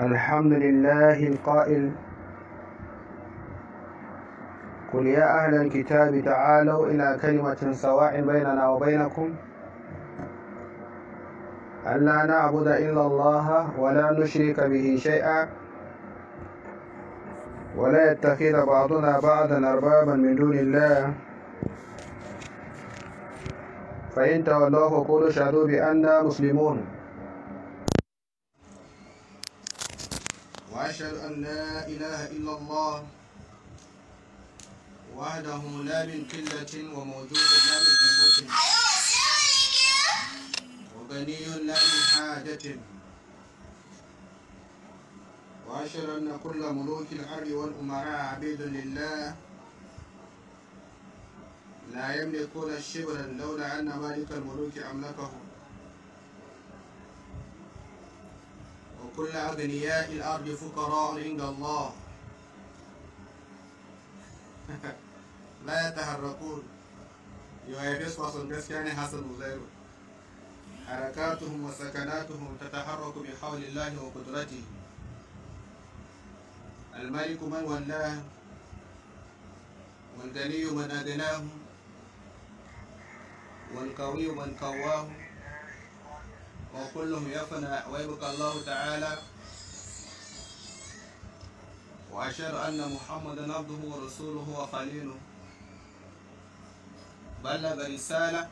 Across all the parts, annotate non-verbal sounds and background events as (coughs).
الحمد لله القائل قل يا أهل الكتاب تعالوا إلى كلمة سواء بيننا وبينكم ألا نعبد إلا الله ولا نشرك به شيئا ولا يتخذ بعضنا بعضا أربابا من دون الله فإن تولوا فقولوا اشهدوا بأننا مسلمون وأشهد أن لا إله إلا الله وحده لا من قلة وموجود لا من قلة وغني لا من حاجة وأشهد أن كل ملوك الأرض والأمراء عبيد لله لا يملكون الشبر لولا أن مالك الملوك أملكهم وكل أغنياء الأرض فقراء عند الله (laughs) لا يتحركون يؤيدس بس يعني حسن وزيرو حركاتهم وسكناتهم تتحرك بحول الله وقدرته الملك من ولاه والغني من أدناه والقوي من قواه وكلهم يفنى ويبقى الله تعالى وأشهد أن محمدا عبده ورسوله وخليله بلغ رسالة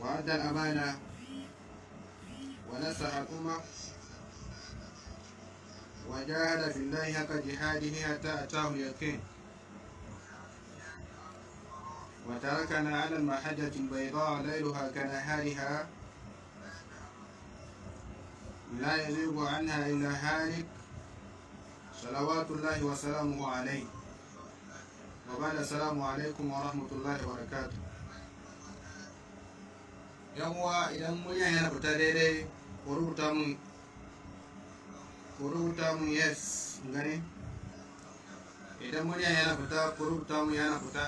وأدى الأمانة ونصح الأمة وجاهد في الله حق جهاده حتى أتاه اليقين وتركنا على المحجة البيضاء ليلها كنهارها لا يزيغ عنها إلا هالك صلوات الله وسلامه عليه وبعد السلام عليكم ورحمة الله وبركاته yawwa idan murya yana fita daidai rubuta mun rubuta mun yes idan murya yana fita rubuta mun yana fita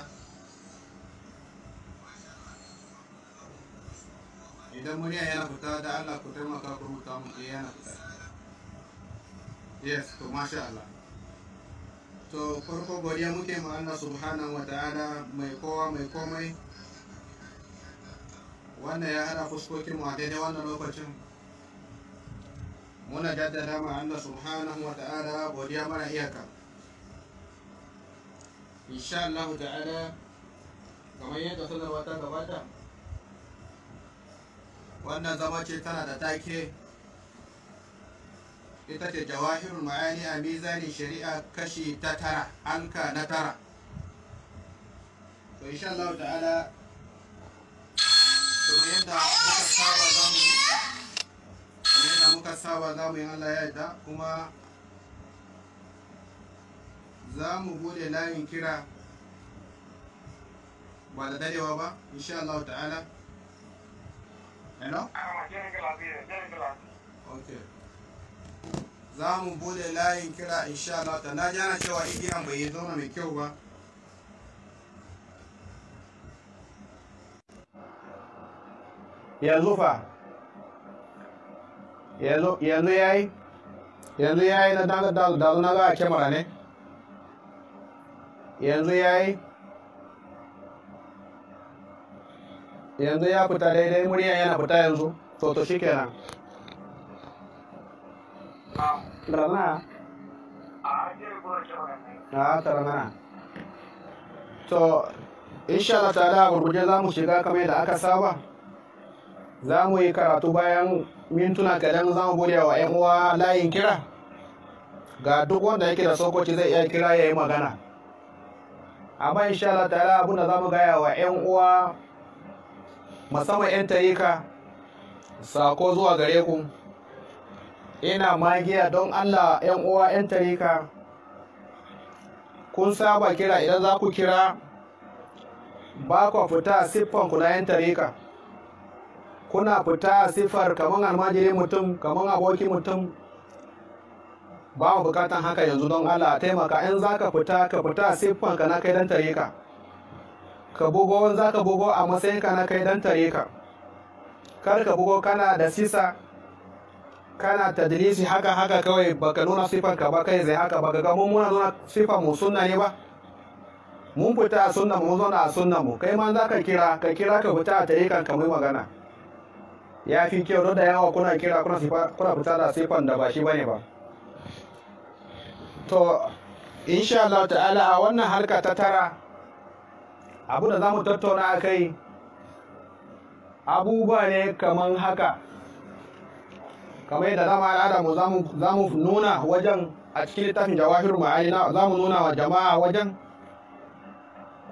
idan murya yana fita da Allah ku taimaka ku rubuta mu eh yana fita yes to masha Allah to farko godiya muke ma Allah subhanahu wa ta'ala mai kowa mai komai wannan ya hada fuskokin mu a daidai wannan lokacin muna jaddada ma Allah subhanahu wa ta'ala godiya mara iyaka insha Allah ta'ala kamar yadda sanarwa ta gabata wannan zama ce tana da take ita ce jawahirul ma'ani a mizanin shari'a kashi ta tara anka na tara to insha Allah ta'ala kuma yadda muka saba za mu kuma yadda muka saba za mu yi Allah ya yarda kuma za mu bude layin kira ba da dadewa ba insha Allah ta'ala hello à, okay za mu bude layin kira insha Allah ta na jana cewa igiyan bai yi zauna mai kyau ba yanzu fa yanzu yayi yanzu yayi na daga daga na ga kyamara ne yanzu yayi yanzu ya fita daidai murya yana fita yanzu to to shikenan ah, rana ah, a rana to insha Allah ta da gurguje za mu shiga kamar da aka saba za mu yi karatu bayan mintuna kadan za mu bude wa 'yan uwa layin kira ga duk wanda yake da sokoci zai iya kira ya yi magana amma insha Allah ta'ala da za mu gaya wa 'yan uwa musamman 'yan tarika sako zuwa gare ku ina magiya don allah 'yan uwa 'yan tarika kun saba kira idan za ku kira ba ku fita siffan ku na 'yan tarika kuna fita siffar kamar almajiri mutum kamar aboki mutum ba mu bukatan haka yanzu don allah taimaka 'yan za ka fita ka fita a siffanka na kai dan tarika ka bugo wani za ka bugo a matsayinka na kai don tare ka kar ka bugo kana da sisa kana tadrisi haka haka kawai baka nuna sifan ka ba kai zai haka baka ga mun nuna sifan mu sunna ne ba mun fita a sunna mun zauna a sunna mu kai ma za ka kira ka kira ka fita a tare ka mai magana ya fi kyau da yawa kuna kira kuna sifa kuna fita da sifan da ba shi bane ba to insha Allah ta'ala a wannan harka ta tara abu da za mu tattauna a kai abubuwa ne kamar haka kamar yadda zama al'ada mu za mu nuna wajen a cikin littafin jawahir ma'ani za mu nuna wa jama'a wajen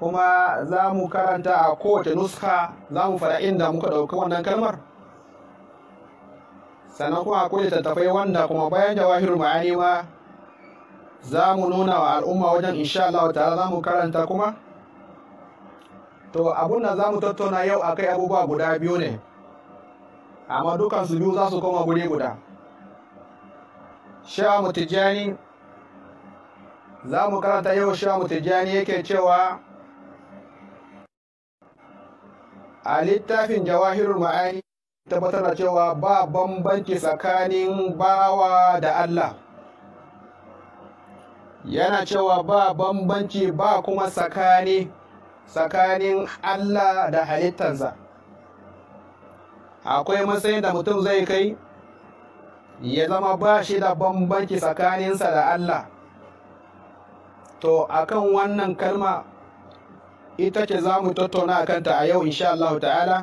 kuma za mu karanta a kowace nuska za mu fara inda muka ɗauki wannan kalmar sannan kuma akwai littattafai wanda kuma bayan jawahir ma'ani ma za mu nuna wa al'umma wajen insha Allah ta'ala za mu karanta kuma to abun nan za mu tattauna yau a kai abubuwa guda biyu ne amma dukan su biyu za su koma guri guda shamu tijjani za mu karanta yau shamu tijjani yake cewa a littafin jawahirul ma'ani tabbatar da cewa ba bambanci tsakanin bawa da Allah yana cewa ba bambanci ba kuma tsakani tsakanin Allah da halittansa akwai matsayin da mutum zai kai ya zama ba shi da bambanci tsakaninsa da Allah to akan wannan kalma ita ce za mu tattauna a kanta a yau insha Allah ta'ala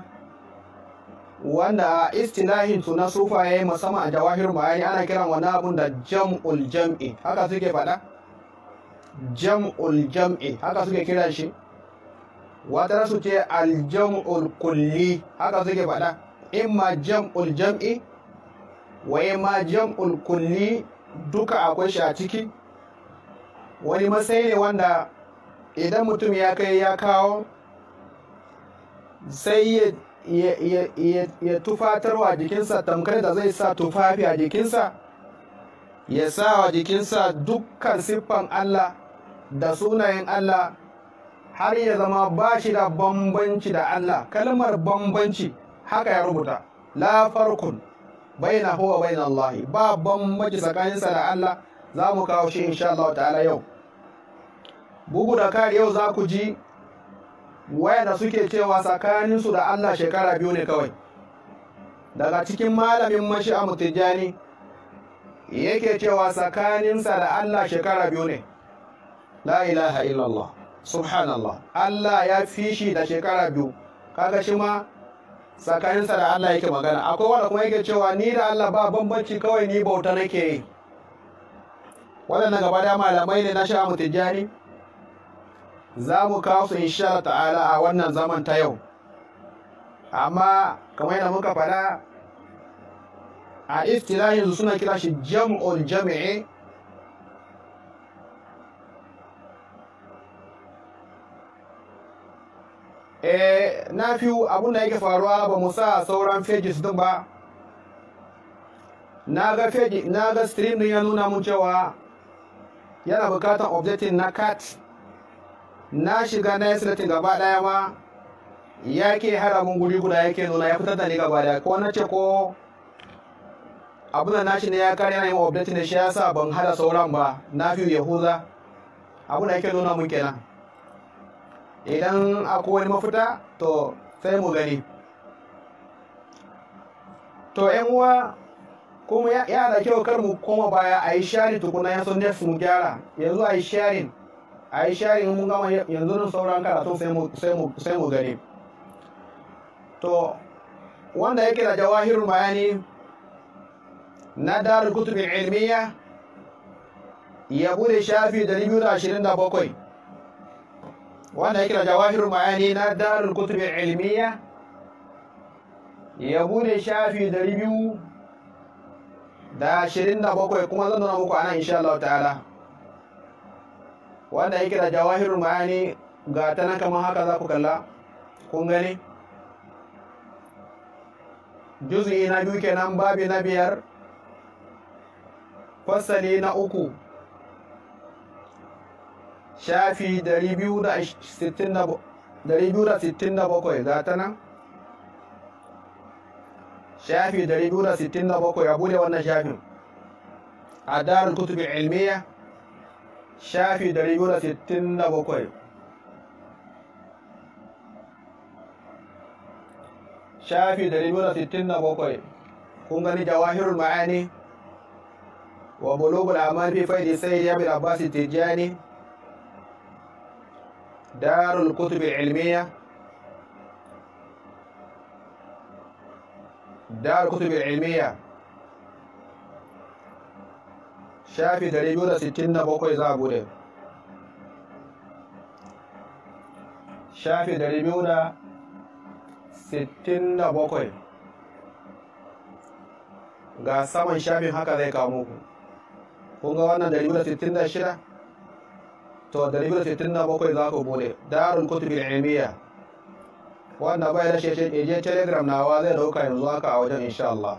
wanda a istilahin na yi musamman a jawahir ma'ani ana kiran wani abun da jam'ul jam'i haka suke faɗa jam'ul jam'i haka suke kiran shi wata su ce aljam'ul kulli haka suke faɗa ma jam'ul jam'i wa ma jam'ul kulli duka akwai shi a ciki wani matsayi ne wanda idan mutum ya kai ya kawo sai ya tufatarwa jikinsa tamkar da zai sa tufafi a jikinsa ya sa wa jikinsa dukkan siffan Allah da sunayen Allah har ya zama ba shi da bambanci da Allah kalmar bambanci haka ya rubuta la farkun baina huwa baina Allah ba bambanci tsakaninsa da Allah za mu kawo shi insha Allah ta'ala yau bugu da kari yau za ku ji wayanda suke cewa tsakaninsu da Allah shekara biyu ne kawai daga cikin malamin a mutijani yake cewa tsakaninsa da Allah shekara biyu ne la ilaha illallah subhanallah Allah ya fi shi da shekara biyu kaga shi ma tsakaninsa da Allah yake magana akwai wanda kuma yake cewa ni da Allah ba bambanci kawai ni bauta nake yi waɗannan gaba da malamai ne na sha'amu tijjani za mu kawo su insha ta'ala a wannan zaman ta yau amma kamar yadda muka faɗa a istilahin suna kira shi jam'ul jami'i eh na fi abun da yake faruwa ba mu sa sauran pages din ba na ga page na ga stream din ya nuna mun cewa yana bukatan objecting na cat na shiga na yi sinatin gaba daya ma ya ke haramun guri guda ya ke nuna ya fitar da ni gaba daya ko na ce ko abin da shi ne ya kare na yin objecting da shi ya sa ban hada sauran ba na fi yahuza abin da yake nuna mun kenan idan akwai wani mafita to sai mu gani to yan uwa kuma ya da kyau kar mu koma baya a yi sharing tukuna ya sun nesu mu gyara yanzu a yi sharing a yi sharing mun gama yanzu nan sauran karatu sai mu gani to wanda yake da jawahirul bayani na darul kutubin ilmiya ya bude shafi 227 wanda ya da jawahirul bayani na darul kutub ilmiya ya bude shafi dari biyu da ashirin da bakwai kuma zan nuna muku anan insha Allah ta'ala wanda ya da jawahirul bayani ga ta nan kamar haka za ku kalla kun gani juzu'i na biyu kenan babi na biyar fasali na uku shafi 267 za ta nan shafi 267 a bude wannan shafin a darul kutubi ilmiya shafi 267 shafi 267 kun gani jawahirul ma'ani wa bulugul amal fi faidi sayyid abul abbas tijani دار الكتب العلمية دار الكتب العلمية shafi 267 za a bude shafi 267 ga saman shafin haka zai kamo ku kun ga wannan 266 to da ribi da sittin na bakwai za ku bude darul kutubil ilmiya wannan bai da sheshe je telegram nawa zai dauka yanzu haka a wajen insha Allah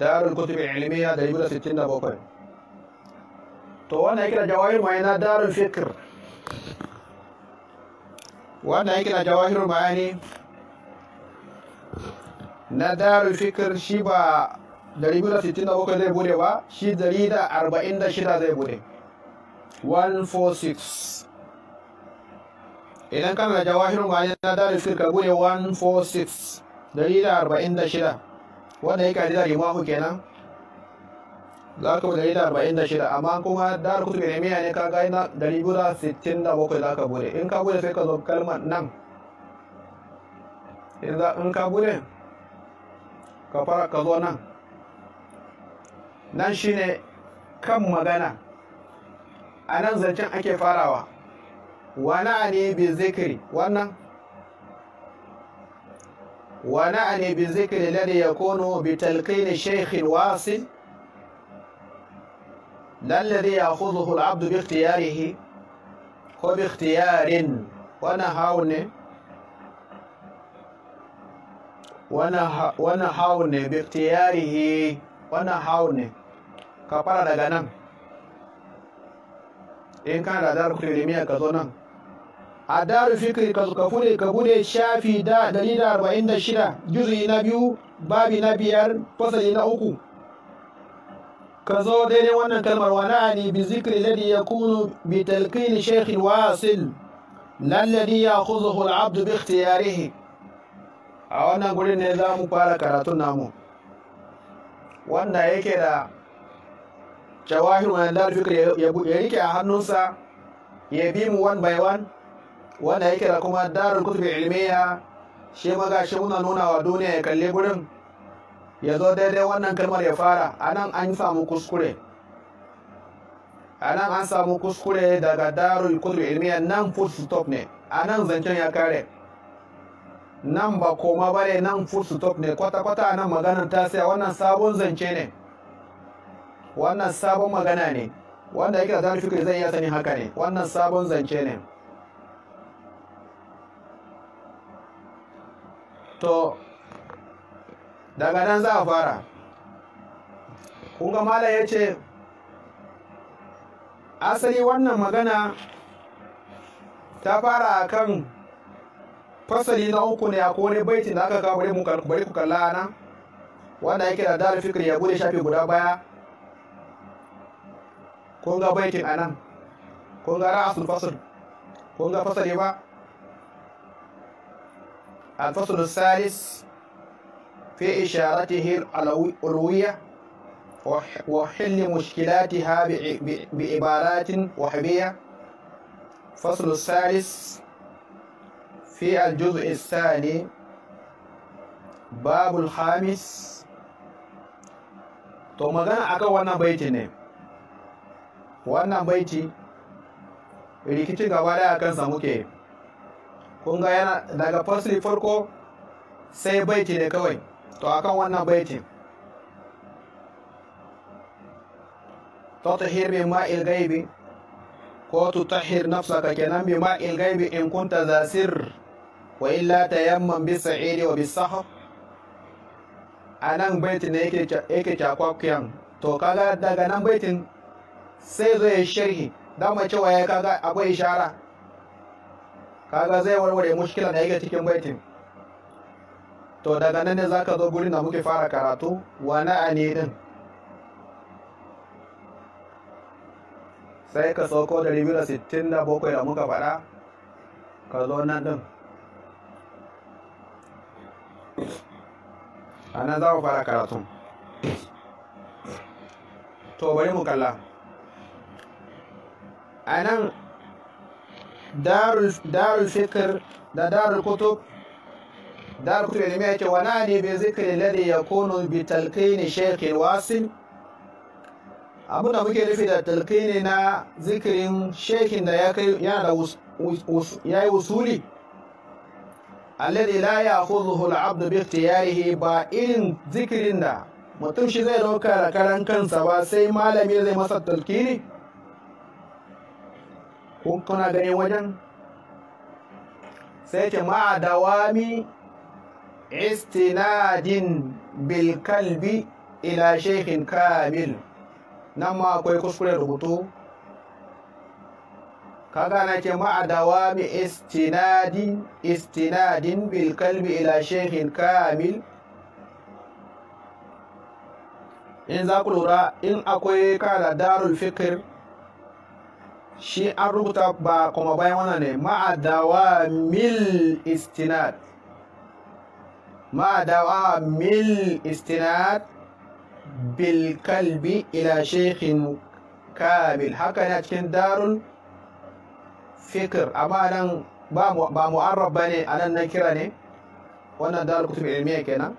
darul kutubil ilmiya da ribi da sittin da bakwai to wannan yake da jawahir na darul fikir. wannan yake da jawahir ma'ani na darul fikir shi ba 267 zai bude ba shi shida zai bude 146 idan kana da jawahirin bayan na da rufin ka bude 146 146 wanda ya kari da limahu kenan za ka bude shida. amma kuma da Kutu ne nemi ne ka gani na 267 za ka bude in ka bude sai ka zo kalmar nan in ka bude ka fara ka zo nan nan shine kan magana a nan zancen ake farawa wana ne bi zikiri wannan wana ne bi zikiri lade ya kono bi talqini shaykhin wasil abdu bi ikhtiyarihi ko bi ikhtiyarin wana haune bi ikhtiyarihi ka fara daga nan in kana da daru kirimiya ka zo nan a daru fikri ka ka fure ka bude shafi da shida, juzi na biyu babi na biyar fasali na uku ka zo daidai wannan kalmar wana'ani bi zikri ladhi yakunu bi talqini shaykhin wasil ya ya'khudhuhu al-'abdu bi ikhtiyarihi a wannan gurin ne za mu fara karatun namu wanda yake da jawahiru na da fikir ya rike a hannunsa ya bi mu one by one wanda ya kira kuma darul kutubi ilmiya shi maga shi muna nuna wa duniya ya kalle gurin ya zo daidai wannan kalmar ya fara a nan an samu kuskure nan an samu kuskure daga darul kutubi ilmiya nan full stop ne a nan zancen ya kare nan ba koma bane nan full stop ne kwata-kwata nan maganar ta wannan sabon zance ne wannan sabon magana ne wanda yake da fikir zai iya sani haka ne wannan sabon zance ne to daga nan za a fara kunga mala ya ce asali wannan magana ta fara a kan fasali na uku ne a kone baitin da aka kawo bari ku kalla ana wanda yake da dalifikir ya bude shafi guda baya كونغا ga انا كونغا راس الفصل كونغا فصل يبا الفصل الثالث في إشارته الروية وحل مشكلاتها بعبارات وحبية فصل الثالث في الجزء الثاني باب الخامس to magana akan wannan wannan baiti rikicin gaba daya kansa muke kun ga yana daga fasli farko sai baiti ne kawai to akan wannan baitin hirme ma الغيب ko nafsa ka kenan bi ma'il gaibi in kunta zasir wa illa tayamman bisa iri wa bisa? A nan baitin ne yake yake to kaga daga nan baitin sai zo ya sharhi dama cewa ya kaga akwai ishara kaga zai warware mushkila da yake cikin baitin to daga nan ne zaka zo gurin da muke fara karatu wa na'ani din sai ka sauko da ribira 67 da muka faɗa ka zo nan din a nan za mu fara karatu to bari mu kalla a nan darul fikir da darul kutub darul kutub mai yake wana ne bai zikirin lade ya kono bi talqini shaykh wasil abinda muke nufi da talqini na zikirin shekin da ya kai yana da yi usuli alladhi la ya'khudhuhu al-'abdu bi ikhtiyarihi ba irin zikirin da mutum shi zai dauka da karan kansa ba sai malami zai masa talqini kun kana ganin wajen sai ce ma dawami istinadin bilkalbi ila shekin kamil nan ma akwai kuskure rubutu kaga na ce ma dawami istinadin istinadin bilkalbi ila shekin kamil in za ku lura in akwai kana darul fikir shi an rubuta ba kuma bayan wannan ne ma'adawa mil istinad ma'adawa mil istinad bil kalbi ila shekhin kamil haka ne a cikin darul fikir amma nan ba mu'arrab ne a nan na kira ne wannan darul kutub ilmiya kenan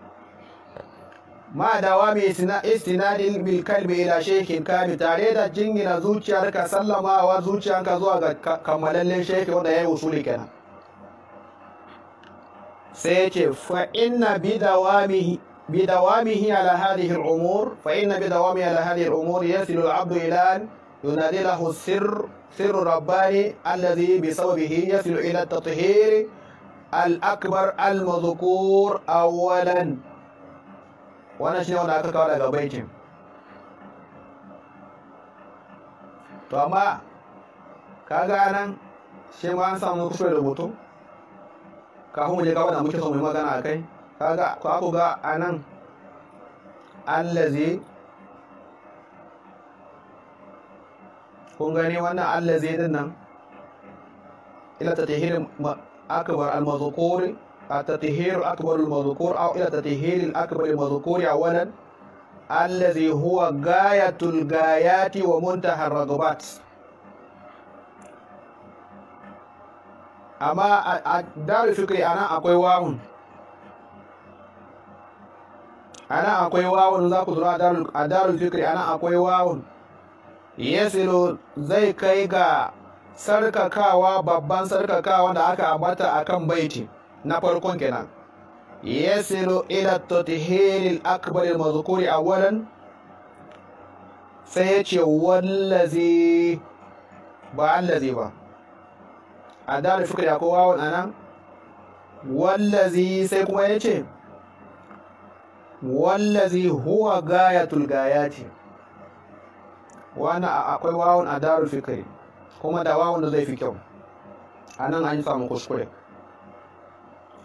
ما دوام استناد بالكلب إلى شيخ كاب تاريد الجنج نزوج شارك سلم وزوج أنك زوج كمال للشيخ ودا يوصلك أنا سيج فإن بدوامه بدوامه على هذه الأمور فإن بدوامه على هذه الأمور يصل العبد إلى ينادي له السر سر رباني الذي بصوبه يصل إلى التطهير الأكبر المذكور أولاً wannan shi ne wanda aka kawo daga baitin to amma kaga nan shi ma an samu da rubutu kafin mu je gaba da muke so mu yi magana a kai kaga ko aku ga a nan allazi kun gani wannan allazi din nan ila ta tehirin akabar al التطهير الأكبر المذكور أو إلى التطهير الأكبر المذكور أولا الذي هو غاية الغايات ومنتهى الرغبات أما دار الفكر أنا أقوي واون أنا أقوي واون ذاك دار دار الفكر أنا أقوي واون يسلو زي كيغا sarkakawa babban sarkakawa da أكا ambata أكام بيتي na farkon kenan yasilu ila tathhiril akbar al-mazkuri awalan sai ya ce wallazi ba allazi ba a da fikri akwai wawan anan wallazi sai kuma ya ce wallazi huwa gayatul gayati wani akwai wawon a darul fikri kuma da wawon da zai fi kyau Anan an yi samun kuskure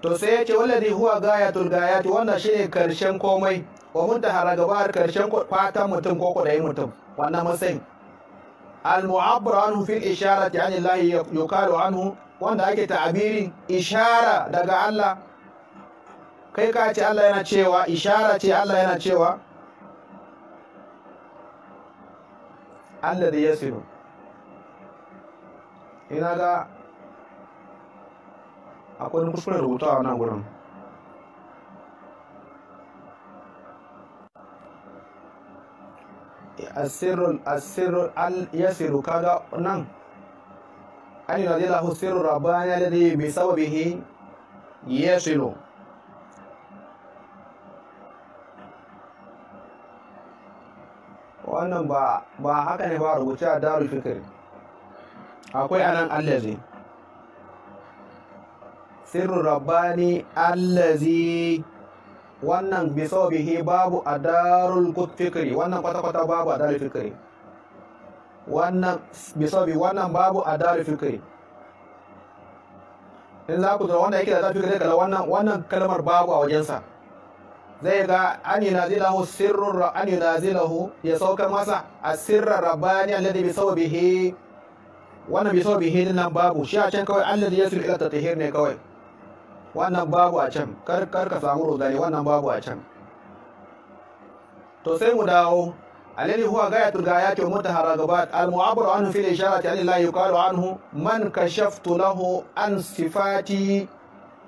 to sai ya ce wallazi huwa gayatul gayat wannan shine karshen komai wa muntahara gabar karshen fatan mutum ko kudayin mutum wannan matsayin al mu'abbar anhu fil isharati an Allah yuqalu anhu wanda ake ta'abiri ishara daga Allah kai ka ce Allah yana cewa ishara ce Allah yana cewa Allah da yasiru ina ga akwai wani kuskuren rubuta a nan gurin a asirul al yasiru kaga nan an yi yana zai lahu sirru rabani mai bi sababihi yasilu wannan ba haka ne ba rubuce a darul fikir akwai anan allazi sirrin rabbani allazi wannan biso bihi babu a darul fikri wannan kwata-kwata babu a darul fikri wannan biso bi wannan babu a darul fikri in za ku zura wanda yake da zafi kare kala wannan wannan kalmar babu a wajensa zai ga an yi nazilahu sirrun an yi nazilahu ya saukar masa a sirrar rabbani alladhi biso bihi wannan biso bihi nan babu shi a can kawai alladhi yasul ila tatahir ne kawai wannan babu a can kar ka samu rudani wannan babu a can to sai mu dawo alladhi huwa ghayatul ghayati wa mutahara gabat al mu'abbaru anhu fil isharati an la yuqalu anhu man kashaftu lahu an sifati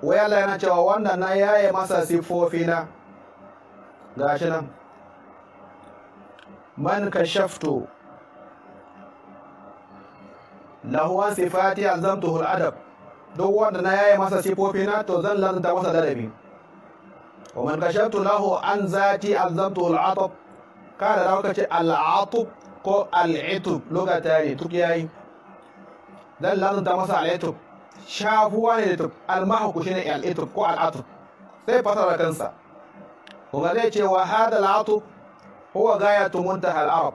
wa yalla yana cewa wannan na yaye masa sifofina gashi nan man kashaftu lahu an sifati alzamtuhu al adab duk wanda na yaye masa sifofina to zan lanta masa ladabi wa man kashaftu lahu an zati azabtu al kada da kace al-atab ko al-itub logatani tuk yayi zan lanta masa al-itub shafuwa ne da al-mahku shine al ko al-atab sai fasara kansa kuma zai ce wa hada al-atab huwa gayatu muntaha al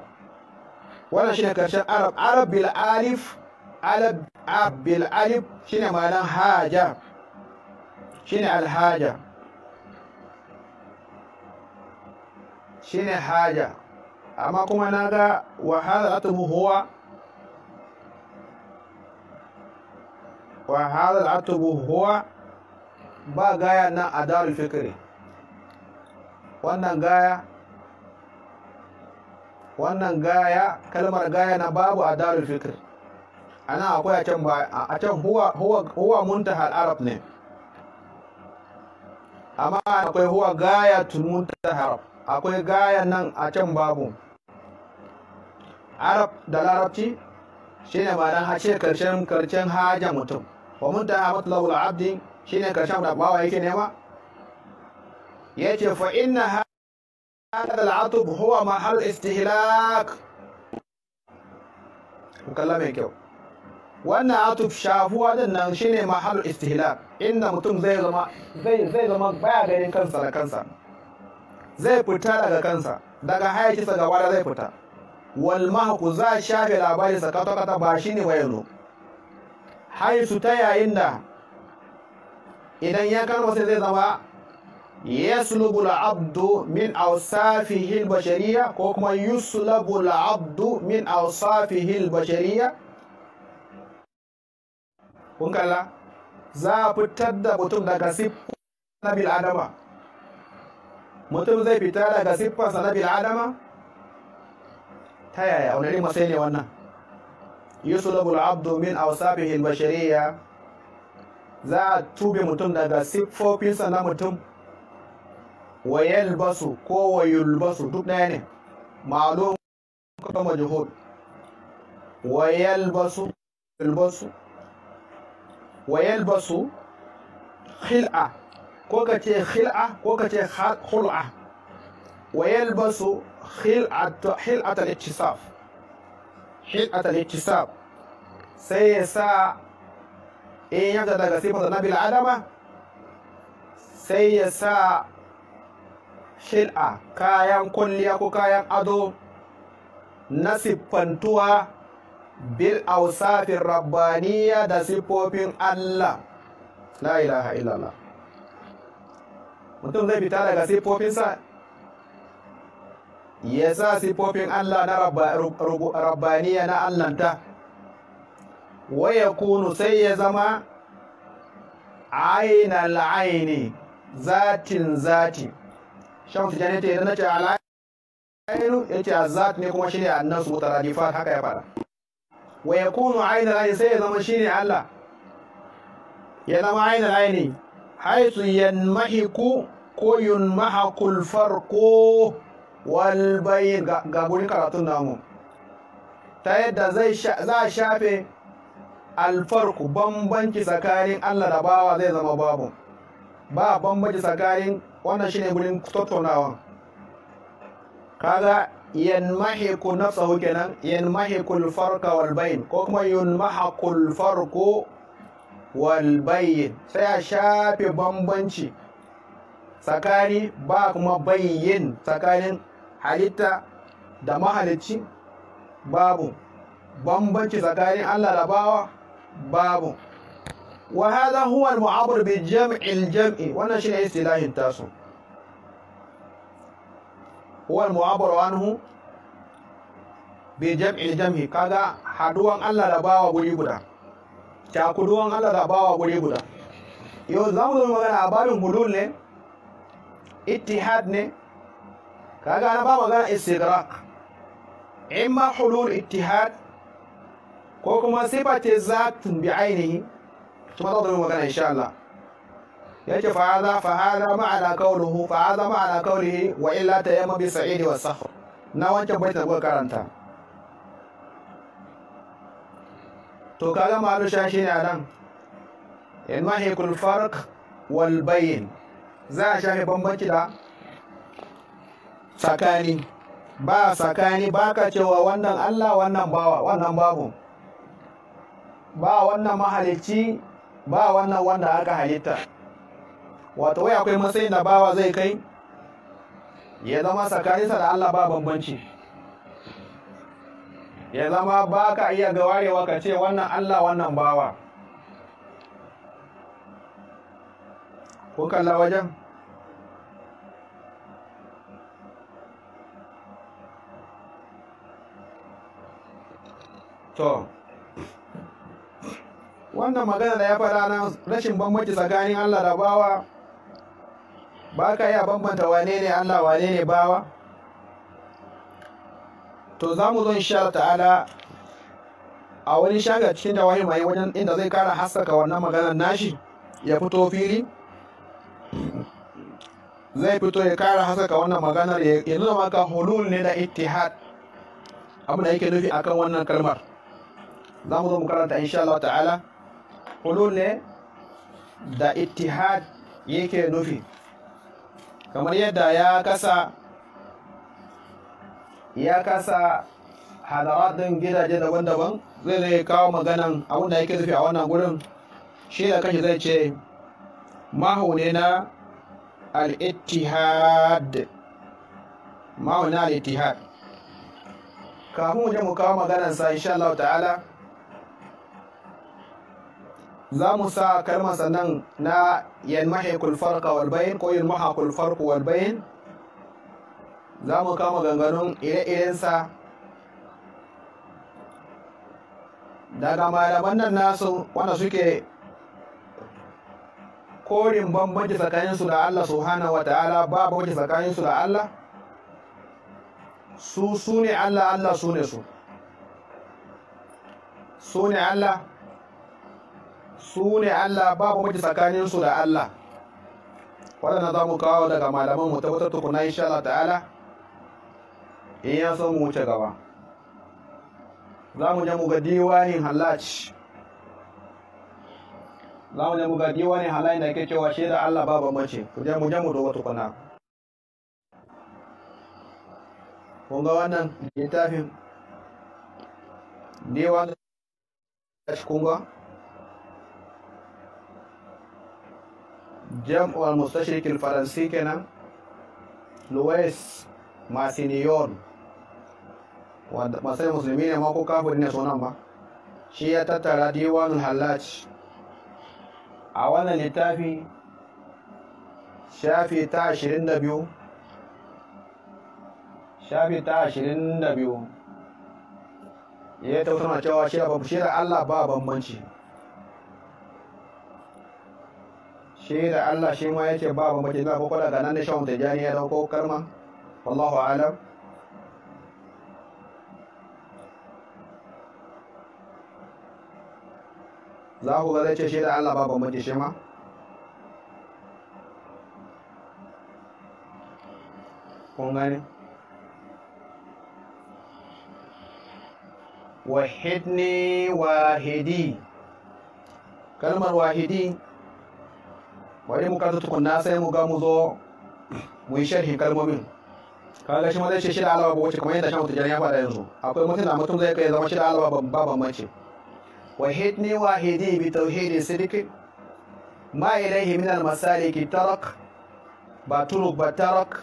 wannan shine karshen arab arab bil alif alab bil alif shine ma'anan haja shine alhaja shine haja amma kuma na ga wahala atubu huwa wahala atubu huwa ba gaya nan a darul wannan gaya wannan gaya kalmar gaya na babu a darul ana akwai a can a can huwa huwa huwa arab ne amma akwai huwa gaya muntahal akwai gaya nan a can babu arab da larabci shine ma a ce karshen karshen haja mutum wa muntaha matlabul abdi shine karshen da bawa yake nema Ya ce, fa inna huwa ma har istihilak? kalla mai kyau. wannan atuf shafuwa din nan shine halu istihlal inda mutum zai zama zai zai zama baya ganin kansa da kansa zai fita daga kansa daga sa gaba da zai fita wal mahku za shafe labari sa kata kata ba shine wayano haisu ta yayin da idan ya kalma sai zai zama yaslubu abdu min awsafihi al-bashariyya ko kuma yuslabu al-abdu min awsafihi al-bashariyya kun za a fitar da mutum daga siffa na adama mutum zai fita daga siffarsa na adama ta ya wani rima sai ne wannan yusulabu abdu min awsafihi al-bashariyya za tube mutum daga siffofinsa na mutum wayalbasu ko wayulbasu duk ɗaya ne ma'lum kuma majhul wa yalbasu wa yalbasu khil'a ko ka ce khil'a ko ka ce khul'a wa yalbasu khil'at al-ittisaf khil'at al-ittisaf sai ya sa in yanta daga sifar na adama sai ya sa khil'a kayan kulliya ko kayan ado na siffantuwa bil ausafin rabbaniya da siffofin Allah la ilaha illallah mutum zai fita daga siffofinsa ya sa siffofin Allah na rabbaniya na Allanta waya kunu sai ya zama ainal aini zatin zati shamsu janita idan na ce al'ainu ya ce a zat ne kuma shi ne annasu mutarajifat haka ya fara wa ya kunu ainihin ainihin sai ya zama shi ne Allah ya zama ne? Haisu, yan mahiku ko mahakul farko wal bayin ga gurin karatun namu ta yadda za a shafe alfarku bambanci tsakanin Allah da bawa zai zama babu ba bambanci tsakanin wannan shine gurin tattaunawa kaga yanmahiku nafsahu kenan yanmahikul farqa wal bayn ko kuma yunmahakul farqu wal bayn sai a shafe bambanci tsakani ba kuma bayyin tsakanin halitta da mahalicci babu bambanci tsakanin Allah da bawa babu wa hadha huwa al mu'abir bi jam'il jam'i wannan shine istilahin tasu هو المعبر عنه بجمع الجمع كذا حدوان الله لباوا غري غدا تاكدوان الله لباوا غري غدا yau za mu magana a babin ne ittihad ne kaga na ba magana istidrak imma hulul ittihad ko kuma sifa ce zatun bi ainihi kuma za mu magana insha yake fa'aza fa'aza ma'ana kauluhu fa'aza ma'ana kaulihi wa illa ta yamma bi sa'idi wa sahr na wancan baitin kuka karanta to kaga ma'alu shashi ne hi kul farq wal bayn za a shafe bambanci da tsakani ba tsakani ba ka cewa wannan Allah wannan bawa wannan babu ba wannan mahalicci ba wannan wanda aka halitta wato wai akwai matsayin da bawa zai kai ya zama tsakaninsa da Allah ba bambanci ya zama ba ka iya ga warewa ka ce wannan Allah wannan bawa ko kalla wajen to wannan magana da ya fara na rashin bambanci tsakanin Allah da bawa ba ka iya bambanta wane ne Allah wane ne bawa to za mu zo sha ta'ala a wani shaga cikin da mai wajen inda zai kara hasaka wannan maganar nashi ya fito fili zai fito ya kara hasaka wannan maganar ya nuna maka hulul ne da ittihad abin da yake nufi akan wannan kalmar za mu zo mu karanta insha Allah ta'ala hulul ne da ittihad yake nufi kamar yadda ya kasa ya kasa gidaje daban-daban zai zai kawo maganan abin da yake zafi a wannan gurin shi da kashi zai ce mahaune na al mahaune na al-ittihad kafin mu je mu kawo maganan sa insha Allah ta'ala za mu sa kalmar sannan na yanmahikul farqa wal bayn ko yanmahakul farqu wal bayn za mu kama ganganun ire-irensa daga malaman nan nasu wanda suke korin bambanci tsakaninsu da Allah subhanahu wa ta'ala ba bambanci tsakaninsu da Allah su su ne Allah Allah su ne su su ne Allah su ne Allah babu mace tsakaninsu da Allah waɗanda za mu kawo daga malaman mu tabbatar tukuna insha Allah ta'ala in ya so mu wuce gaba za mu je mu ga diwanin halaci za mu je mu ga diwanin halayen da ke cewa da Allah babu mace ku je mu je mu dogo tukuna kun ga wannan littafin diwanin wanda kun ga jam'u al mustashrik al faransi kenan luwais masiniyon masai musulmi ne ma ko kafin ne sunan ba shi ya tattara diwanul hallaj a wannan littafi shafi ta ashirin da biyu shafi ta ashirin da cewa shi da Allah ba bambanci shi da Allah shi ma yace ba ba mace ko kwada ga nan da shawun tajani ya dauko karma wallahu alam za ku ga zai ce shi da Allah ba ba mace shi ma kun gani wahidni wahidi kalmar wahidi bari muka kaza tukunna sai mu ga mu zo mu yi sharhin kalmomin kaga shi ma zai ce shida alaba ba wace kamar yadda shan tijani ya faɗa yanzu akwai mutum da mutum zai kai zama shi da alawa ba ba bambanci wahidni wahidi bi tauhidi sidik ma ilaihi min al masaliki tarak ba turuk ba tarak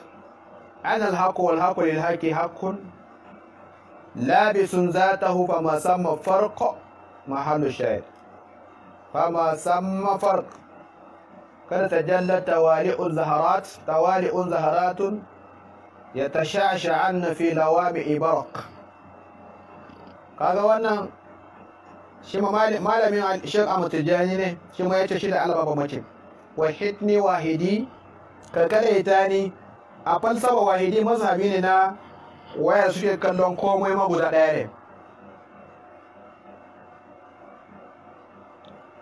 ana al haqu wal haqu lil haqi haqqun labisun zatahu fa ma samma farq mahallu shay fa ma samma farq قد تجلى توالئ زهرات توالئ زهرات يتشعشعن في لوامع برق kaga wannan shi ma malamin shek a mutujani ne shi ma ya ce shi da albaba mace wahidni wahidi ka kadaita ni a falsafa wahidi mazhabi ne na waya suke kallon komai maguda ɗaya ne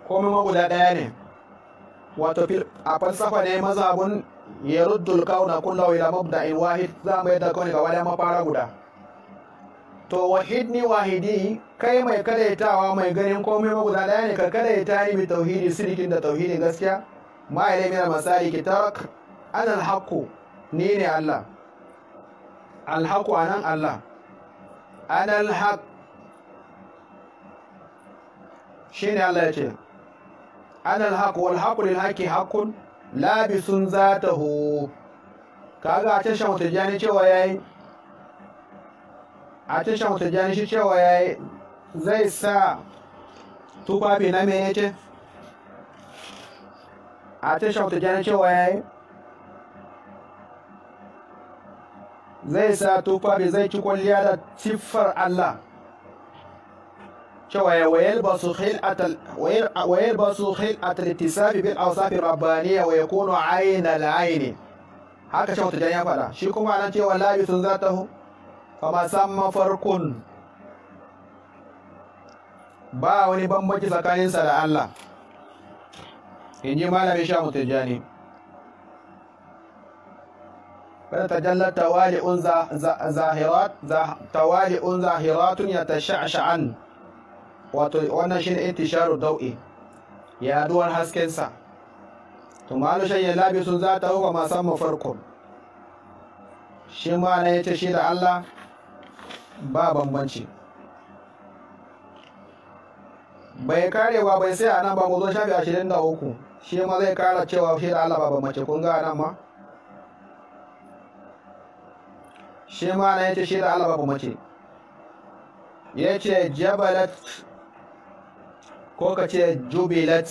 komai maguda ɗaya ne wato a falsafa ne mazabun ya ruddul kauna kullahu ila in wahid za mu yadda kone gaba da mafara guda to wahid ni wahidi kai mai kadaitawa mai ganin komai maguda daya ne ka kadaita ni bi tauhidi sirikin da Tauhidi gaskiya ma ya mina masari ki tarak an alhaqu ni ne Allah alhaqu anan Allah ana alhaq shine Allah ya ce ana haq wal haqu lil haqi haqqun labisun zatahu kaga a wata mutajani cewa yayi a wata mutajani shi cewa yayi zai sa tufafi na me yace a wata mutajani cewa yayi zai sa tufafi zai ci kwalliya da siffar Allah شوية ويلبس خلقة ويلبس خلقة الاتصاف بالأوصاف الربانية ويكون عين العين haka shan tijani ya faɗa shi kuma nan cewa labi sun za ta hu fama samma farkon ba wani bambanci tsakaninsa da Allah in ji malamin shan tijani kada tajalla tawali'un zahirat tawali'un zahiratun yatasha'sha'an wato wannan shine intisharu dau'i yaduwar haskensa to malu shayya labi Labisu za ta huwa masu farko shi ma na yace shi da Allah ba bambanci bai karewa bai sai a nan ba mu zo shafi ashirin da uku shi ma zai kara cewa shi da Allah ba bambanci kun ga nan ma shi ma na yace shi da Allah ba bambanci yace jabalat ko ka ce jubilat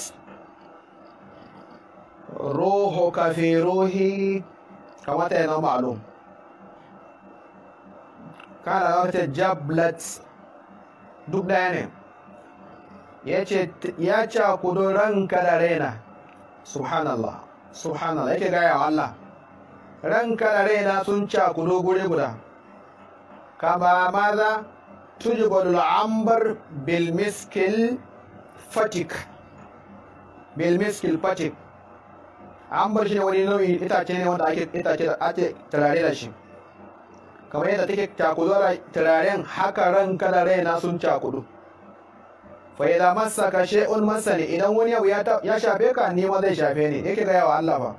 roho ka ruhi rohi kamata yana ma'alum kana za ta jablat duk daya ne ya ce kudu ranka da raina subhanallah subhanallah yake gaya wa Allah ranka da raina sun cakudu guri guda kama maza tujibul ambar bil miskil fatik milmiskil fatik an bar shi ne wani nau'in itace ne wanda ake itace da ake turare da shi kamar yadda take cakudu da turaren haka ran kada raina sun cakudu fa masa massaka shay'un masani, idan wani abu ya shafe ka ni ma zai shafe ni yake ga yawa Allah fa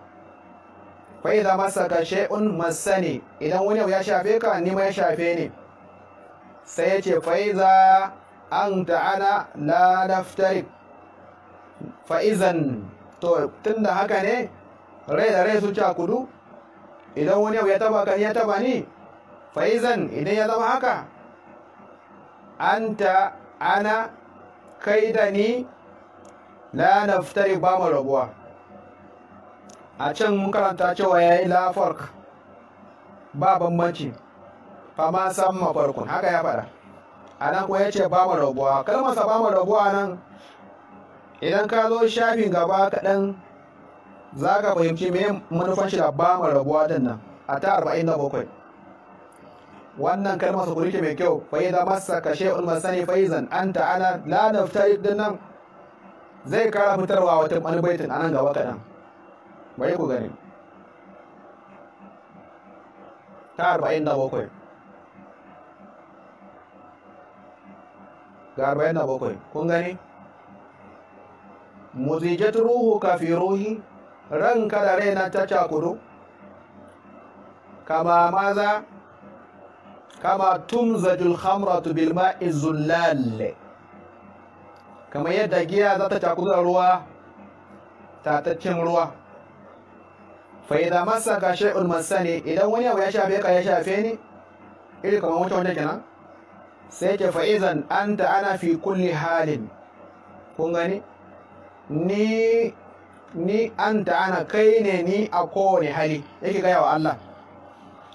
fa masa massaka shay'un masani, idan wani abu ya shafe ka ni ma ya shafe ni sai ya ce fa anta ana la naftarik fa'izan to tun da haka ne rai da rai sun cakudu idan wani abu ya taba ka ya taba ni fa'izan idan ya zama haka ta, ana kai da ni la naftari ba mu rabuwa a can makaranta, karanta cewa ya yi lafark ba bambanci fama san mafarkun haka ya faɗa a nan kuwa ya ce ba mu rabuwa kalmarsa ba mu rabuwa nan idan ka zo shafin gaba kaɗan za ka fahimci me manufan shi da ba mu rabuwa din nan a ta arba'in da bakwai wannan kalmar su kurike mai kyau fa idan masa ka shay'un sani, faizan an ana la naftari din nan zai kara fitarwa wata wani baitin a nan gaba kaɗan yi ku gani ta arba'in da bakwai ga 47 kun gani Muzijet ruhu kafi ruhi ranka da raina ta cakudu kama maza kama tun khamratu bil bilma zullal kama yadda giya za ta cakudu da ruwa tataccen ruwa Faida masa ga shai'ul masani idan wani abu ya shafe ka ya shafe ni iri kamar wancan kenan sai ce fa'izan an ana fi kulli halin kun gani ni ni an ana kai ne ni a kowane hali yake gaya wa Allah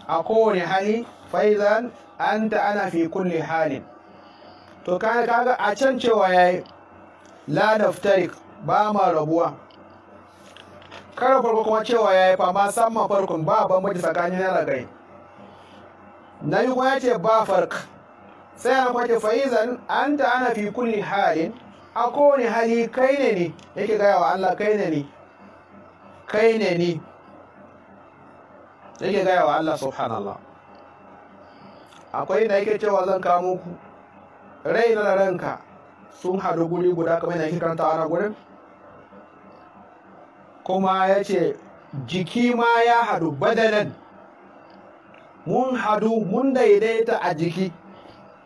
a kowane hali fa'izan an ana fi kulli halin to kaga a can cewa yi la daftarik ba ma rabuwa karar farko kuma cewa ya yi fama saman farkon ba bambanci tsakanin yana gai na yi kuma ya ce ba fark sai ana kwace fa'izan an ta ana fi kulli halin a kowane hali kai ne ne yake gaya wa Allah kai ne ne kai ne ne yake gaya wa Allah subhanallah akwai inda yake cewa zan kamo ku rai na ranka sun haɗu guri guda kamar yake karanta ana gurin kuma ya ce jiki ma ya haɗu badanan mun haɗu mun daidaita a jiki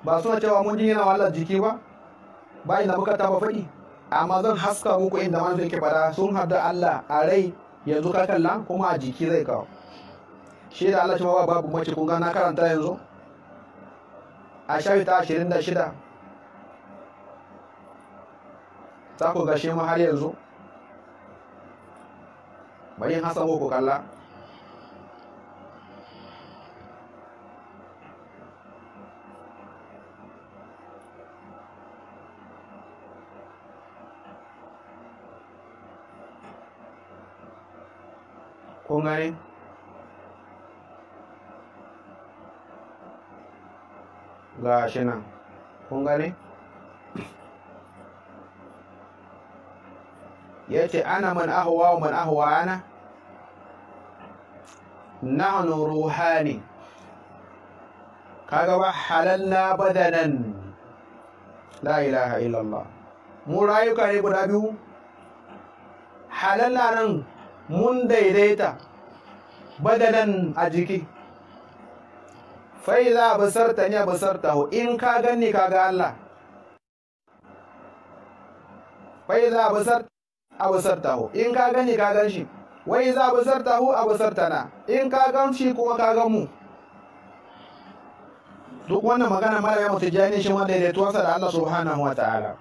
ba suna cewa mun ji wa Allah jiki ba ba ina muka taba faɗi amma zan haska muku inda manzo yake fada sun hada Allah a rai yanzu ka kalla kuma a jiki zai kawo shi da Allah cewa babu mace kun na karanta yanzu a shafi ta ashirin da shida. za ku gashe mu har yanzu bari hasan muku kalla kun gane ga shi nan kun gane ya ce ana man ahuwa wa man ahuwa ana nahnu ruhani kaga ba halalna badanan la ilaha illallah mu rayuka ne guda biyu halalla nan mun daidaita badanan a jiki Fai za a basarta ne basarta ho in ka ganni ka ga Allah Fai za a basarta ho in ka ganni ka gan shi wai za a basarta hu a basarta na in ka gan shi kuma ka gan mu duk wannan magana mara yawan tijjani shi wanda daidaituwarsa da Allah subhanahu wa ta'ala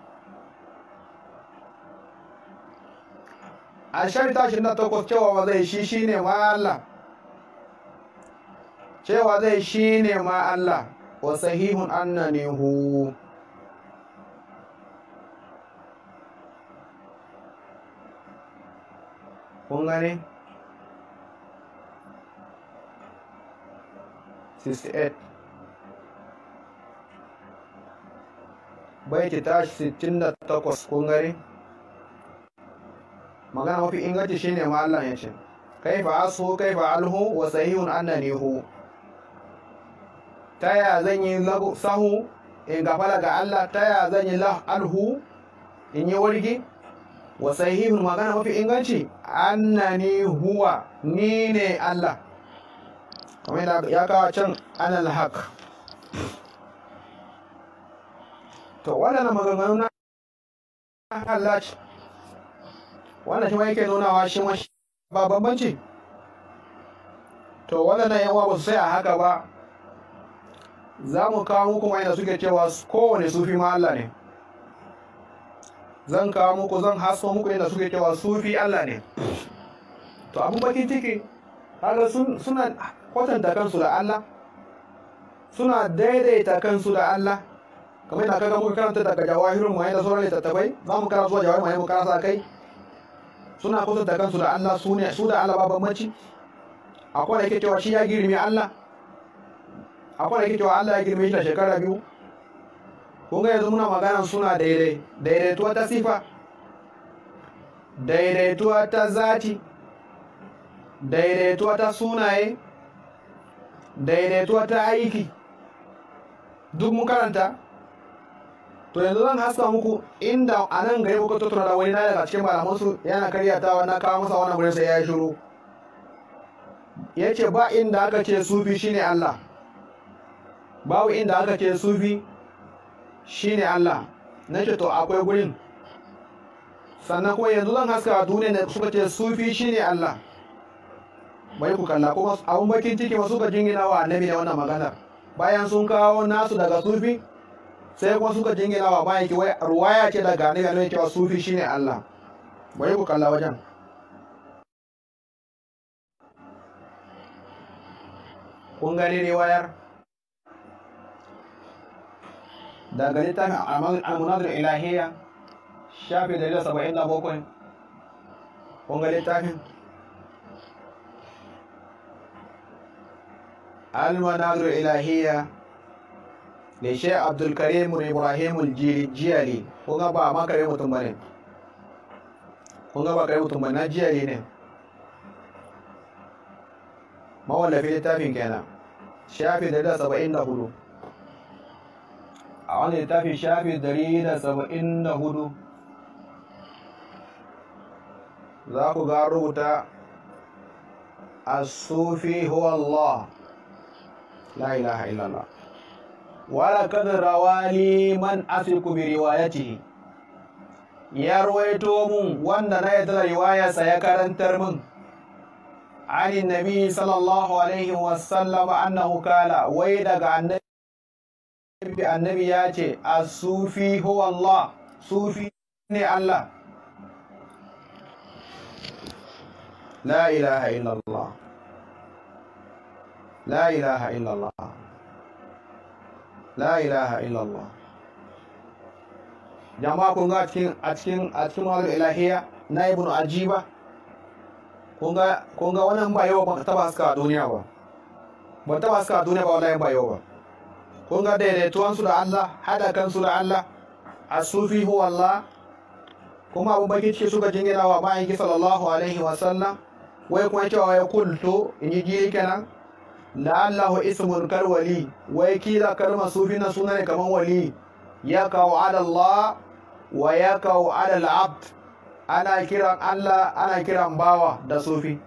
a shari ta shi na takwas cewa wa zai shi shi ne ma Allah cewa zai shi ne ma Allah wa sahihun ne hu kun gane 68 bai ki tashi 68 kun gane magana mafi inganci shine Allah ya ce kaifa asu kaifa alhu wa sahihun annani hu ta yaya zan yi sahu in gafala ga Allah ta yaya zan yi alhu in yi wargi wa sahihun magana mafi inganci annani huwa ni ne Allah kamar ya kawo can anal haq to wannan maganganu na halarci wannan shi ma yake nunawa shi ma ba bambanci to waɗannan yan uwa ba su sai a haka ba za mu kawo muku wanda suke cewa kowane sufi ma Allah ne zan kawo muku zan haso muku yadda suke cewa sufi Allah ne to abin bakin ciki haka suna kwatanta kansu da Allah suna daidaita kansu da Allah kamar yadda kaga muka karanta daga mu mu'ayyad da sauran littattafai za mu karanta zuwa jawahirul mu'ayyad mu kara kai suna kusanta kansu da Allah su ne su da Allah ba bambanci akwai da yake cewa shi ya girme Allah akwai da yake cewa Allah ya girme shi da shekara biyu kun ga yanzu muna magana suna daidai daidaituwa ta sifa daidaituwa ta zati daidaituwa ta sunaye daidaituwa ta aiki duk mun karanta to yanzu zan haska muku inda a nan gari kuka tattara da wani daga cikin malamansu yana karyatawa na kawo masa wannan gurin sai ya shiru ya ce ba inda aka ce sufi shine Allah babu inda aka ce sufi shine Allah na ce to akwai gurin sannan kuma yanzu zan haska duniya da suka ce sufi shine Allah bai ku kalla kuma abun bakin ciki ba suka jingina wa annabi da wannan maganar bayan sun kawo nasu daga sufi sai kuma suka jingina wa ma'aiki wai ruwaya ce daga ne ne cewa sufi shine Allah bai ku kalla wajen kun gani riwayar daga littafin almunadir ilahiyya shafi da ila saba'in da bakwai kun ga littafin almunadir ilahiyya ne she abdulkarim ibrahim jiyari kun ga ba ma kare mutum bane kun ga ba kare mutum bane na jiyari ne mawallafi littafin kenan shafi dari da saba'in da hudu a wani littafin shafi dari da saba'in da hudu za ku ga rubuta as-sufi huwa Allah la ilaha illallah ولقد man من أثق بروايته ya ruwaito mun wanda na yi da riwayarsa ya karantar mun anin nabi sallallahu alaihi wasallam annahu kala wai daga annabi annabi ya ce as-sufi huwa Allah sufi ne Allah la ilaha illallah la ilaha illallah la ilaha illallah jama'a kun ga cikin a cikin a cikin wani ilahiya na ibn ajiba kun ga kun ga wannan ba yawa ba ta ba suka a duniya ba ba ta ba suka a duniya ba wallahi ba yawa ba kun ga daidaituwan su da Allah hada kansu da Allah as-sufi huwa Allah kuma abin baki ciki suka jingina wa ma'aiki sallallahu alaihi wa sallam wai kuma cewa ya kultu in yi jiri kenan la'allahu ismun kar wali wai kila kalma sufi na suna ne kaman wali ya kawo adallah wa ya kawo adal abd ana kiran Allah ana kiran bawa da sufi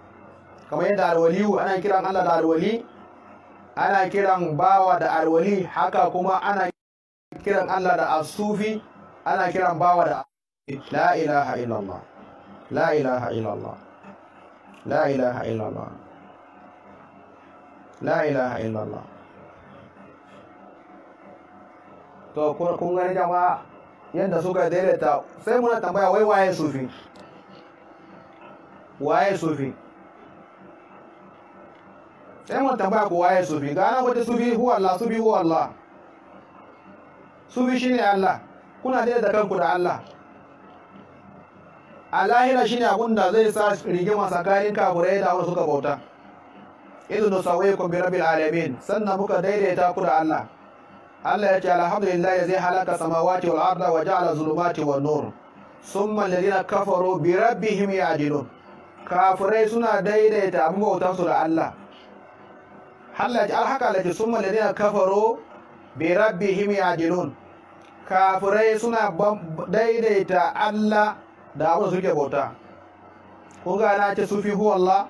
kamar yadda alwaliyu ana kiran Allah da alwali ana kiran bawa da alwali haka kuma ana kiran Allah da asufi ana kiran bawa da la ilaha illallah la ilaha illallah la ilaha illallah la ilaha illallah to kun gani jama'a yadda suka daidaita sai muna tambaya wai waye sufi waye sufi sai muna tambaya ku waye sufi Ga ana wata sufi huwa Allah sufi huwa Allah sufi shine Allah kuna daidaita kanku da Allah a lahira shine abun da zai sa rigima tsakanin kafirai da wasu suka bauta idh nusawwikum bi rabbil alamin sannan muka daidaita ku da Allah Allah ya ce alhamdulillah zai halaka samawati wal arda wa ja'ala zulumati wan nur summa alladhina kafaru bi rabbihim ya'dilun kafirai suna daidaita abin bautansu da Allah hallaci alhakalaki sun malari na kafaro bi rabbihim yajilun kafirai suna daidaita Allah da abin suke bauta kun na ce sufi huwa Allah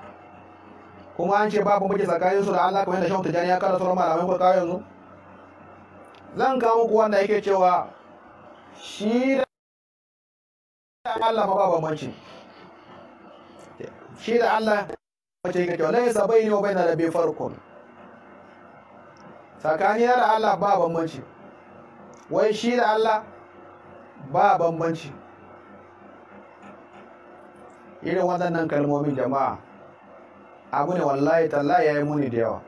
kuma an ce babu muke tsakanin su da Allah kuma yadda shan tijani ya kara sauran malamai ko kayan su. zan kawo muku wanda yake cewa shi da Allah ba bambanci shi da Allah mace yake cewa laisa ne wa baina rabbi farqun tsakani da Allah ba bambanci wai shi da Allah ba bambanci irin waɗannan kalmomin jama'a abu ne wallahi tallahi yayi muni da yawa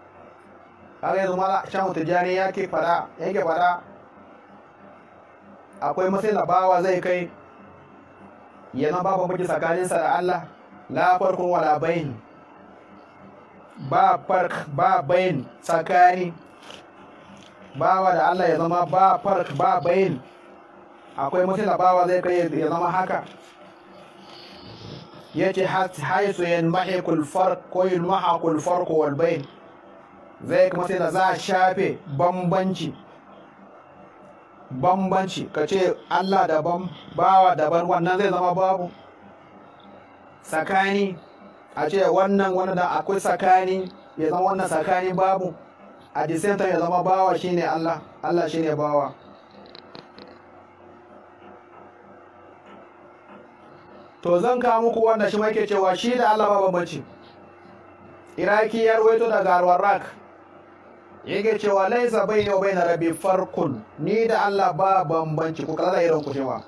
kaga yanzu mala shahu tijani ke fada yake fada akwai masai labawa zai kai yana babu tsakanin tsakaninsa da Allah la farkun wala bayin ba fark ba bayin tsakani bawa da Allah ya zama ba fark ba bayin akwai masai labawa zai kai ya zama haka Ya ce, haisu yanmahiku kulfar ko yanmahiku kulfar ko walbain zai kuma sai da za a shafe bambanci bambanci ka ce Allah daban bawa daban wannan zai zama babu tsakani a ce wannan wani da akwai tsakani ya zama wannan tsakani babu a disenta ya zama bawa shine Allah Allah shine bawa to zan kawo muku wanda shi muke cewa shi da Allah ba bambanci iraki ya ruwaito daga alwarak yake cewa laisa bayni wa bayna rabbi farkun ni da Allah ba bambanci ku kaza irin ku cewa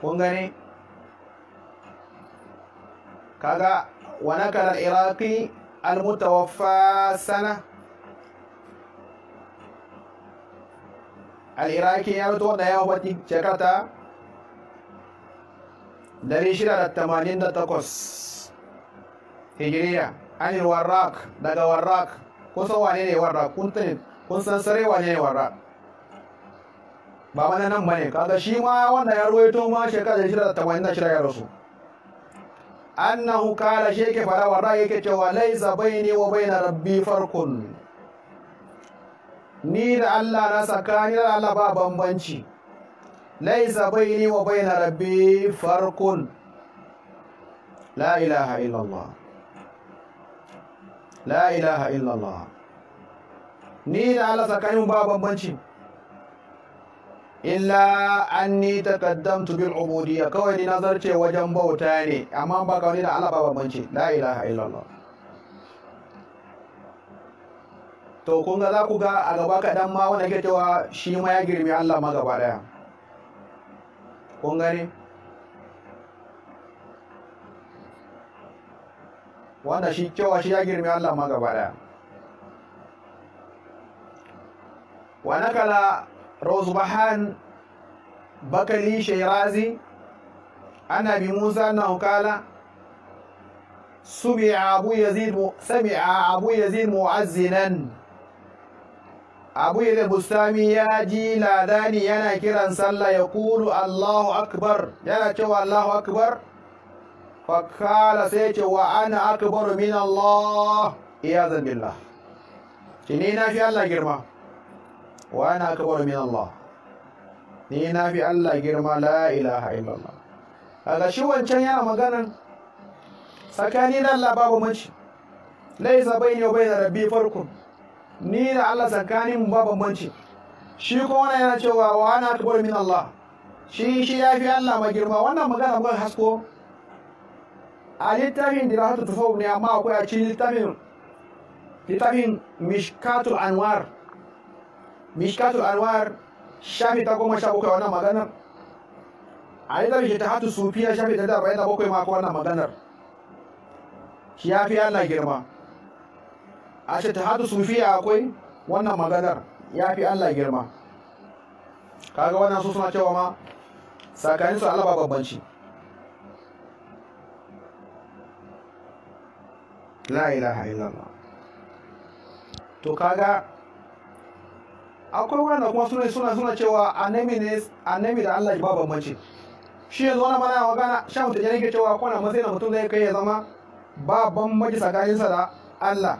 kun gani kaga ونكر العراقي المتوفى سنة العراقي يا رتو دا يهوتي شكرتا دري شرع التمانين دتكوس تقص هجرية عن الوراق دا وراق كنت وانين وراق كنت kun san sare wane ne warra ba mana nan bane kaga shi ma wanda ya ruwaito ma shekara annahu kala shi yake fara wa yake cewa laisa ne wa baina rabbi farkon ni da Allah na sakani da Allah ba bambanci laisa ne wa baina rabbi farkon la ilaha illallah la ilaha illallah ni da Allah sakani ba bambanci illa anni tu bil ubudiyya kawai ni nazarce wajen bauta ne amma ba kawai da Allah ba bambance la ilaha illallah to kun ga za ku ga a gaba kaɗan ma wanda ke cewa shi ma ya girme Allah ma gaba ɗaya kun gani wanda shi cewa shi ya girme Allah ma gaba ɗaya wa nakala rozubahan bakali shairazi an abi musa annahu kala sami'a abu yazid mu'azzinan abu yazid bustami ya ji ladani yana kiran sallah ya kulu allahu akbar yana cewa allahu akbar fakala sai ce wa ana akbar min allah iya zambillah ci na fi allah girma wa ana akbar min Allah ni na fi Allah girma la ilaha illallah kaga shi wancan yana maganan tsakani da Allah babu manci laisa ne bai da rabbi farkun ni da Allah tsakanin babu manci shi ko wannan yana cewa wa ana akbar min Allah shi shi ya fi Allah ma girma wannan magana mun hasko a littafin dirahatu tufau ne amma akwai a cikin littafin littafin mishkatul anwar mishkatul anwar shafi ta goma sha bakwai wannan maganar a yi tafi ta hatu sufiya shafi ta da bayan da bakwai mako wannan maganar shi ya fi Allah girma a ce ta hatu sufiya akwai wannan maganar ya fi Allah girma kaga wannan su suna cewa ma sakanin su alaba babbanci la ilaha illallah to kaga akwai wanda kuma suna suna suna cewa annabi ne da Allah ba mace shi yanzu wani mana magana Sha mutum yake cewa ko na matsayin da mutum zai kai ya zama ba bambanci tsakaninsa da Allah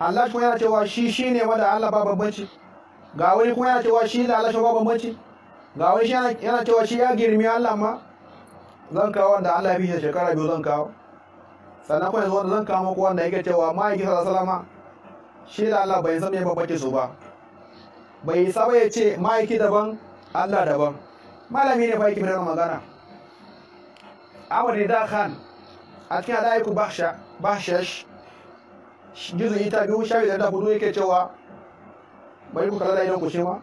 Allah kuma yana cewa shi shine wanda Allah ba mace ga wani kuma yana cewa shi da Allah ba bambanci ga wani shi yana cewa shi ya girmi Allah ma zan kawo wanda Allah ya bi shekara biyu zan kawo sannan kuma yanzu wanda zan kawo muku wanda yake cewa ma'aikin da salama shi da Allah bai san me bambanci su ba bai saba ya ce ma'aiki daban Allah daban malami ne fa yake fitar magana Ahmad Rida Khan a cikin hadaiku bahsha bahshash jizu ita biyu shafi da hudu yake cewa bai ku kalla da idan ku shi ma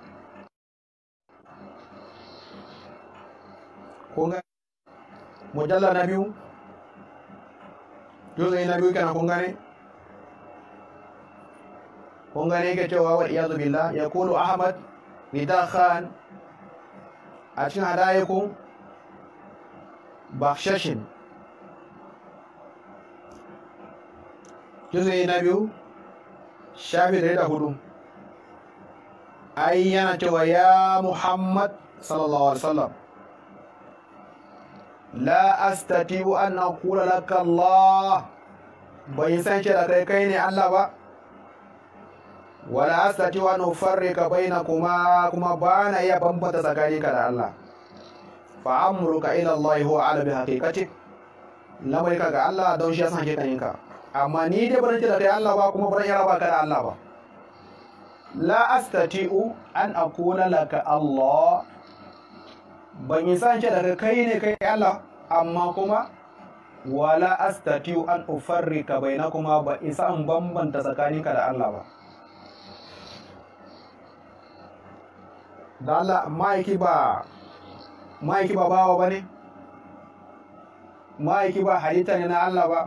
Kunga ga mujalla na biyu gizo na biyu kana kunga ne? kun gane yake cewa wal iyadu billah ya kulu ahmad nida khan a cikin hadayiku bakshashin juzu na biyu shafi da hudu ai yana cewa ya muhammad sallallahu alaihi wasallam la astati'u an aqula laka allah bai san ce da kai kai ne allah ba wala astati wa nufarrika bainakuma kuma bana iya bambanta tsakaninka da Allah fa amruka ila Allah huwa ala bi haqiqati lamarka ga Allah don shi ya san hakikaninka amma ni dai ban ce da kai Allah ba kuma ban iya raba ka da Allah ba la astati'u an akuna laka Allah ban yi san ce daga kai ne kai Allah amma kuma wala astati'u an ufarrika bainakuma ba isa an bambanta tsakaninka da Allah ba da Allah ma'aiki ba ma'aiki ba bawa ba ne ma'aiki ba halitta ne na Allah ba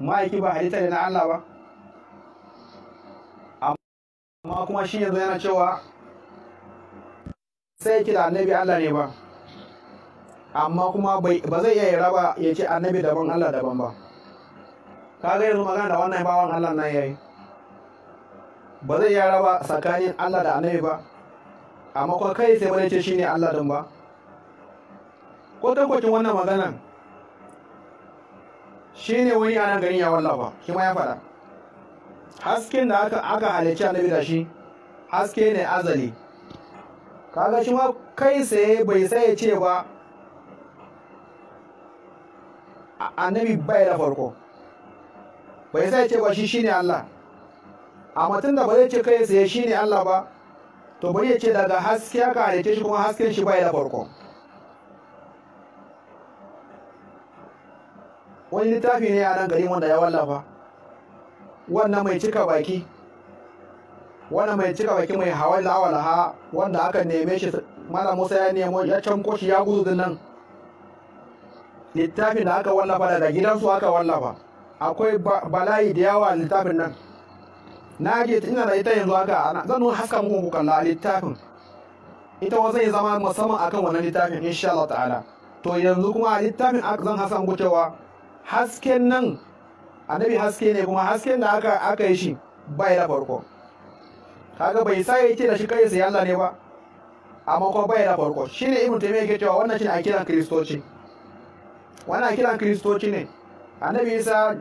ma'aiki ba halitta ne na Allah ba amma kuma shi yanzu yana cewa sai yake da annabi Allah ne ba amma kuma ba zai iya raba ya ce annabi daban Allah daban ba kaga yanzu magana da wannan bawan Allah nan yayi ba zai yara ba tsakanin Allah da annabi ba amma kuma kai sai bane ce shine Allah din ba ko tabbacin wannan Shi shine wani anan garin ya wallafa shi ma ya fada hasken da aka aka halicci annabi da shi haske ne azali kaga shi ma kai sai bai sai ce ba annabi bai da farko bai sai ce ba shi shine Allah amma tun da ba zai ce kai shi ne Allah ba to bari ya ce daga haske aka halice shi kuma hasken shi bai da farko wani littafi ne a nan gari wanda ya wallafa wannan mai cika baki wannan mai cika baki mai hawan lawalaha wanda aka neme shi malam musa ya nemo ya canko shi ya gudu nan littafin da aka wallafa daga gidansu aka wallafa akwai balayi da yawa littafin nan na ta, ina da ita yanzu haka zan nuna haska muku kalla littafin ita wa zai zama musamman akan wannan littafin insha Allah ta'ala to yanzu kuma a littafin zan hasa muku cewa hasken nan annabi haske ne kuma hasken da aka aka yi shi bai da farko kaga bai sai yake da shi kai sai Allah ne ba amma kuma bai da farko shine ibnu taymiya yake cewa wannan shine kiran kristoci wannan a kiran kristoci ne annabi isa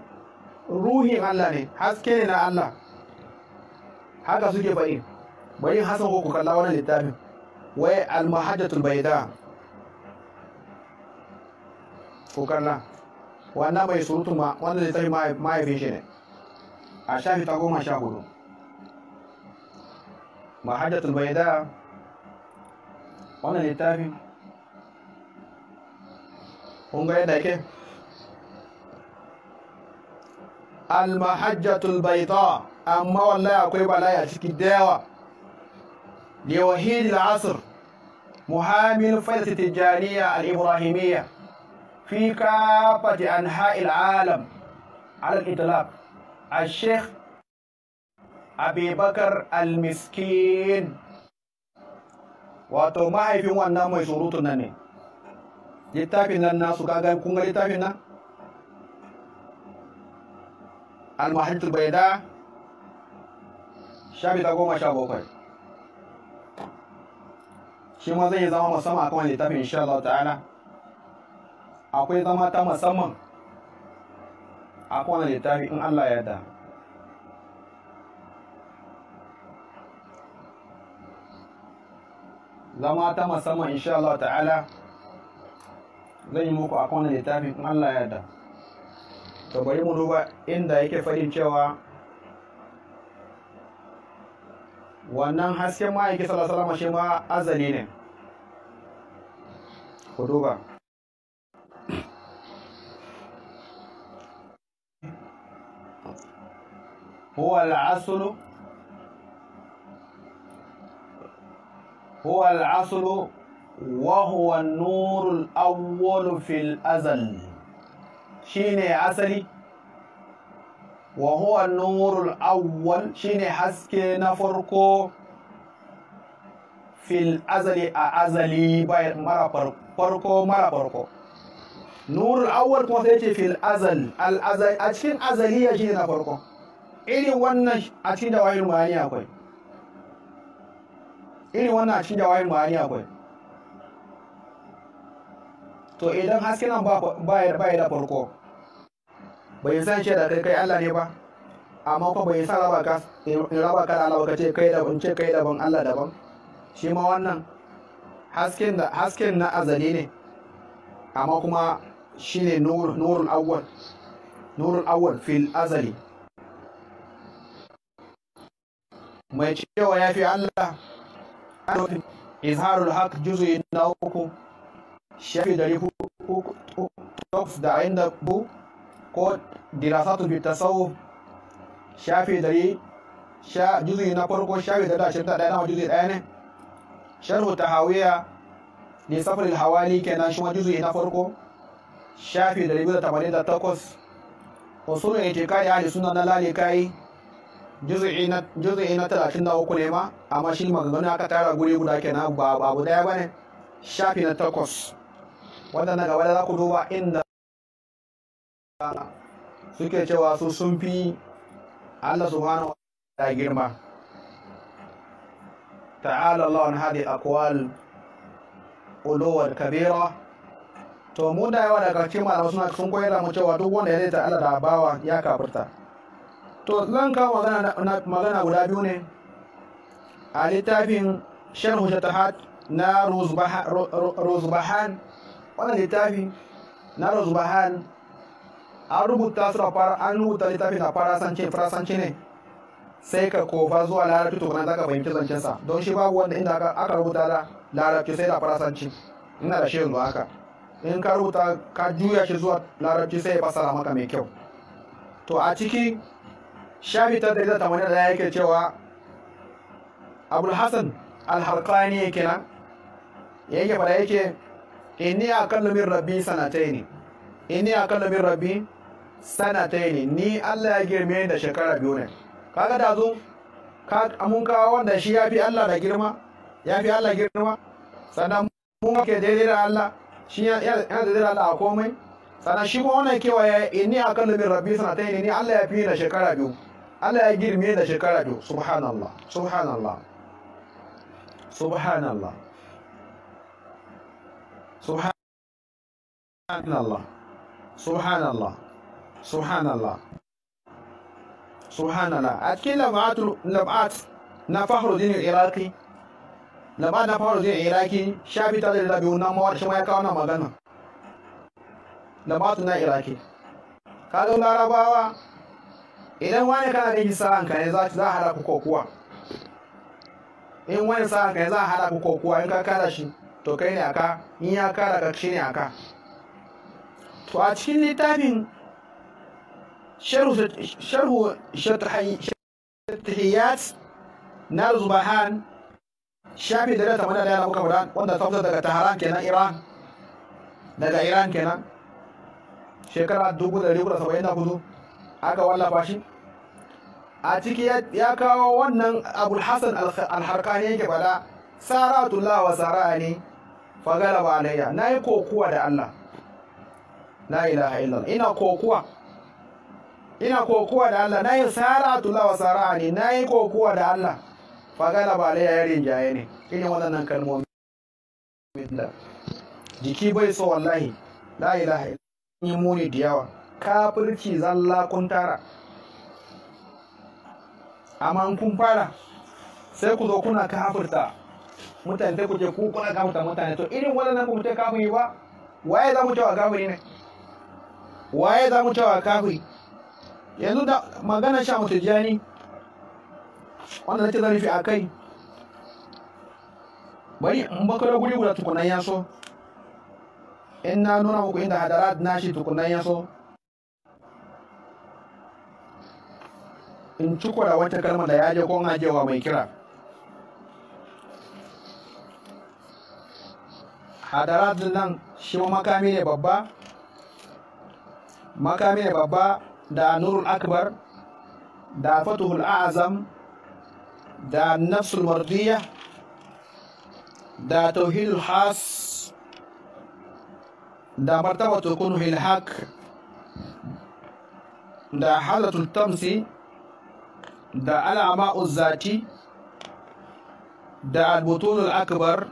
ruhin Allah ne haske ne na Allah haka suke faɗi bari hasan ko ku kalla wannan littafin wai almahajjatul baida ko kalla wannan mai surutu ma wannan littafin mahaifin shi ne a shafi ta goma sha hudu mahajjatul baida wannan littafin kun ga yadda ke المحجة البيضاء amma wallahi akwai bala'i a ciki da yawa لوحيد العصر محامي الفلسفة التجارية الإبراهيمية في كافة أنحاء العالم على الإطلاق الشيخ أبي Al-miskin. wato mahaifin wannan mai surutun nan ne littafin nan nasu kaga kun littafin nan al-mahajjatul bayda shafi ta goma sha bakwai shi ma zai zama musamman akan littafin insha Allah ta'ala akwai zama ta musamman akan wani littafi in Allah ya da. zama ta musamman insha Allah ta'ala zan yi muku akan wani littafi in Allah ya da. to bari mu duba inda yake fadin cewa wannan hasken ma'aiki sallallahu shi azali ne ku duba huwa al'asulu huwa al'asulu wa huwa nurul awwalu fil shine asali wa huwa nurul awwal shine haske na farko fil azali a azali mara farko mara farko nurul awwal kuma sai ce fil azal al azali a cikin azali ya shine na farko irin wannan a cikin dawahir mani akwai irin wannan a cikin dawahir mani akwai to idan haske nan ba ba da farko bai san ce da kai kai Allah ne ba amma ko bai san raba ka in raba ka da Allah ka ce kai daban ce kai daban Allah daban shi ma wannan hasken da hasken na azali ne amma kuma shine nur nurul awwal nurul awwal fil azali mai cewa ya fi Allah izharul haq juz'i na uku shafi dari uku da inda bu ko dirasatu bi tasawuf shafi dari sha juzu na farko shafi dari ashirin da ɗaya na juzi ɗaya ne sharhu tahawiya ne safar hawali kenan shi ma na farko shafi dari biyu da tamanin da takwas ce itikadi ahli sunna na lalikai juzi na talatin da uku ne ma amma shi maganganu aka tara guri guda kenan ba abu daya ba ne shafi na takwas wanda na gaba za ku duba inda suke cewa su sun fi Allah subhanahu wa girma ta'ala Allah an hadi aqwal uluwar kabira to mu da yawa daga cikin malamai suna sun koyar mu cewa duk wanda ya zai ta'ala da bawa ya kafirta to zan kawo magana guda biyu ne a littafin sharhu shatahat na ruzbahan wannan littafi na ruzbahan an rubuta su a fara an rubuta littafin a fara sance ne sai ka kofa zuwa larabci to kana zaka fahimci zancen sa don shi babu wanda inda aka rubuta da larabci sai da sance ina da shehu haka in ka rubuta ka juya shi zuwa larabci sai ya fasara maka mai kyau to a ciki shafi ta da tamanin da yake cewa abul hassan al-Harqani yake nan yake fara yake inni akallu min rabbi sanataini inni akallu min rabbi sanataini ni Allah ya girme da shekara biyu ne kaga da zo ka amun kawo wanda shi ya fi Allah da girma ya fi Allah girma sannan mun ke daidai da Allah shi ya daidai da Allah a komai sannan shi ko wannan kewaye inni akan lubin rabbi sanataini ni Allah ya fi da shekara biyu Allah ya girme da shekara biyu subhanallah subhanallah subhanallah subhanallah subhanallah subhanallah subhanallah a cikin labat na fahrudin iraki labat na fahrudin iraki shafi tare da biyu na mawar shi ma ya kawo na magana labat na iraki kaga larabawa idan wani kana da sa'an ka ne za a hada ku kokuwa in wani sa'an ka ne za a hada ku kokuwa in ka kada shi to kai ne aka in ya kada ka shi ne aka to a cikin littafin sharhu shatrihiyat na zubahan shafi da ta mana da yana muka mudan wanda ta fito daga taharan kenan iran daga dubu da ribu da saba'in da hudu aka wallafa shi a ciki ya kawo wannan abul hassan alharkani yake bada saratullah wa sara ne fagala ba alayya na yi da allah ina ina kokowa da Allah Na nayi tula wa Na yi kokowa da Allah Fagala ba la ya rinjaye ne irin waɗannan kalmomi jiki bai so wallahi la ilaha illallah muni da yawa kafirci zalla kun tara amma kun fara sai ku zo kuna kafirta mutane sai ku je ku kuna kafirta mutane to irin waɗannan ku mutai kafiri ba waye za mu cewa kafiri ne waye za mu cewa kafiri yanzu da magana sha mutu jani wanda na ce zarafi a kai bari in baka da guri guda tukunan ya so in na nuna muku inda hadara na shi tukunan ya so in cikura wata kalmar da ya je ko ajewa mai kira hadarat nan shi makami ne babba makami ne babba da nurul akbar da fatuhul azam da nafsul mardiya da tauhidul has da martaba kunhil hilhak, da halatul tamsi da alama zati da albutunul akbar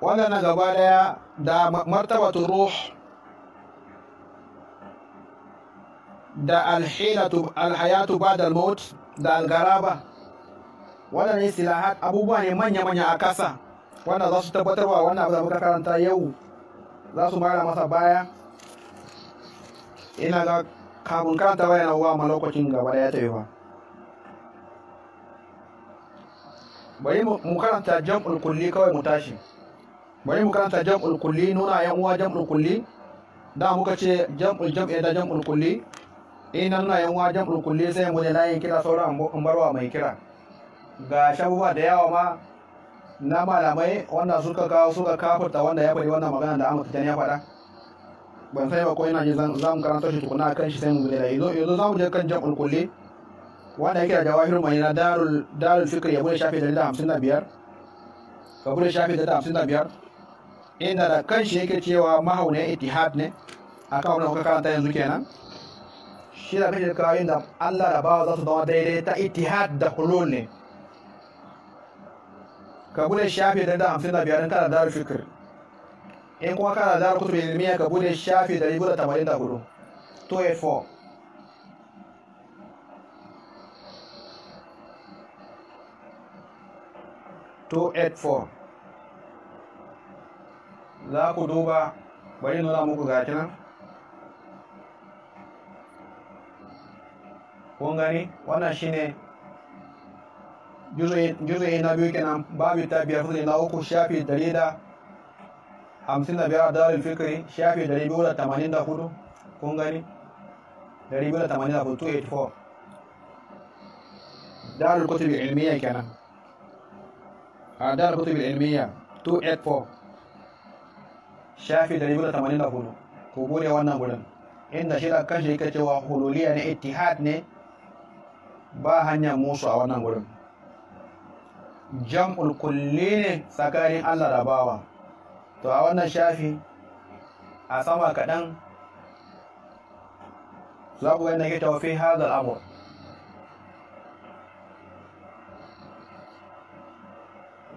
wadana gaba daya da martabatu ruh da alhayatu ba'da al-maut da algaraba wannan silaha abubuwa ne manya manya a kasa wanda za su tabbatarwa wannan abu da muka karanta yau za su mara masa baya ina ga kafin karanta baya na uwa ma lokacin da ya tafi ba bari mu karanta jam ulkulli kawai mu tashi bari mu karanta jam ulkulli nuna yan uwa jam ulkulli da muka ce jam jam'i da jam'ul Ina eh, nan yan wajen rukunle sai mu da layin kira sauran an mai kira ga shabuwa da yawa ma na malamai wanda suka kawo suka kafurta wanda ya faɗi wannan magana da Ahmad Tijani ya faɗa ban sai ba ko ina ji za mu karanta shi tukuna kan shi sai mu da yanzu yanzu za mu je kan jam'ul kulli wanda yake da jawahir mai na darul darul fikri ya bude shafi 155 ka bude shafi biyar? inda da kan shi yake cewa mahauniyar itihad ne akan wannan kuka karanta yanzu kenan shi na da kawai da Allah da bawa za su zama daidai ta itihad da hulun ne ka bude shafi da hamsin da biyar kana daru fikir in kuma kana daru kutubu ilmiya ka bude shafi da ribu da tamanin da hudu 284 za ku duba bari nuna muku gashi nan kun gani wannan shine juzuyi na biyu kenan babu ta biyar fuzuli na uku shafi dari da hamsin da biyar a darar fikiri shafi dari biyu da tamanin da hudu kun gani dari biyu da tamanin da hudu 284 darar kutubi ilmiya kenan a ah, darar kutubi ilmiya 284 shafi dari biyu da tamanin da hudu ku bude wannan gudun inda shi da kashe yake cewa hululiya ne ittihad ne ba hanyar musu a wannan gurin. jam'ul kulli ne tsakanin allah da bawa to a wannan shafi a sama kaɗan za ku gani ke tawafi hazal amur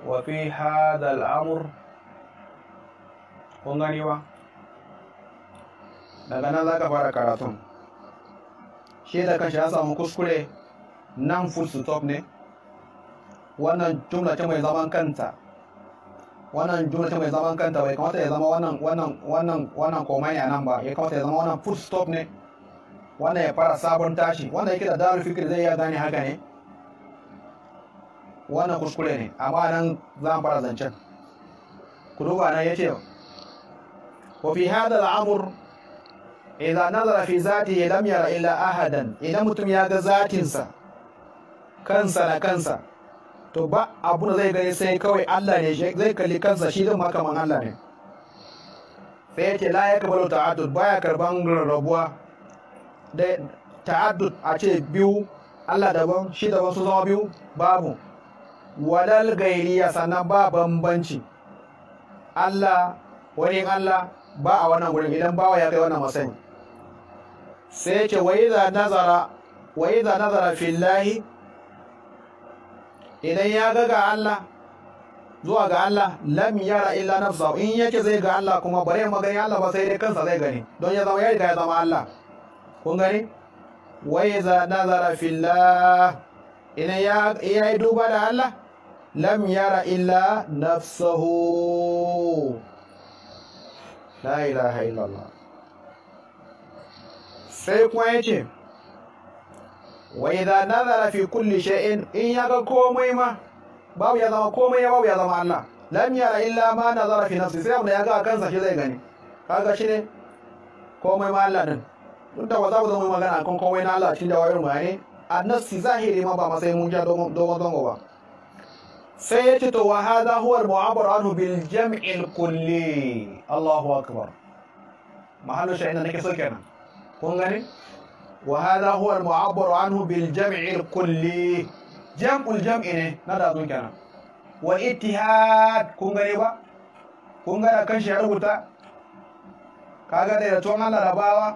wafi hadal amur kun gani ba daga nan za ka fara karatun shi da kashi ya samu kuskure nan full stop ne wannan jumla ce mai zaman kanta wannan jumla ce mai zaman kanta bai kamata ya zama wannan wannan wannan wannan komai a nan ba ya kamata ya zama wannan full stop ne wannan ya fara sabon tashi wanda yake da darul fikir zai iya gane haka ne wannan kuskure ne amma nan za mu fara zancen ku duba nan yace wa fi hada al'amur idan nazara fi zati lam yara illa ahadan idan mutum ya ga zatinsa kansa da kansa to ba abu da zai gani sai kawai Allah ne zai kalli kansa shi zai makaman Allah ne sai ya ce la ya kabalu ta'addud baya karban rabuwa, da ta'addud a ce biyu Allah daban shi daban su zama biyu babu walal gairiya sannan ba bambanci Allah wani Allah ba a wannan gurin idan bawa ya kai wannan masani sai ya ce wa idza nazara wa idza nazara fillahi idan ya ga ga Allah zuwa ga Allah lam yara illa nafsa in yake zai ga Allah kuma bare magani Allah ba sai dai kansa zai gani don ya zama ya riga ya zama Allah kun gani wa iza nazara fillah idan ya yi duba da Allah lam yara illa nafsahu la ilaha illallah sai kuma yace wa idza nazara fi kulli shay'in in ya ga komai ma babu ya zama komai ya babu ya zama Allah lam yara illa ma nazara fi nafsi sai ya ga kansa shi zai gani kaga shi ne komai ma Allah din duk da ba zama magana kan komai na Allah cikin jawabin mu ne annasi zahiri ma ba sai mun ja dogon dogon ba sai ya ce to wa hadha huwa al-mu'abbar anhu bil jam'i al-kulli Allahu akbar mahallu shay'in da nake so kenan kun gani وهذا هو المعبر عنه بالجمع الكلي جمع الجمع إيه نادا دون كنا واتحاد كونغريبا كونغريبا كنشي عربوتا كاغا دي رتوانا لرباوا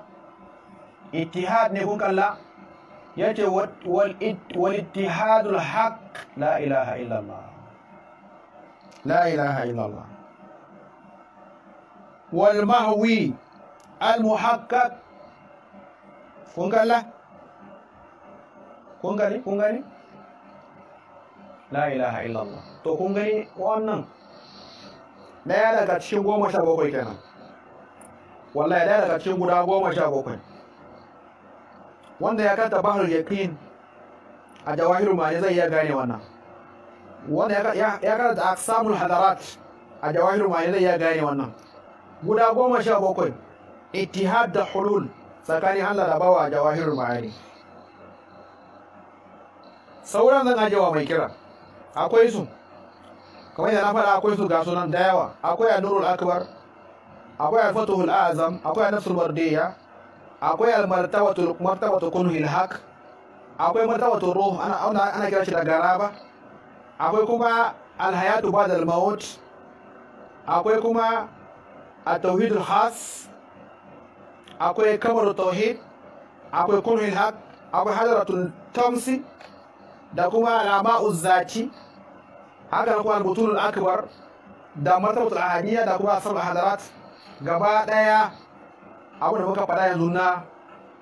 اتحاد نبوك الله يأتي والاتحاد الحق لا إله إلا الله لا إله إلا الله والمهوي المحقق kun kalla kun gani kun gani la ilaha illallah to kun gani wannan daya daga cikin goma sha bakwai kenan wallahi daya daga cikin guda goma sha bakwai wanda ya kanta bahar yaqin a jawahirul ne zai iya gane wannan wanda ya a aksamul hadarat a jawahirul ne zai iya gane wannan guda goma sha bakwai ittihad da hulul tsakanin Allah da bawa jawahirul ma'ani sauran zan wa mai kira akwai su kamar yana na faɗa akwai su ga sunan da yawa akwai nurul akbar akwai alfatuhul azam akwai nafsul bardiya akwai almartabatul martabatul kunhil haq akwai martabatul ruh ana ana kira shi da garaba akwai kuma alhayatu ba'da al akwai kuma at-tauhidul khas akwai kamar tauhid akwai kunhin haq akwai hadaratul tamsi da kuma alama zati haka kuma albutul akbar da martabatul ahadiyya da kuma asal hadarat gaba daya abu da muka fada yanzu na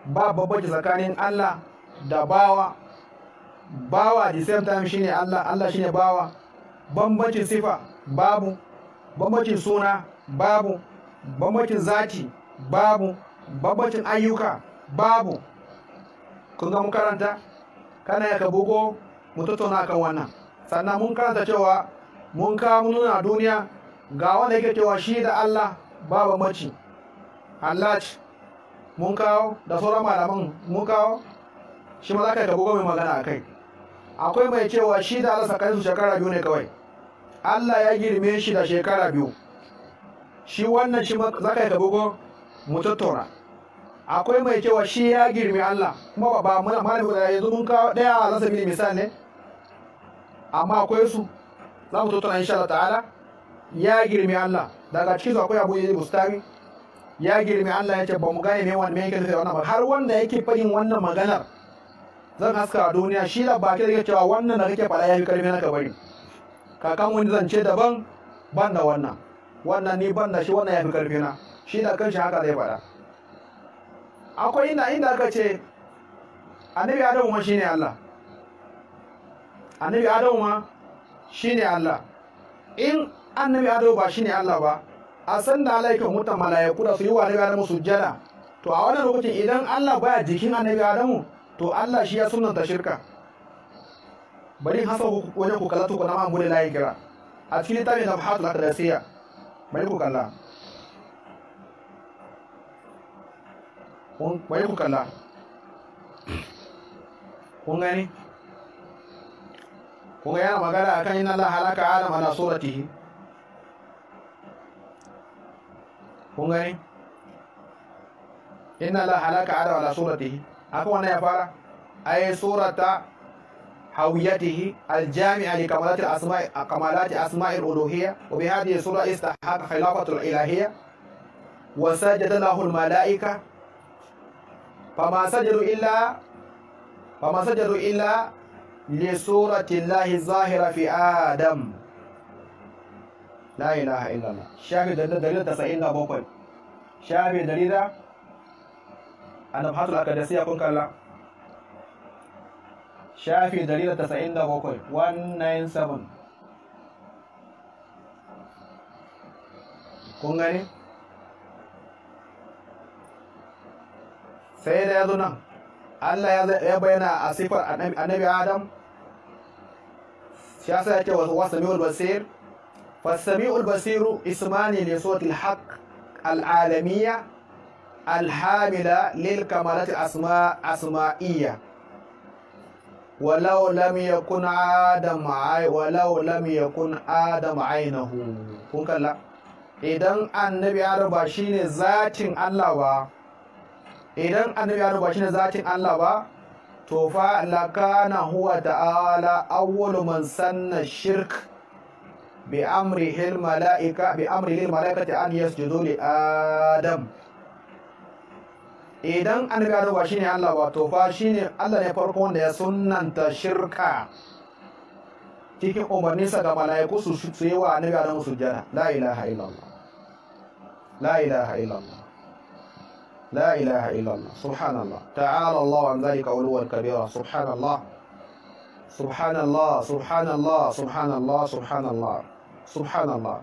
ba babbaci tsakanin Allah da bawa bawa the same time shine Allah Allah shine bawa bambancin sifa babu bambancin suna babu bambancin zati babu Babbacin ayyuka babu kun ga mun karanta kana ya ka bugo mu tattauna kan wannan sannan mun karanta cewa mun kawo nuna duniya ga wanda yake cewa shi da Allah ba bambanci Allah ce mun kawo da sauran malaman mun kawo shi ma za ka yi ka bugo mai magana a kai akwai mai cewa shi da Allah sakarinsu shekara biyu ne kawai Allah ya girme shi da shekara biyu shi wannan shi za ka yi ka bugo mu tattauna akwai mai cewa shi ya girmi Allah kuma ba malami guda yanzu mun kawo daya a zasa bili misal ne amma akwai su za mu tattauna insha Allah ta'ala ya girmi Allah daga cikin su akwai Abu Yazid Bustami ya girmi Allah ya ce ba mu gane me wanda yake da wannan har wanda yake fadin wannan maganar zan haska a duniya shi da baki da yake cewa wannan da kake fara yafi karmi na ka bari kakan wani zance daban ban da wannan wannan ni ban da shi wannan ya fi karfi na shi da kanshi haka zai fara akwai inda inda aka ce annabi adamu ma shine Allah annabi adamu ma shine Allah in annabi adamu ba shine Allah ba a san da Allah yake mutan da su yi wa annabi adamu sujjada to a wannan lokacin idan Allah baya jikin annabi adamu to Allah shi ya sunanta shirka bari hasa wajen ku kalla tukuna ma da kira a cikin littafin da fahatul aqdasiyya bari ku bari ku kalla kun gani kun yana magana akan inna Allah halaka adam ala suratihi kun gani inna Allah halaka adam ala suratihi akan wannan ya fara ay surata هويته الجامعة لكمالات الأسماء كمالات أسماء الألوهية وبهذه الصورة استحق خلافة الإلهية وسجد له Mala'ika. fama sajaru illa fama sajaru illa li surati llahi zahira fi adam la ilaha illallah shafi da ta tasa'in da bakwai shafi dalila a na nabhatul akadasiya kun kalla shafi dalila tasa'in da bakwai 197 kun gani sai da ya zo nan Allah ya bayyana a sifar annabi Adam shi yasa yake wa sami'ul basir fa sami'ul basiru ismani li suratil haqq al alamiyya al hamila lil kamalati asma asma'iyya ولو لم يكن آدم عي ولو لم يكن آدم عينه kun kalla idan annabi ya ba shine zatin Allah ba idan annabi ya rubuta shi zatin Allah ba to fa lakana huwa ta'ala awwalu man sanna shirk bi amri hil malaika bi amri lil malaikati an yasjudu li adam idan annabi ya rubuta shi ne Allah ba to fa shine Allah ne farko wanda ya sunnanta shirka cikin umarninsa ga mala'iku su yi wa annabi Adamu sujjada la ilaha illallah la ilaha illallah لا إله إلا الله سبحان الله تعالى الله عن ذلك علوا كبيرا سبحان الله سبحان الله سبحان الله سبحان الله سبحان الله سبحان الله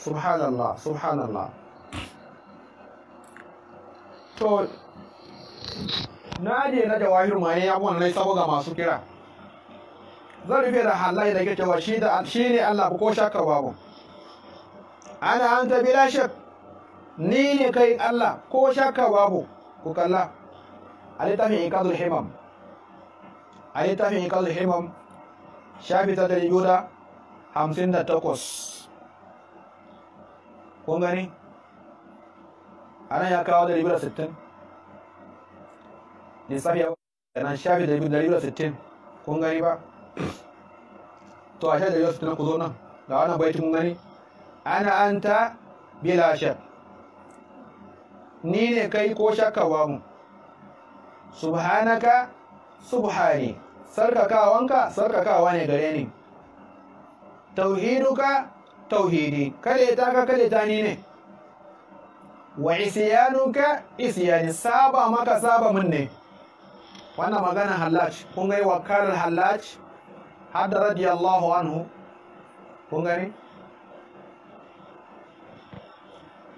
سبحان الله سبحان الله to na je na jawahir mai ya wannan saboda masu kira zan rufe da halaye da ke cewa shi ne Allah ko shakka babu ana anta bila shakka ni ne kai Allah ko shakka babu ku kalla a littafin ikazul himam a littafin ikazul himam shafi ta dari da hamsin da takwas kun gani anan ya kawo dari da sittin lissafi ya nan shafi dari da sittin kun gani ba to a sha dari da sittin ku zo nan da wannan baitin kun gani ana anta bila shakka ni ne kai ko shakka babu subhanaka subhani sarkakawanka sarkakawa ne gare ni tauhiduka tauhidi kare ka kare ta ni ne wa isyanuka isyani saba maka saba mun ne wannan magana hallaj kun gani wakalar hallaj hadda radiyallahu anhu kun gani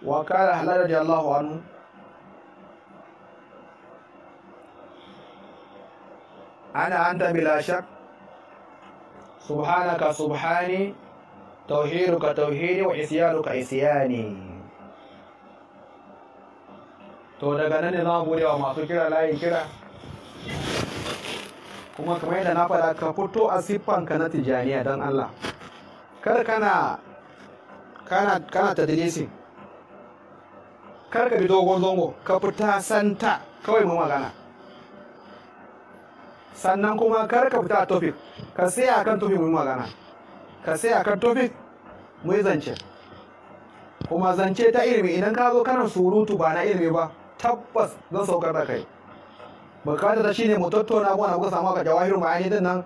wakalar hallaj radiyallahu anhu ana anta bila shak subhanaka subhani ka tauhidi wa isyanuka isyani to daga nan ne za mu bude wa masu kira layin kira kuma kamar yadda na faɗa ka fito a siffanka na tijaniya don Allah kar kana kana kana tadlisi kar ka bi dogon zango ka fita santa kawai mu magana sannan kuma kar ka fita topic ka tsaya kan topic mu magana ka tsaya kan topic mu zance kuma zance ta ilimi idan ka zo kana surutu ba na ilimi ba tabbas zan saukar da kai bukata ta shine mu tattauna abubuwan na gusa maka ka jawahirul ma'ani din nan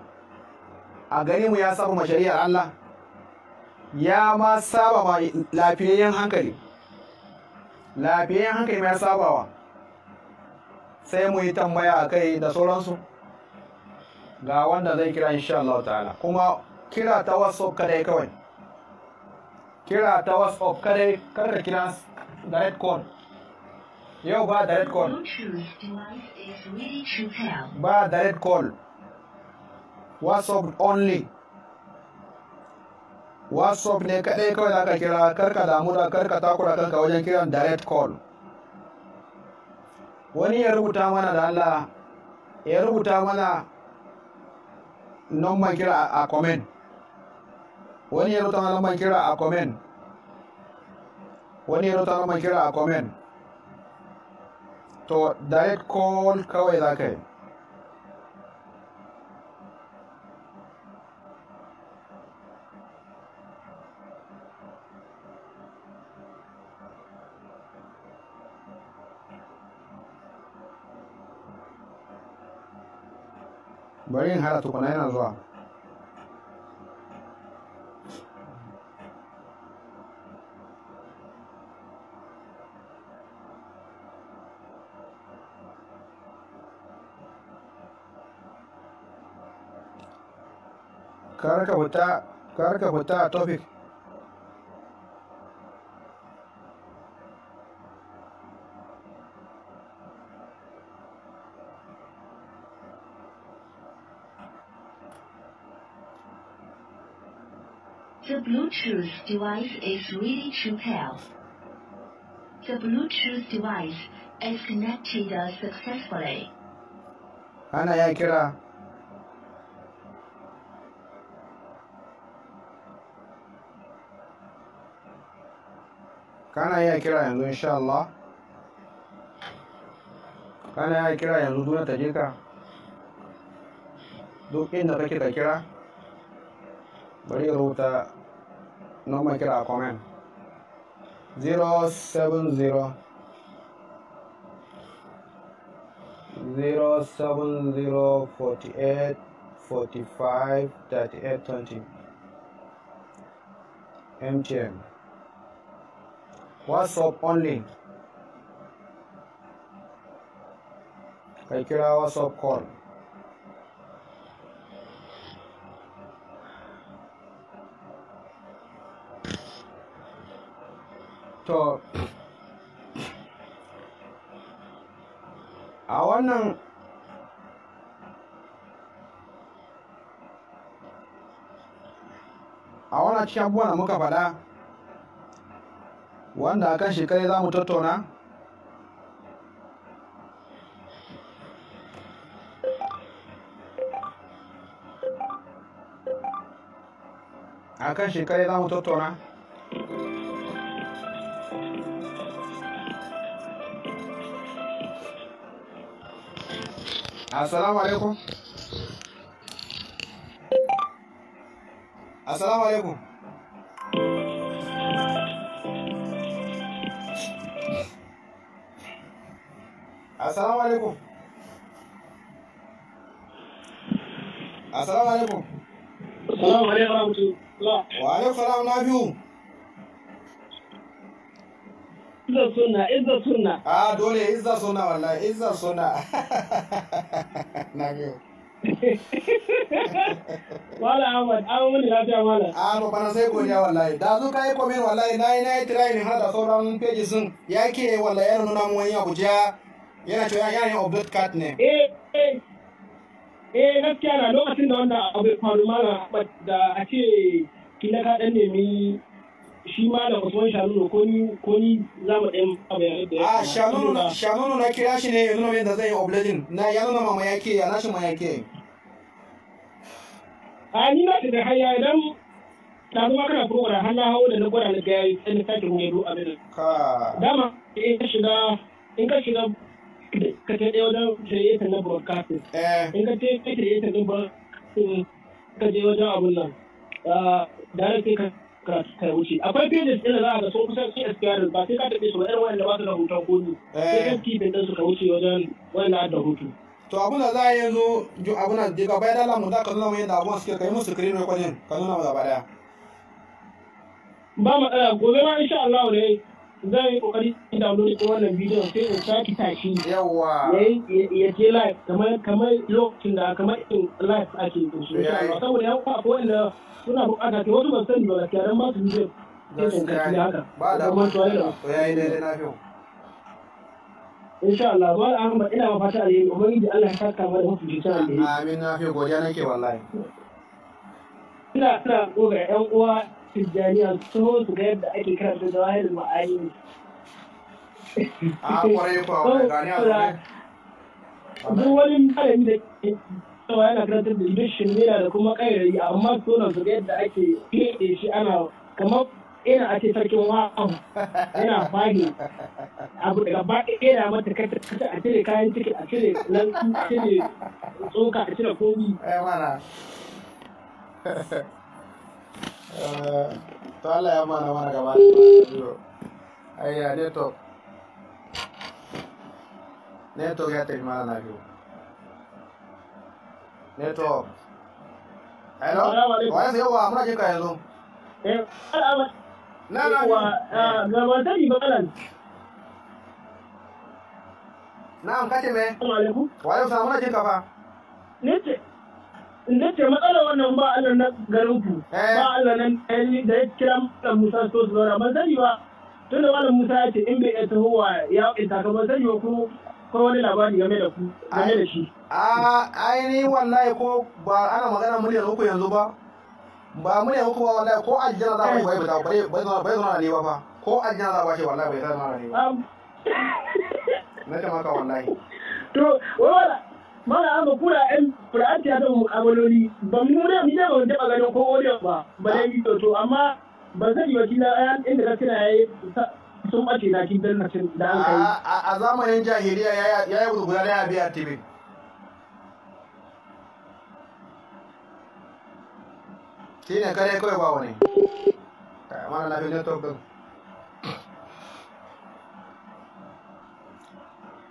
a gani mu ya saba ma shari'ar Allah ya ma saba ma lafiyayyen hankali lafiyayyen hankali ma ya sabawa sai mu yi tambaya a kai da sauransu ga wanda zai kira insha Allah ta'ala kuma kira ta WhatsApp kadai kawai kira ta WhatsApp kadai kar ka kira direct call yau ba direct call ba direct call WhatsApp only WhatsApp ne kadai kawai da ka kira karka damu da karka takura kanka wajen kiran direct call wani ya rubuta mana da Allah ya rubuta mana numban kira a komen wani ya rutan numban kira a komen wani ya rutan numban kira a komen to direct call kawai za ka yi bari in hada tukuna yana zuwa ka raka fita a topic Bluetooth device is ready to pair. The Bluetooth device is connected successfully. Ana ya kira. Kana ya kira yanzu insha Allah. Kana ya kira yanzu duniya ta je ka. Duk inda kake ka kira. Bari rubuta number kira command 070 070 48 45 38 20 mtn whatsapp only kai kira whatsapp call to a wannan a wannan cikin abubuwan da muka faɗa wanda a kan shekaru za mu tattauna a kan shekaru za mu tattauna Assalamu alaikum. Assalamu alaikum. Assalamu alaikum. Assalamu alaikum. Assalamu alaikum. Wa alaikum salam na biyu. Izza suna, izza suna. A dole izza suna wallahi, izza suna. (laughs) Na ga. (laughs) Mala Ahmad, an wani lafiya mala. Ah, ba bana sai godiya wallahi. Da zo kai komen wallahi nayi nayi try ne har da sauran pages sun. Yake wallahi yana nuna mu wani abu Yana cewa yana yin update card ne. Eh, eh. Eh, gaskiya na lokacin da wanda abu faru mala Ahmad da ake kila ka dan nemi shi ma da wasu shanunu ko ni ko ni za mu ɗayan bayanin da ya ah, a shanunu shanunu na kira shi ne ya nuna yadda zai yi obladin na ya nuna ma ya ke ya nashi ma ya ke a ni na ta da haya idan ta zama kana furwara har na hau da na gwada na gaya yi tsanin sake mai ruwa abin dama in ka shiga in ka shiga ka ta ɗaya wajen shirye ta na broadcasting eh. in ka ta shirye ta na broadcasting ka je wajen abun nan ah, da sai ka ka wuce akwai pages ɗin da za a ga so kusan CSPR ba sai ka taɓe su ba irin wanda ba su da hoton komi sai kan eh. kifin ɗin su ka wuce wajen wanda da hutu. to abuna za a yanzu da, daga baya da lamun za ka nuna mai yadda abuwa suke kai musu screen recording ka nuna mu gaba daya. ba matsala gobe ma insha Allah ne zan yi kokari in download ko wannan bidiyon sai in saki tashi yawa ya je live kamar kamar lokacin da kamar in live ake yin shi saboda ya kwa ko wanda suna bukata ke wasu ban sani ba gaskiya dan ba su bidiyo sai da haka ba da kuma to yayi daidai na fiyo insha Allah ba Ahmad ina ma fata alheri ubangiji Allah ya saka mu da mutu amin na godiya nake wallahi ina ina goga yan uwa tijjaniya su su ga yadda ake karanta jawahir ma'ani a ah, kwarai kwa (laughs) gani a duk wani malami da ke cewa yana karantar da duk shinnera da kuma kairari amma su na su ga yadda ake fiye shi ana kamar ina a sarkin wa'an yana fage abu daga baɗi ina mata kata a cire kayan ciki a cire lantsu a cire tsoka a cire komi eh, (laughs) Eh, to Allah ya mana mana gaba ayya network network ya tafi mana na biyu network hello wa sai yawa muna jika yanzu eh, na na eh, gaban sani malam na'am kace me wa yau samu jinka fa na ce matsalar wannan ba Allah na garin ku ba eh. Allah nan da ya kira Malam Musa so su zauna ban sani ba tun da Malam Musa ya ce in bai ta huwa ya ita ka ban sani ba ko ko wani labari game da ku game da shi a ainihin wallahi ko ba ana magana miliyan uku yanzu ba ba miliyan uku ba wallahi ko aljanna za mu bai ba bai bai zama ne ba ko aljanna za ba shi wallahi bai zama ne ba na ce maka wallahi to wala mala amma kura yan fura'ati ta mukabaloli ban mu da ni da ban taba ko audio ba ba dai video to amma ba zan yi wakila ayan inda ka kira yayi sun bace na kin dan da an kai a zamanin jahiliya ya ya gudu guda da biya tv shine kare kawai ba wani na network din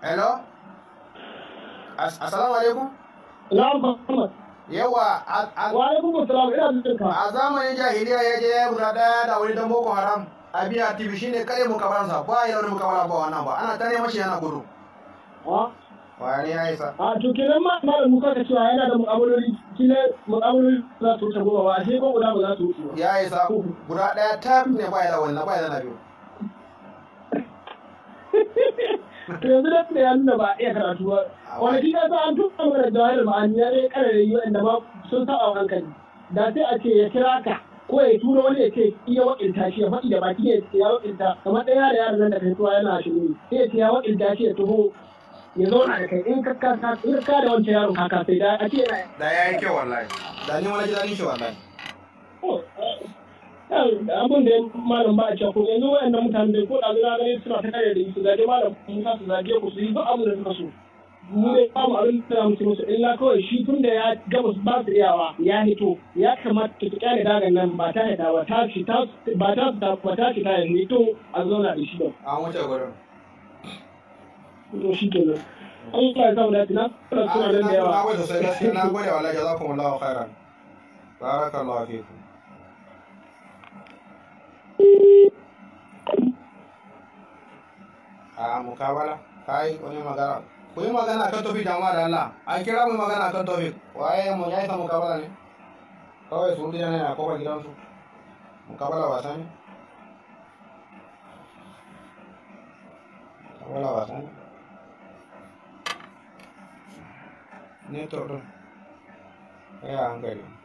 hello assalamu alaikum na'am muhammad yawa a alaikum assalam ina jin ka a zamanin jahiliya ya je ya guda daya da wani dan boko haram a biya tv shine kare mu kabaran sa ba ya wani mukabara ba wannan ba ana tare mashi yana gudu wani ya isa a to kenan ma ma mu kaka cewa yana da mu'amaloli kile mu'amaloli za su wuce goma ba sai ko guda ba za su wuce ba ya isa guda daya ta ne ba ya da wani ba ya da biyu (laughs) to yanzu da da ya nuna ba iya karatu ba kwanaki na sa an tuka mana jawahir ma'ani ya ne da yi wanda ma sun sa a hankali da sai a ce ya kira ka ko ya tura wani ya ce iya wakilta shi ya faɗi da baki ya ce ya wakilta kamar ɗaya da yaran nan da kai tuwa yana shiru sai ya ce ya wakilta shi ya taho ya zauna da kai in ka ka da wancan yaron haka sai da a ce da ya yi kyau wallahi da ni wani gidan shi wallahi oh, Yan abin da malam ba a cewa ko yanzu wayannan mutane da ko da zuwa gani suna ta kare da su zage malam mun sa su zage ku su yi duk abin da suka so mu dai ba mu abin da mu musu illa kawai shi tun da ya gaba ba su iyawa ya hito ya kamata ta kyale dagan nan ba ta hita ba shi ta ba ta ta ba shi ta hito a zauna da shi ba a wata gurin to shi kenan an ka samu da tina suna da yawa na gode sosai gaskiya na gode wallahi jazakumullahu khairan barakallahu fikum a mukabala kai wani magana ku magana kan topic damuwa da Allah A kira mu magana kan topic waye mu ya isa mukabala ne kawai su rubuta ne kowa kofar gidansu mukabala wasa ne mukabala wasa ne ne to ya hankali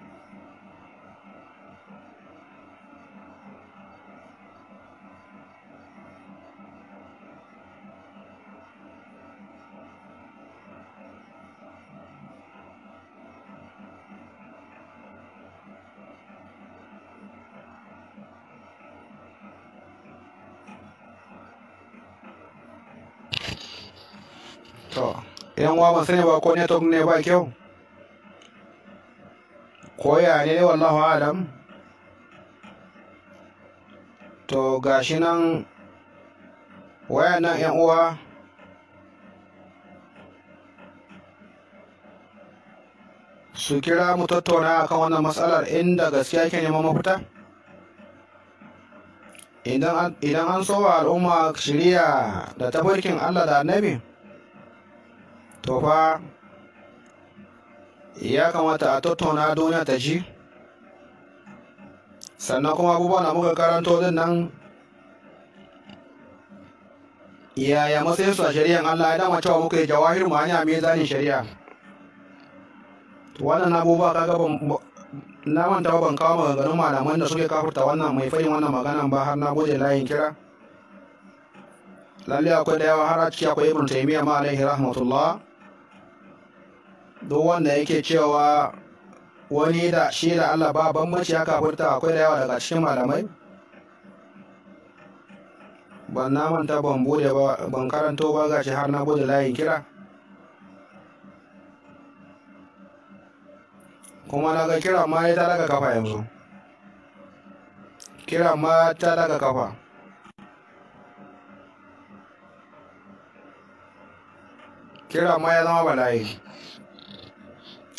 yan wa masu ne ba ko network ne ba kyau koya ne wallahu alam to gashi nan waya nan yan uwa su kira mu tattauna akan wannan matsalar inda gaskiya ke neman mafita idan an so wa al'umma shirya da tafarkin allah da annabi to fa ya kamata a tattauna duniya ta ji sannan kuma abubuwan da muka karanto din nan yaya matsayinsu a shari'an Allah ya dama cewa muka yi jawahir mu hanya mai zanin shari'a wannan abubuwa gaba na manta ban kawo maganganun malaman da suke kafurta wannan mai fahim wannan maganan ba har na gode layin kira lalle akwai da yawa har a ciki akwai ibn taymiya ma alaihi rahmatullah duk wanda yake cewa wani da shi da Allah ba bambanci ya kafurta akwai da yawa daga cikin malamai ban na manta ban bude ba ban karanto ba gashi har na bude layin kira kuma na ga kira ma ya ta daga kafa yanzu kira ma ta daga kafa kira ma ya zama ba layi.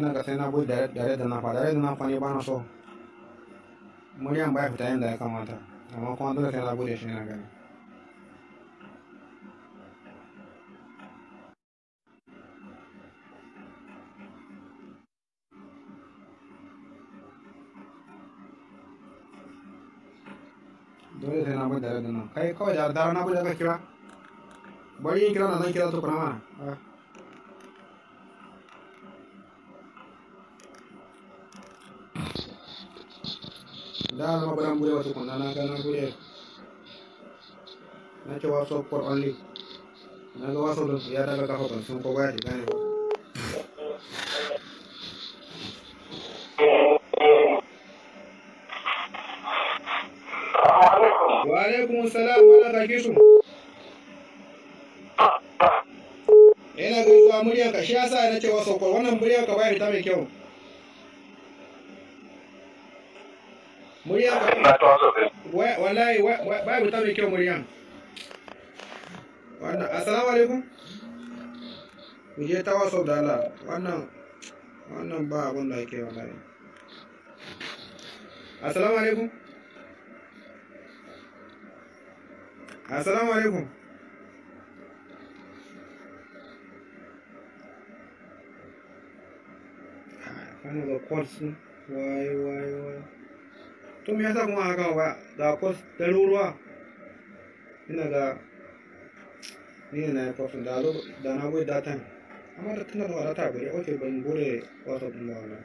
ina ga sai na goyi da da nafa dare da nafa ne ba na so muryan baya fita yadda ya kamata amma kuma dole sai na goyi shi na gani dole sai na goyi dare da nan kai kawai da na goyi ka kira bari yin kira na zan kira tukuna mana ah. dal ma baram bude watu kona na kana bude na ce wasu for only na ga wasu da ya daga kafa ban sun ko gaya gane wa alaikum salam wala rakisu ina gaisuwa muryarka shi yasa na ce wasu wannan muryarka bai ta mai kyau Muryan. Na to sosai. Eh. Wallahi babu ta mai kyau Muryan. Wannan asalamu alaikum. Mu ta waso, da Allah. Wannan wannan ba abun da yake wallahi. Assalamu alaikum. Assalamu alaikum. Kind of a question. Why, why, to me yasa kuma haka ba da kos da ɗaruruwa ina ga ni na yi kwasin da zo da na goyi datan amma da tunan rata bai ok ban gure whatsapp ɗin ba wannan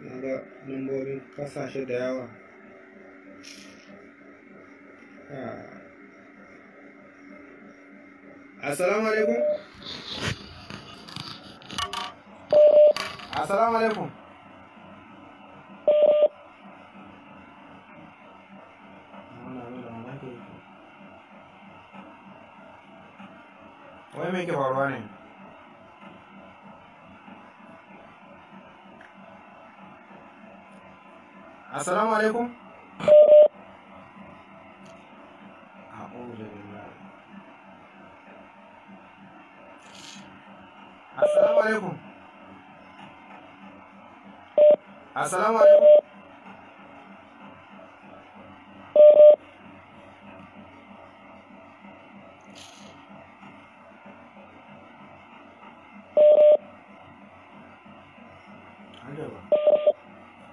na ga lambobin kasashe da yawa ah. Assalamu alaikum. Assalamu alaikum. wai me ke faruwa ne assalamu alaikum assalamu alaikum assalamu alaikum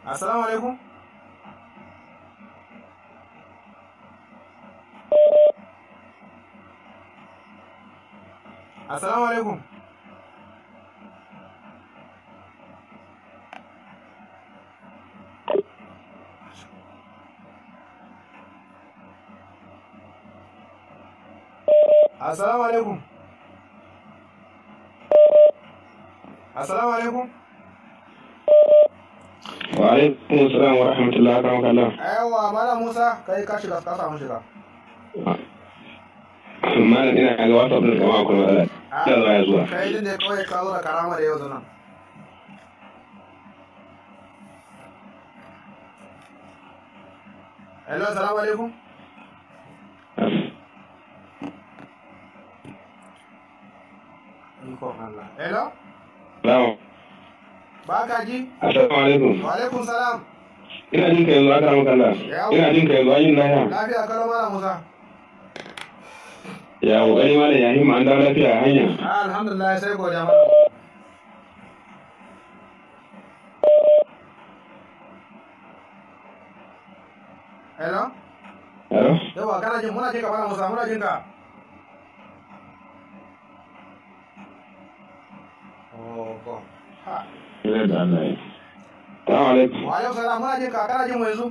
assalamu alaikum assalamu alaikum Assalamu alaikum. Assalamu alaikum. wa alaikum salam wa rahmatullahi wa barakatuh yawa mala musa kai ka shiga ka samu shiga malam ina ga wasu abin da akwai matsala da ah, zuwa ya zuwa kai din da kawai ka zo da karama da yau zunan hello assalamu alaikum Hello? Hello? ba assalamu alaikum wa alaikum salam ina jin ka yanzu aka ramu kalla ina jin ka yanzu an yi lafiya lafiya karo mala musa ya kokari mala ya himma an dawo lafiya a hanya ah, alhamdulillah sai godiya mala Hello? Hello? Yawa kana jin muna jin ka mala musa muna jin ka Oh, God. Ha. Kira da Allah ya. Assalamu alaikum. Wa alaikum salam muna jin ka yanzu.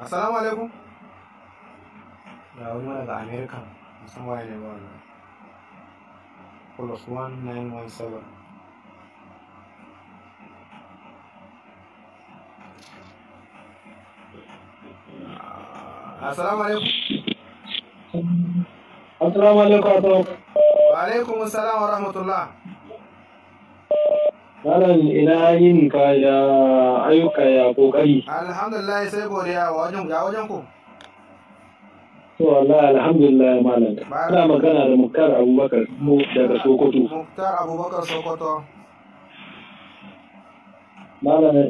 Assalamu alaikum. Ga wani daga Amerika. Musamman ne ba wannan. plus 1917 ah, assalamu alaikum assalamu wa alaikum ina yin ka ayyuka ya kokari. Alhamdulillah sai godiya wajen ga wajen ku. To Allah alhamdulillah malam. Ina magana da Muktar Abubakar daga Sokoto. Muktar Abubakar Sokoto.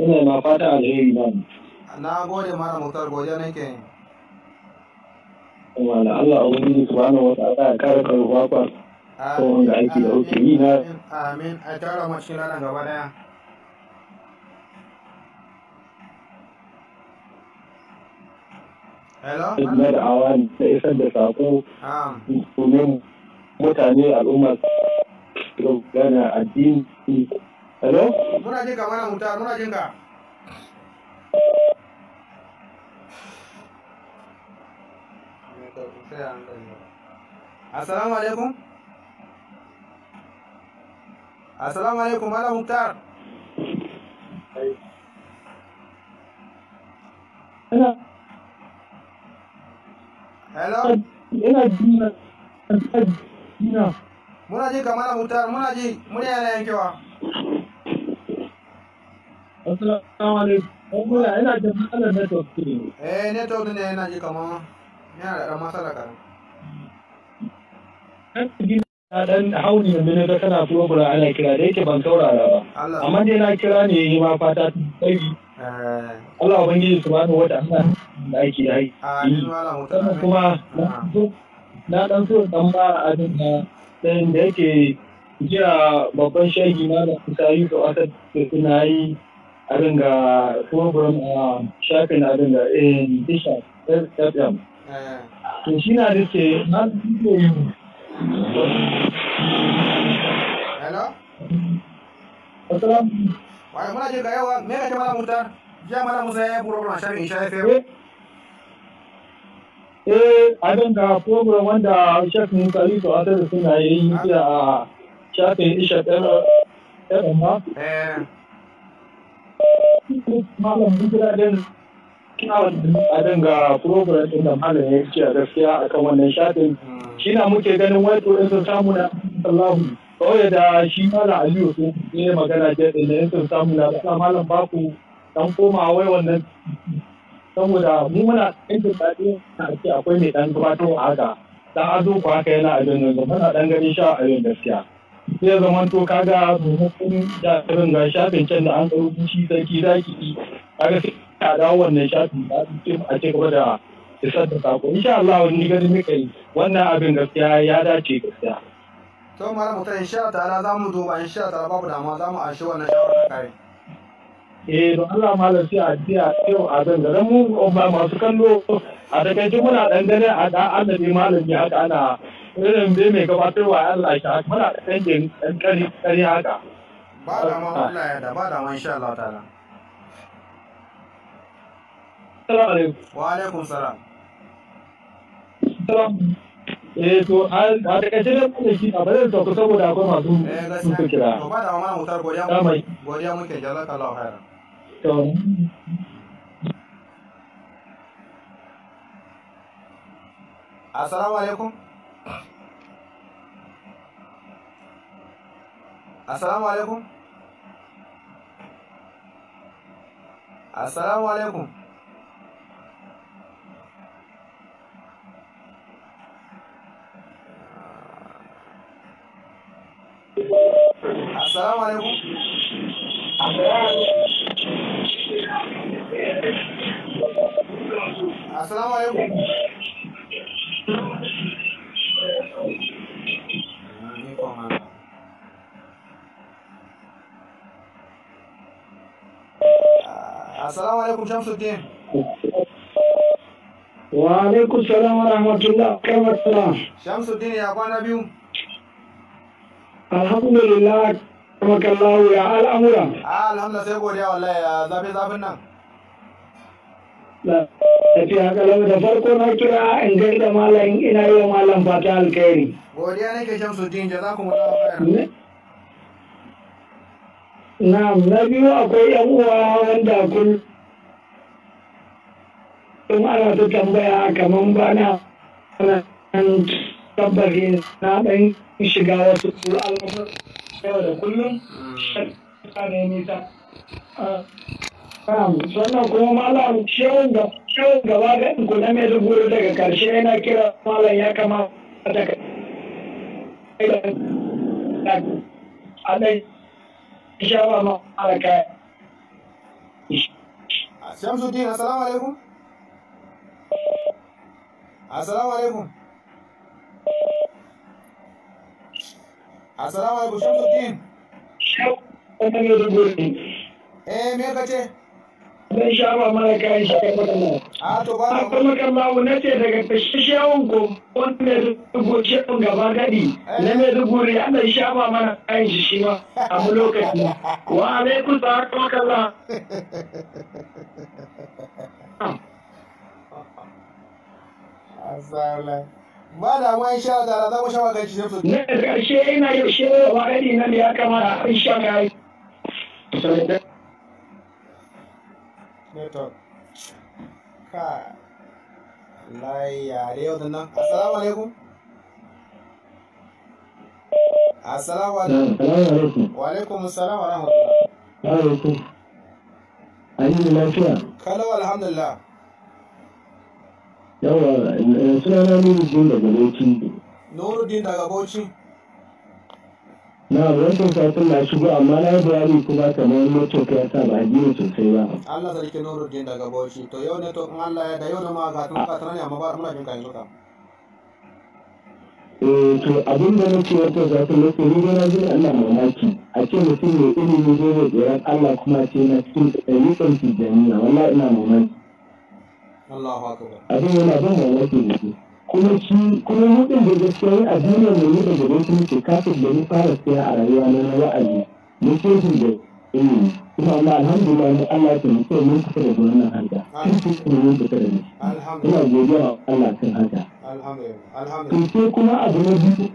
ina ma fata alheri malam. Na gode malam Muktar godiya nake. Wala Allah Ubangiji subhanahu wa ta'ala ya kare karuwa ba. Ko wanda aiki da hukumi na. Amin a tara ranar gaba daya. na da'awa da isar da sako domin mutane al'umma su gana addini hello muna jinka mana mutar muna jinka assalamu alaikum assalamu alaikum muktar hello muna ji kamar mutar muna ji muna yana yankewa da network eh network ne yana ji kamar yana da matsala kan na dan hauni yanzu ne ga kana program ana kira da yake ban saurara ba amma dai na kira ne ma fata tsayi Eh, Allah ubangiji subhanahu wata'ala da ake yi sannan kuma na ɗan ah. so dan ba a abin dinka dan da yake jiya babban shagi na da kusa yi to aka da suna yi a dinga program ah, a shafin abin dinga in eh, tisha fm eh. to shi na da ke na da yi hello waaye muna je yawa me ka jama'a mutar jiya mana musa ya yi program shafin isha fm eh abin da program wanda shafin kari to asali suna yi jiya a shafin isha fm ma eh malam bukira din a dinga program din da malam ya ce gaskiya akan wannan shafin hmm. shi na muke ganin wato in sun samu na Allahu kawai da shi mala aliyu sun ne magana da ɗin sun samu na ba malam baku dan koma wai wannan saboda mu muna ɗan jin daɗi a ce akwai mai ɗan gabato a haka dan azo ku haka yana abin nan na ɗan ganin sha abin gaskiya sai zaman to kaga kun da irin ga shafin can da an ɗau bushi sarki zaki kaga sai a dawo wannan shafin da a ce gaba da isar da sako insha Allah wani gani muka yi wannan abin gaskiya ya dace gaskiya to malam mutum insha Allah za mu duba insha Allah babu dama za mu ashe wannan shawara kare eh don Allah malam sai a ji a yau a zangaren mu ba masu kallo a takaice muna dan dare a da annabi malam ya haka ana irin bai mai gabatarwa Allah shi haka muna dan jin dan kari kari haka ba da ma Allah ya da ba da ma insha Allah ta'ala Assalamu alaikum. Wa alaikum salam. Salam. eh to a takaice ne kuma shi a bazar sauka saboda akwai masu eh, sun fi kira. Ba da ma mutar godiya muke jazaka lau hairan. Assalamu alaikum. Assalamu alaikum. Assalamu alaikum. Assalamu alaikum. Assalamu alaikum. Assalamu alaikum Shamsuddin. Wa alaikum ya kwana biyu. alhamdulillah makallahu ya al'amura ah, alhamdulillah sai godiya wallahi ya zafi zafin nan da farko na kira in gaida malayin, ina yi wa malam fata alkhairi. Godiya Na'am, na biyu akwai ‘yan uwa wanda kun ana ta tambaya kamar bana nan tabbari na ɗan shiga wasu al'amuran yau da kullum shakka ne nisa sannan kuma malam shehun gaba ga ku na maiduguri daga karshe yana kira malam ya kama ta a ɗai ba ma alaka Shamsuddin, assalamu alaikum. Assalamu alaikum. Assalamu alaikum Eh me kace? Zan sha ba mana kayan shi kai mutane. A to ba. kuma kan babu na ce daga tashishiyawun ko wanda rubuce ɗin gaba gadi eh. na mai rubure ana sha ba mana kayan shi shi ma a mu lokaci. Wa alaikum sa haka makalla. Asala. ba da ma insha Allah ta'ala za mu sha magana cikin su ne karshe ina yau she wa'adi nan ya kamata insha Allah network ka lai yare yau da nan assalamu alaikum ah, assalamu alaikum wa alaikum assalam wa rahmatullah alaikum ayi lafiya kalau alhamdulillah yawa eh, sunana nuruddin daga bauchi ne nuruddin daga bauchi na wancan satin na shigo amma na yi bayani kuma kamar network ya sa ba addini sosai ba Allah sarki nuruddin daga bauchi to yau ne to in Allah ya da yau da ma ga tun ka tarani amma ba muna jin ka yanzu ka eh, to abin da nake wata za ta nake ni dai zai ji Allah mamaki a ce mutum mai ilimi zai da Allah kuma ce na cikin ɗariƙar tijjaniya wallahi ina mamaki abin yana ban mamaki da shi kuma shi kuma mutum da gaskiya yin addinin mu ne daga dai kuma ke kafin da ni fara tsaya a rayuwa na na wa'azi mun ce shi da ilimi kuma Allah alhamdulillah ne Allah ya taimake mu mun fita da wannan ce kuma mun fita da ni ina godiya wa Allah kan haka alhamdulillah ce kuma abu na biyu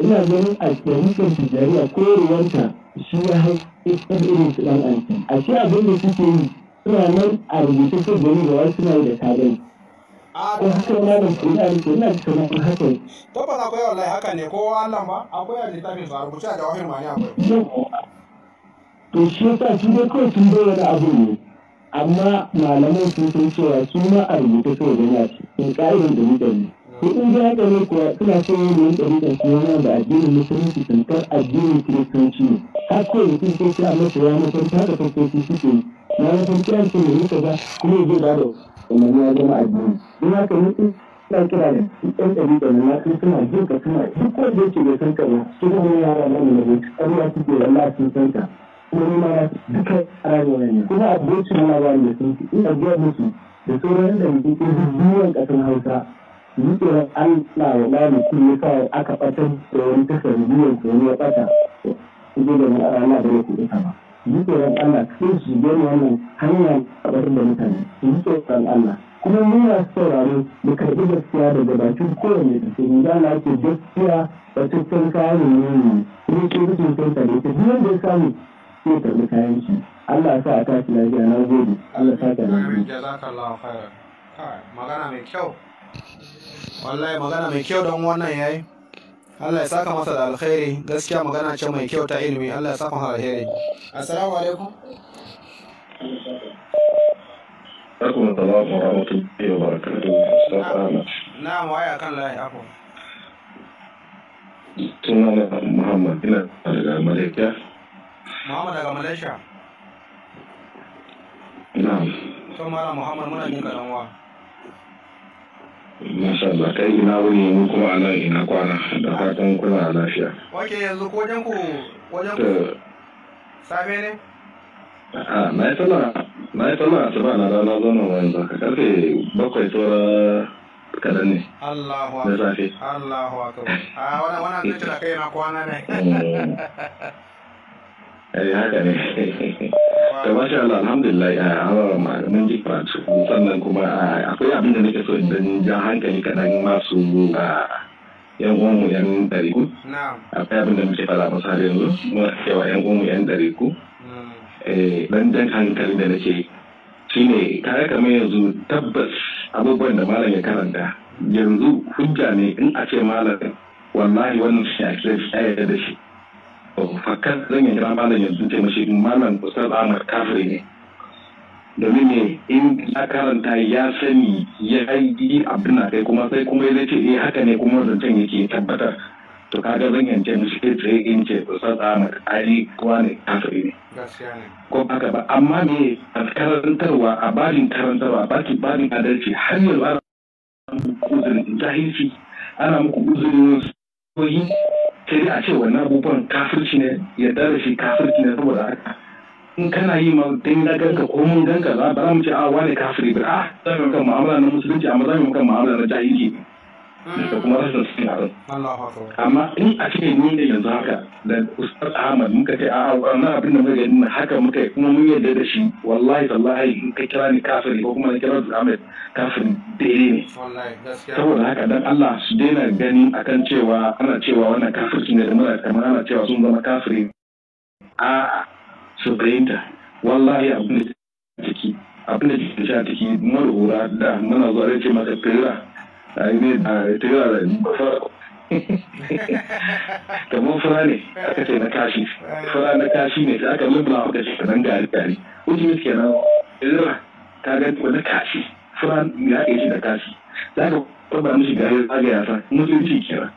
ina ganin a tarihin tijariya koyarwanta shi ya haifar irin su ɗan aiki a shi abin da suke yi suna nan a rubuce sai gani da wasu suna da sabon ah. ko haka ma da su da su na cikin wani haka tabbas akwai wallahi haka ne kowa Allah ma akwai a littafin su a da wahir ma ne akwai to shi yasa su ne kawai sun bai wani abu ne amma malamai sun san cewa su ma a rubuce sai gani a cikin ƙa'idar da mutane kudin za ka ne kuwa suna so yin wani ɗari da shi wani da addinin musulunci tamkar addinin kiristanci ne har kawai mutum sai ta masa ya mafarki haka farkoki suke yi na mafarki an ce ne muka ba kuma zai ba da umarni ya zama addini don haka mutum suna kira da ɗan ɗari da na sun suna jin ka suna duk wanda yake bai san ka ba su kuma yara na ne da ƙarya suke da Allah sun san ka kuma ni ma na duka rayuwa ne kuma abincin ma ba ne sun ina biya musu da sauran da mutum ke duk duniyan ƙasar Hausa zuciyar Allah wa ba mutum ya kawai aka ɓatar da wani tashar biyan tsoro ya ɓata ido da Allah da ya kuɗi sama. Zuciyar Allah sai su gani wannan hanyar ɓatar da mutane zuciyar Allah. Kuma muna sauraro da karɓi gaskiya daga bakin kowane da su za na ake gaskiya ba da cikin kayan ne, kuma ce rufin kai tare ta duk wanda ya samu sai karɓi kayan shi. Allah sa a tashi lafiya na gode Allah sa ka lafiya. Magana mai kyau. wallahi magana mai kyau don wannan yayi Allah ya saka masa da alkhairi gaskiya magana ce mai kyau ta ilimi Allah ya saka masa alkhairi assalamu alaikum Barkum da Allah wa rahmatullahi wa barakatuhu. Na'am waya kan layi ako. ne Muhammad ina daga Malaysia. Muhammad daga Malaysia. Na'am. to mara Muhammad muna jin karanwa. Masha Allah kai ina wuni mu kuma a ina kwana da fatan kuna lafiya. Wake yanzu ko wajen ku wajen ku ne? na yi sallah na yi sallah na rana zauna wa yanzu ka karfe bakwai saura kaɗan ne. Allahu akbar. safe. Allahu A zai kai na kwana ne. Mm. (laughs) eh haka ne (laughs) to masha Allah alhamdulillah eh, a hawar mun ji karatu sannan kuma eh, akwai abin da nake so idan jan hankali kaɗan masu eh, yan uwanmu yan ɗariku akwai abin da muke faɗa masa da yanzu muna cewa yan uwanmu yan ɗariku dan jan hankali da nake shine kare kamar yanzu tabbas abubuwan da malam ya karanta yanzu hujja ne in a ce malam wallahi wannan shi a da shi fakat zan yi kira malam yanzu ce mashi malam ustaz ahmad kafiri ne domin ne in ya karanta ya sani ya yi abin a kai kuma sai kuma zai ce eh haka ne kuma zancen yake tabbata. to kaga zan yance mishi kai tsaye in ce ustaz ahmad ali kuwa ne kafiri ne ko haka ba amma me karantarwa a babin karantarwa bakin babin adalci har yanzu ana muku uzurin jahilci ana muku uzurin soyi sai dai a ce wannan abubuwan kafirci ne yadda da shi kafirci ne saboda haka in kana yi ma dan na ganka ko mun ganka ba za mu ce a ah, wane kafiri ba a za kan mu'amala na musulunci amma za kan mu'amala na jahili da kuma rashin sun yaron. Amma in a ce ni ne yanzu haka da Ustaz Ahmad muka ce a'a wannan abin da muka gani haka muka yi kuma mun yarda da shi wallahi tallahi in ka kira ni kafiri ko kuma na kira Ustaz Ahmad kafiri daidai ne. Saboda haka dan Allah su daina gani akan cewa ana cewa wannan kafirci ne da muna kamar ana cewa sun zama kafiri. A'a su fahimta wallahi abin da ciki abin da ciki da ciki mara hura da muna zuwa ce maka fira ai ne a tera da kamar fura ne aka ce na kashi fura na kashi ne sai aka lubba aka ce nan gari gari ultimate kenan lura ka ga wani kashi fura ya ake shi da kashi za ka kwaba mishi gari zagaya sa mutunci kenan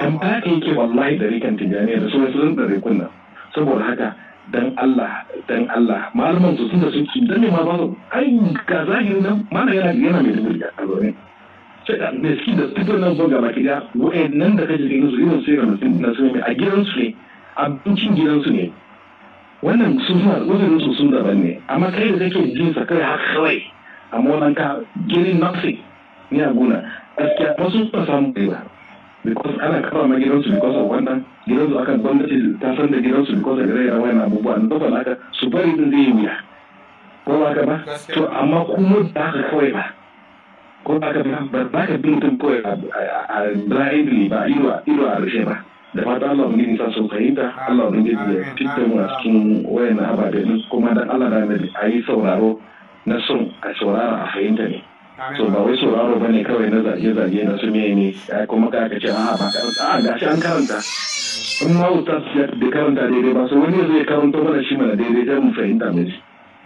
dan ba ka yake wallahi da rikan tijaniya da sauran sun da rikun nan saboda haka dan Allah dan Allah malaman su sun da sun dan ne ma ba su ai ga zahiri nan mana yana yana mai dubiya a gurin da su da fito nan zo gaba gida nan da kaje ganin su irin su irin na su a gidan gidansu ne abincin gidansu ne wannan su suna uzurin su sun daban ne amma kai da kake jin sa kai haka kawai amma wannan ka girin nafsi ni a gona gaskiya wasu ba samu kai ba because ana kafa ma gidan gidansu because of wannan gidansu akan gwamnati ta san da gidansu because of gare da wannan abubuwa na dafa ka su bari din zai yi wuya ko ba ka ba to amma kuma ba haka kawai ba ko ba ka ba ka bin tun ko a blindly ba ido a ido a rushe ba da fata Allah mun gidi sun fahimta Allah mun gidi ya fitta mu a cikin wayan ababe din kuma dan Allah da mai a yi sauraro na son a saurara a fahimta ne so ba wai sauraro bane kawai na zage zage na su ne ne kuma ka ka ce a ba ka a shi an karanta in ma ustaz ya karanta daidai ba so wani zai karanta mana shi mana daidai dan mu fahimta mai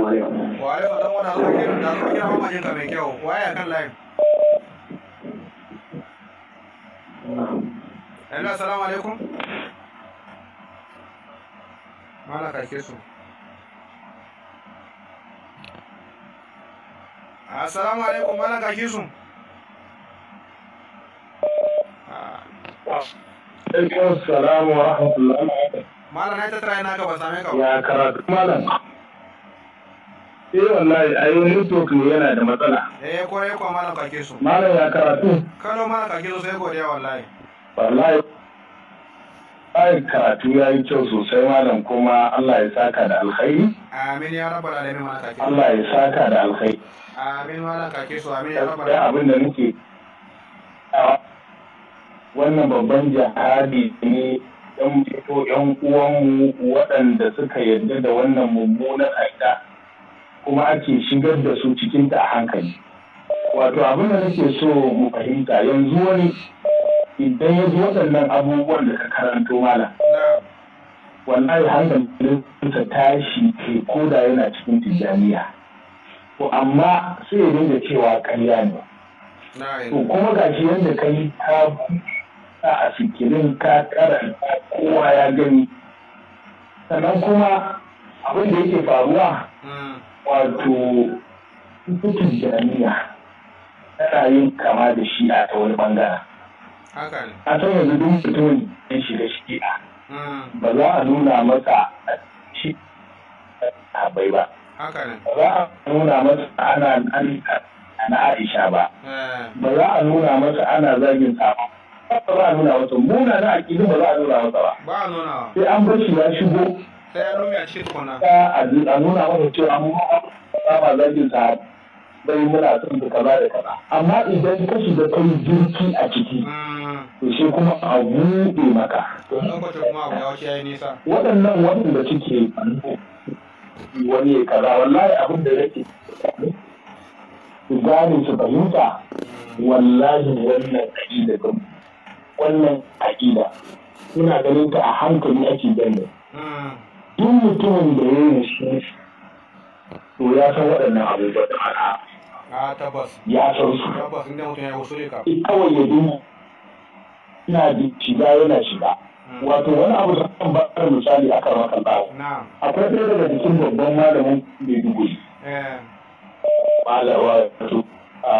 wayo dan wani alaƙa da ko kira mamajin mai kyau waya kan layin Hello, assalamu alaikum. Malaka ke so. Assalamu alaikum, Malaka ke so. Assalamu alaikum. Malam na ta tare na ka ba same ka ba. Ya karatu malam. Eh wallahi ai network ne yana da matsala. Eh ko ya kwa malam kake so. Malam ya karatu. Kano malam kake so sai godiya wallahi. Wallahi Ai karatu ya yi kyau sosai malam kuma Allah ya saka da alkhairi. Amin ya rabbal alamin malam kake. Allah ya saka da alkhairi. Amin malam kake so amin ya rabbal alamin. abin da nake wannan babban jihadi ne yan fito yan uwanmu waɗanda suka yarda da wannan mummunan aida. kuma ake shigar da su cikin ta hankali wato abin da nake so mu fahimta yanzu wani idan ya waɗannan abubuwan da ka karanto mala wallahi hankalinsa tashi ke koda yana cikin tijjaniya to amma sai ya dinga cewa karya ne to kuma ga shi yadda ka yi ta a sikirin ka karanta kowa ya gani sannan kuma abin da yake faruwa hmm. wato tikitin jami'a tana yin kama da shi a ta wani bangaren. A ta yanzu duk mutumin ya shiga shi hmm. ba za a nuna masa shi a bai ba. Ba za a nuna masa ana na Aisha ba. Hmm. Ba za a nuna masa ana zagin sabon ba za a nuna masa muna na aƙidu ba za a nuna masa ba. Sai an bar shi ya shigo ya a ce nuna masa cewa mu ba zagin sa bai muna son su kaza da kaza amma idan ka shiga kai jirki a ciki to shi kuma a buɗe maka waɗannan waɗanda suke wani ya kaza wallahi abin da yake gane su fahimta wallahi wannan aƙida ɗin wannan aƙida ina ganin ta a hankali ake ganin hmm. duk mutumin da ya yi shi to ya san waɗannan abubuwan da faɗa ah, ya san su kawai ya dina ina shiga yana shiga hmm. wato wani abu da kan ba misali a kan makan ba akwai ɗaya daga cikin babban malamin mai duguri eh. malawa wato a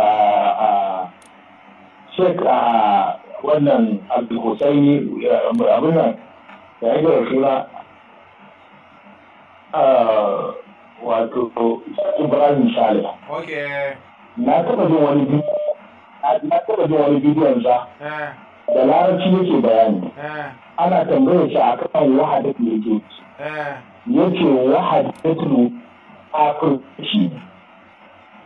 shek a wannan abdulhusaini eh, abin nan da ya gara suna Ah, wato Ibrahim Salih. Na taɓa jin wani bidiyon na taɓa jin wani bidiyon sa. Eh. Da larabci yake bayani. Eh. Ana tambayar sa akan wahadatu yake. Eh. Yake wahadatu afirci.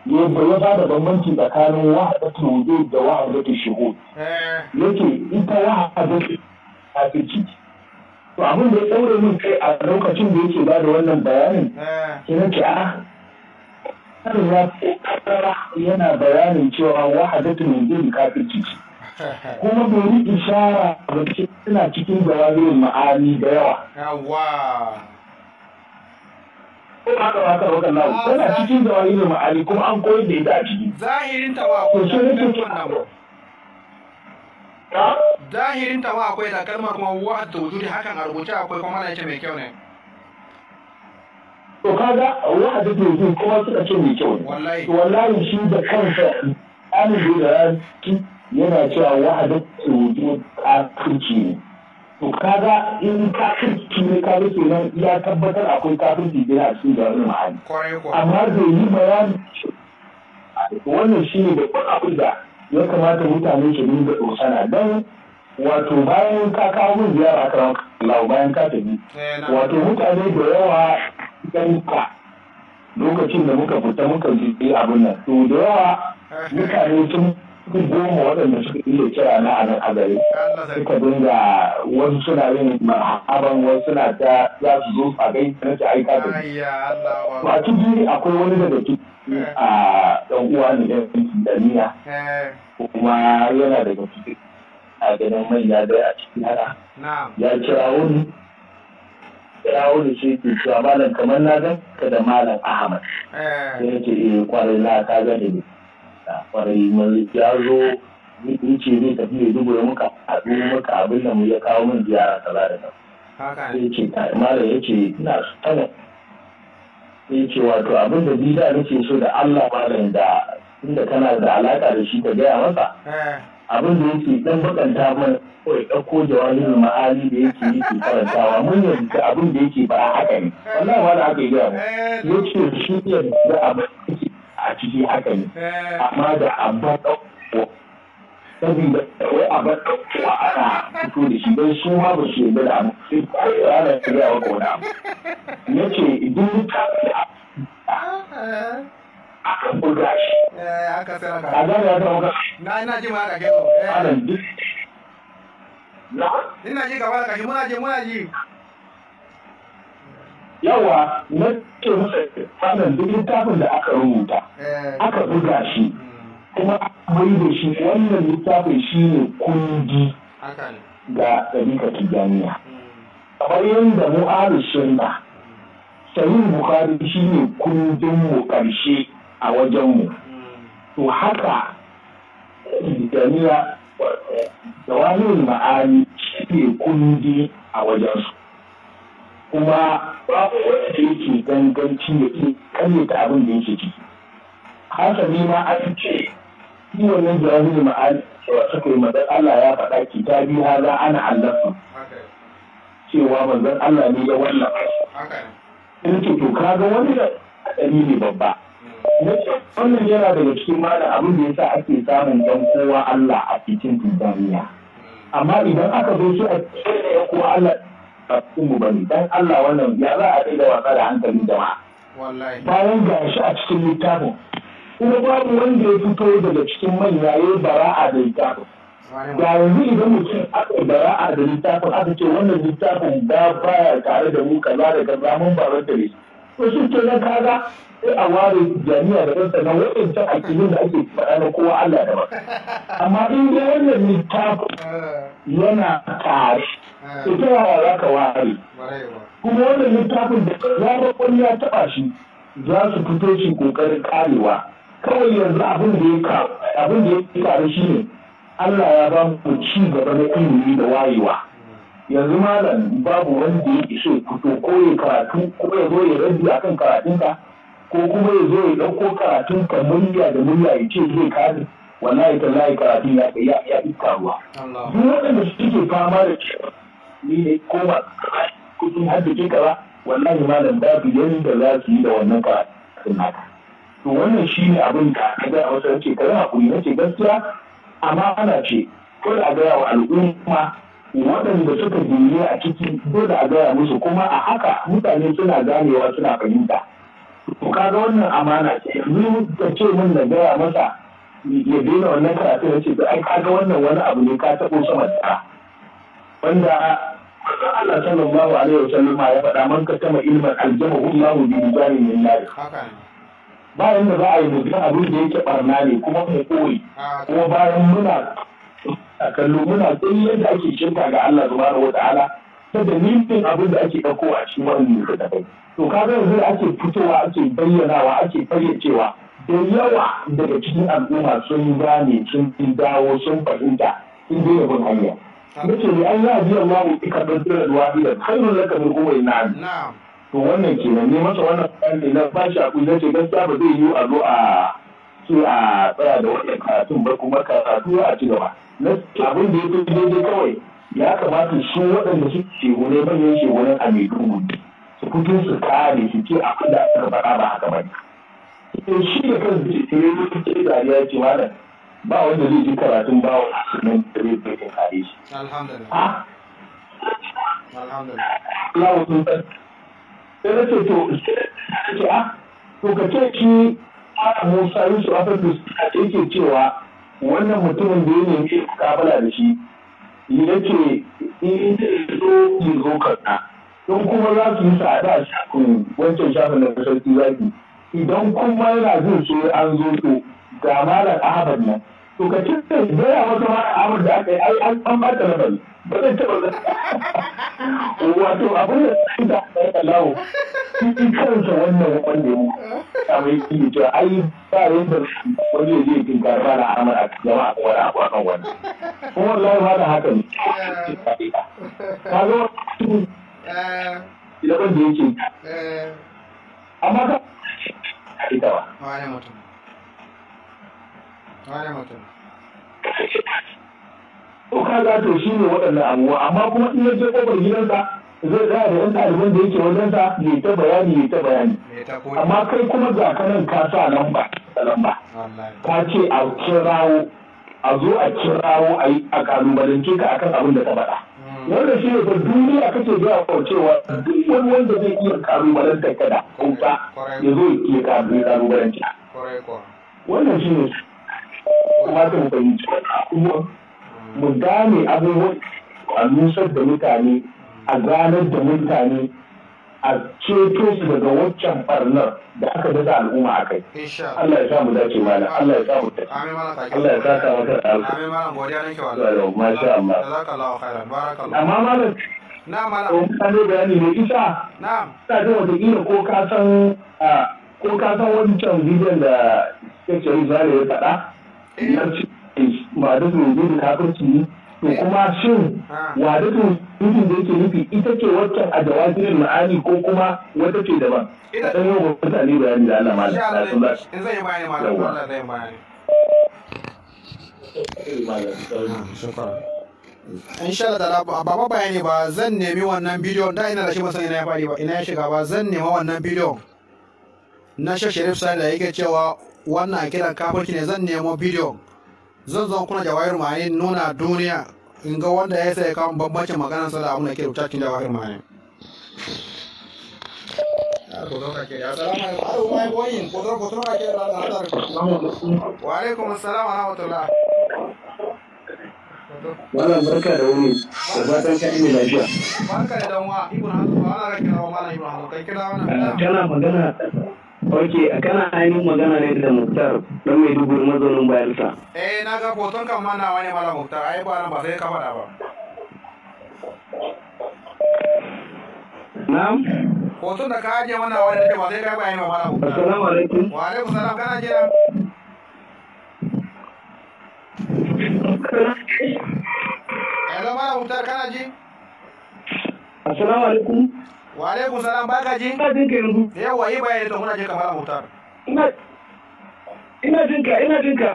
ya ba da bambanci tsakanin wahadatu wujud da wahadatu shuhud. Yake ita wahadatu afirci. to abin da ya tsaure min kai a lokacin da yake bada wannan bayanin eh. sai nake ah, a yana bayanin cewa wahadatu min din kafirci (laughs) kuma domin ishara da ce suna cikin jawabin ma'ani da yawa haka ba haka wata lawo ah, tana cikin jawahirul ma'ani kuma an koyar da ita a ciki zahirin ta wa ko zahirin tawa akwai da kalmar kuma wahad ta wujudi hakan a rubuce akwai kuma na ce mai kyau ne to kaga wahad ta wujudi kuma suka ce mai kyau wallahi wallahi shi da kansa an da yana cewa wahad ta wujudi a kirki ne to kaga in kirki ne ka zo kenan ya tabbatar akwai kafirci da a cikin jarin ma'ani amma da yi bayani wannan shi ne babban abin da ya kamata mutane su nuna dosana don wato bayan ka kawo min ziyara a kan lau bayan ka tafi eh, wato mutane da yawa idan ka lokacin da muka fita muka ji abin nan to da yawa eh. mutane sun goma waɗanda suka iya kira na a nan a gari suka dinga wasu suna yin marhaban wasu suna ta za su zo a gai na ta aika da ba jini akwai wani daga cikin eh. a ɗan uwa ne da ɗaniya. Eh. kuma yana daga cikin a ganin manya da a cikin hada ya kira wani kira wani shi ke cewa malam kamar na gan ka da malam Ahmad eh. sai ce kwarai na ka gane ne kwarai mai ya zo ni ce zai tafi ya dubu muka haɗu muka abin da mu ya kawo min ziyara kaza da nan. Ya malam ya ce ina sanin. Ya ce wato abin da bida nake so da Allah malam da inda kana da alaka da shi ka gaya masa. Eh. Abin da yake dan bakanta mana kawai ɗauko jawabin ma'ali da yake yi ke karantawa mun yanzu abin da yake ba a haka ne. Eh. Wallahi ma da aka yi gaya mu. Eh. Ya ce shi ne da abin a ciki haka ne amma da abba ɗauko saboda wai abba ɗauko ana fito da shi don su ma ba su yi bada abu sai kawai ana a wa wani abu ya ce idan ta da aka buga eh, a zama ya ta na ina ji ma aka yawa na ce masa wannan duk littafin da aka rubuta eh. aka buga shi kuma bai da shi wannan littafin shi ne kundi ga ɗabi'a tijaniya hmm. kamar yadda mu ari sunna sayin bukhari shi ne kundin mu ƙarshe a wajen hmm. to haka tijaniya da wani ma'ani shi ne kundi a wajensu kuma babu wanda yake ganganci ya ke karyata abin da yake ciki haka ne ma an ce shi wannan jawabin ma'ani cewa suka yi mazan Allah ya faɗa ki ta biyu haza ana allafa cewa mazan Allah ne ya wallafa Ina ce to kaga wannan hadari ne babba wannan yana daga cikin malam abin da yasa ake samun dan kowa Allah a cikin duniya hmm. amma idan aka zo su a cikin kowa Allah ba mu bane dan Allah wannan ya za a daida wasa da hankalin jama'a bayan ga shi a cikin littafin kuma babu wanda ya fito daga cikin manya ya yi bara'a da littafin ga yanzu idan mutum aka bara'a da littafin aka ce wannan littafin ba baya tare da mu kaza da kaza mun barar da shi to shi ke nan kaga sai a ware jami'a da ɗansa na waɗancan aƙidun da ake faɗa na kowa Allah da baka. amma in dai wannan littafin yana tare ita yawa za ka ware kuma wannan littafin da zaɓar wani ya taɓa shi za su fito shi ƙoƙarin ƙarewa kawai yanzu abin da ya abin da ya shi ne Allah ya ba mu ci gaba na ilimi da wayewa yanzu malam babu wanda ya ishe fito ko ya karatu ko ya zo ya rabi akan karatunka ko kuma ya zo ya ɗauko karatun ka murya da murya ya ce zai kare wallahi layi karatun ya ya ya iska ruwa duk waɗanda suke fama da cewa ni ne ko ba kudin haddace ka ba wallahi malam babu yadda za su yi da wannan karatun naka to wannan shi ne abin da ka ga wasu ce kaza hakuri na ce gaskiya ana ce kar a gaya wa al'umma waɗanda suka jiye a ciki dole a gaya musu kuma a haka mutane suna ganewa suna fahimta to kaga wannan amana ce yanzu da ce min na gaya masa ya daina wannan karatu ya ce to ai kaga wannan wani abu ne ka taɓo sama tsara wanda Allah sallallahu alaihi wasallam ya faɗa man ka tama ilmin aljamahu Allahu bi bijarin min nar bayan da za a yi mutum abin da yake barna ne kuma mu koyi kuma bayan muna a kallo muna tsaye yadda ake shirka ga Allah subhanahu wa ta'ala ta dalilin abin da ake ɗauko a cikin wannan littattafai to kaga yanzu ake fitowa ake bayyanawa ake fayyacewa da yawa daga cikin al'umma sun gane sun dawo sun fahimta sun daina bin hanya nace ne an yi ajiyar ma mu ika don tura da kowai na to wannan kenan ne masa wannan bayani na bashi shi abu nace gaskiya ba zai yiwu a zo a a tsaya da wannan karatun ba kuma karatu a ci gaba abin da ya fi daidai kawai ya kamata su waɗanda su ne manyan shehunan a maiduguri su fito su kare su ce a da aka faɗa ba haka ba ne shi da kan zai ce eh, ya fice dariya ce da ba wanda zai ji karatun ba wa sunan da zai kare shi alhamdulillah alhamdulillah sai na ce to sai na ce a ah, to ka ce shi Musa Yusuf Afirka yake cewa wannan mutumin da ya nemi kafala da shi ya ce eh, in zo zo Don kuma za su yi sa'ada a shafin wancan shafin da sarki zaki idan kuma yana jin so an zo to ga malam ahmad nan to ka ce gaya maka abin da aka yi ai an an ba ta rabal ba zai taɓa da wato abin da sai da shi kansa wannan wanda ya mai yi to ai ba yadda wani ya je kin karfa na a jama'a wani kuma wallahi da haka ne ka eh. idan wanda yake eh. amma ka ita ba mutum ko ka ga to shi ne waɗannan abubuwa amma kuma in ya je ƙofar gidansa zai ga da yan ɗaliban da yake wajen sa ya ta bayani ya ta bayani amma kai kuma ga kanan ka sa lamba lamba ka ce a kirawo a zo a kirawo a yi a kalubalance ka akan abin da ka faɗa hmm. wanda shi ne duniya kake zuwa cewa duk wani wanda zai iya kalubalanta ka da hausa ya zo ya kalubalanta wannan shi ne kamata mu fahimci abubuwan mu gane abubuwan a nusar da mutane a ganar da mutane a ceto su daga waccan barnar da aka daga al'umma a kai. Allah ya sa mu dace mana, Allah ya sa mu dace. Allah ya sa ta maka da alƙa. Amin malam godiya nake wa Allah. Masha Allah. Jazakallahu khairan, barakallahu. Amma malam Na'am malam. Ko mutane bayani ne isa. Na'am. Ta ga wata kila ko ka san ah, ko ka san wancan bidiyon da Sheikh Sharifu Zare ya faɗa. wadatun zubin kafirci ne to kuma shin ah. wadatun zubin da yake nufi ita ce waccan a jawabirin ma'ani ko kuma wata ce daban a ɗan yau mutane bayani da Allah malam da sun ba in zai bayani malam Allah zai bayani in sha Allah da ba bayani ba zan nemi wannan bidiyon da ina da shi masan ina ya fadi ba ina ya shiga ba zan nemi wannan bidiyon na shasharif sa da yake cewa wannan a kiran kafirci ne zan nemo bidiyo zan zo kuna jawahir ma'ani nuna duniya in ga wanda ya sai kawo bambancin maganar sa da abin da ke rubuta cikin jawahir ma'ani wa alaikum assalam wa rahmatullah Malam barka da wuni, da fatan ka ina lafiya. Barka da danwa, Ibn Hazm, ana kira wa Malam Ibn Hazm, kai kira wannan. Kana magana Ok, kana ainihin magana ne da Muktar don mai dubu mazaunin bayelsa. Eh, na ga hoton kan mana wani mala Muktar, ai ba nan ba sai ka faɗa ba. Na'am? Hoton da ka ajiye mana wani da ba sai ka bayani ba mala Muktar. Assalamu alaikum. Wa alaikum salam kana jira. Hello mala Muktar kana ji? Assalamu alaikum. wa alaikum salam baka ji ina jin ka yanzu yawa yi bayani to muna je kamar mutar ina ina jin ka ina jin ka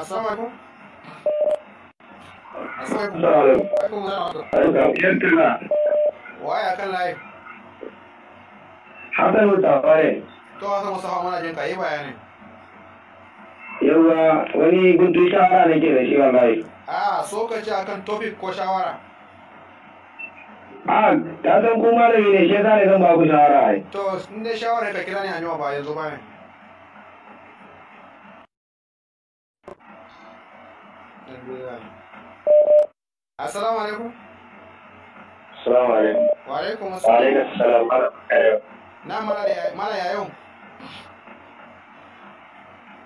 Assalamu alaikum. Assalamu alaikum. Assalamu alaikum. to a sama sahawa mana jinka yi bayanin yawa wani guntun shawara ne ke da shi wallahi a so ka ce akan topic ko shawara a ta san kuma da ne shi yasa ne zan ba ku shawara ai to in dai shawara ka kira ni a ba yanzu ba ne Assalamu alaikum. Assalamu alaikum. Wa alaikum assalam. Wa alaikum assalam. Na mala yayo.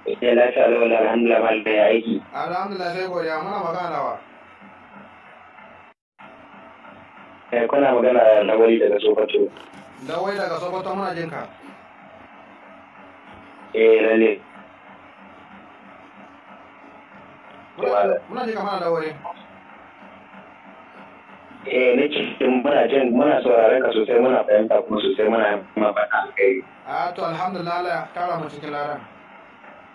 ita lafiya da wani alhamdulillah mal da ya aiki alhamdulillah sai godiya muna magana wa eh kuna magana na wani daga sokoto da wai daga sokoto muna jin ka eh lalle muna jin ka mana da wani eh na cikin muna jin muna sauraron ka sosai muna fahimta kuma sosai muna ba faɗa alkai a ah, to alhamdulillah Allah ya kara mu cikin laran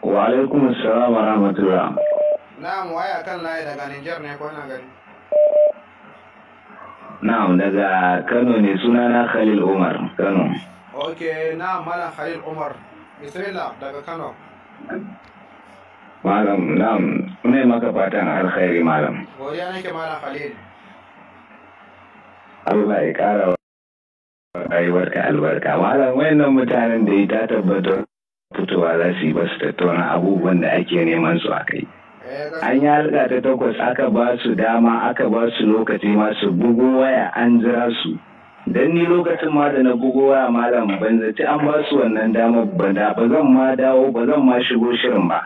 Wa alaikum salam wa rahmatullah. Na'am waya kan layi daga Nijar ne ko na gari? Na'am daga Kano ne sunana Khalil Umar Kano. Ok na'am malam Khalil Umar. Bismillah daga Kano. Malam na'am ne maka fatan alkhairi malam. Godiya nake malam Khalil. Allah ya kara rayuwarka albarka. Malam wayannan mutanen da ya ta tabbatar fitowa za su yi ba su tattauna abubuwan da ake neman su a kai. An yi halka ta takwas aka ba su dama aka ba su lokaci masu bugu waya an jira su. Dan ni lokacin ma da na bugu waya malam ban zaci an ba su wannan dama ba da ba zan ma dawo ba zan ma shigo shirin ba.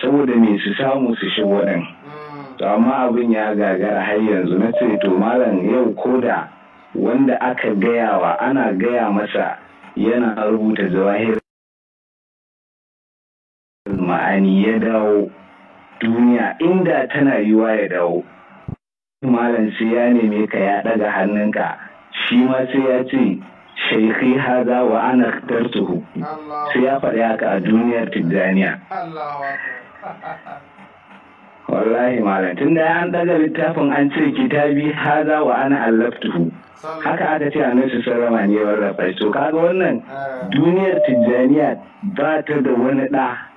Saboda me su samu su shigo ɗin. To amma abin ya gagara har yanzu na ce to malam yau koda wanda aka gayawa ana gaya masa yana rubuta jawahir ma'ani ya dawo duniya inda tana yiwa ya dawo malam sai ya neme ka ya daga hannunka shi ma sai ya ce shaikhi haza wa ana tartuhu sai ya faɗi haka a duniyar tijjaniya wallahi malam tun da an daga littafin an ce kitabi haza wa ana allaftuhu haka aka ce a nasu sallama ne warrafa to kaga wannan eh. duniyar tijjaniya ba ta da wani ɗa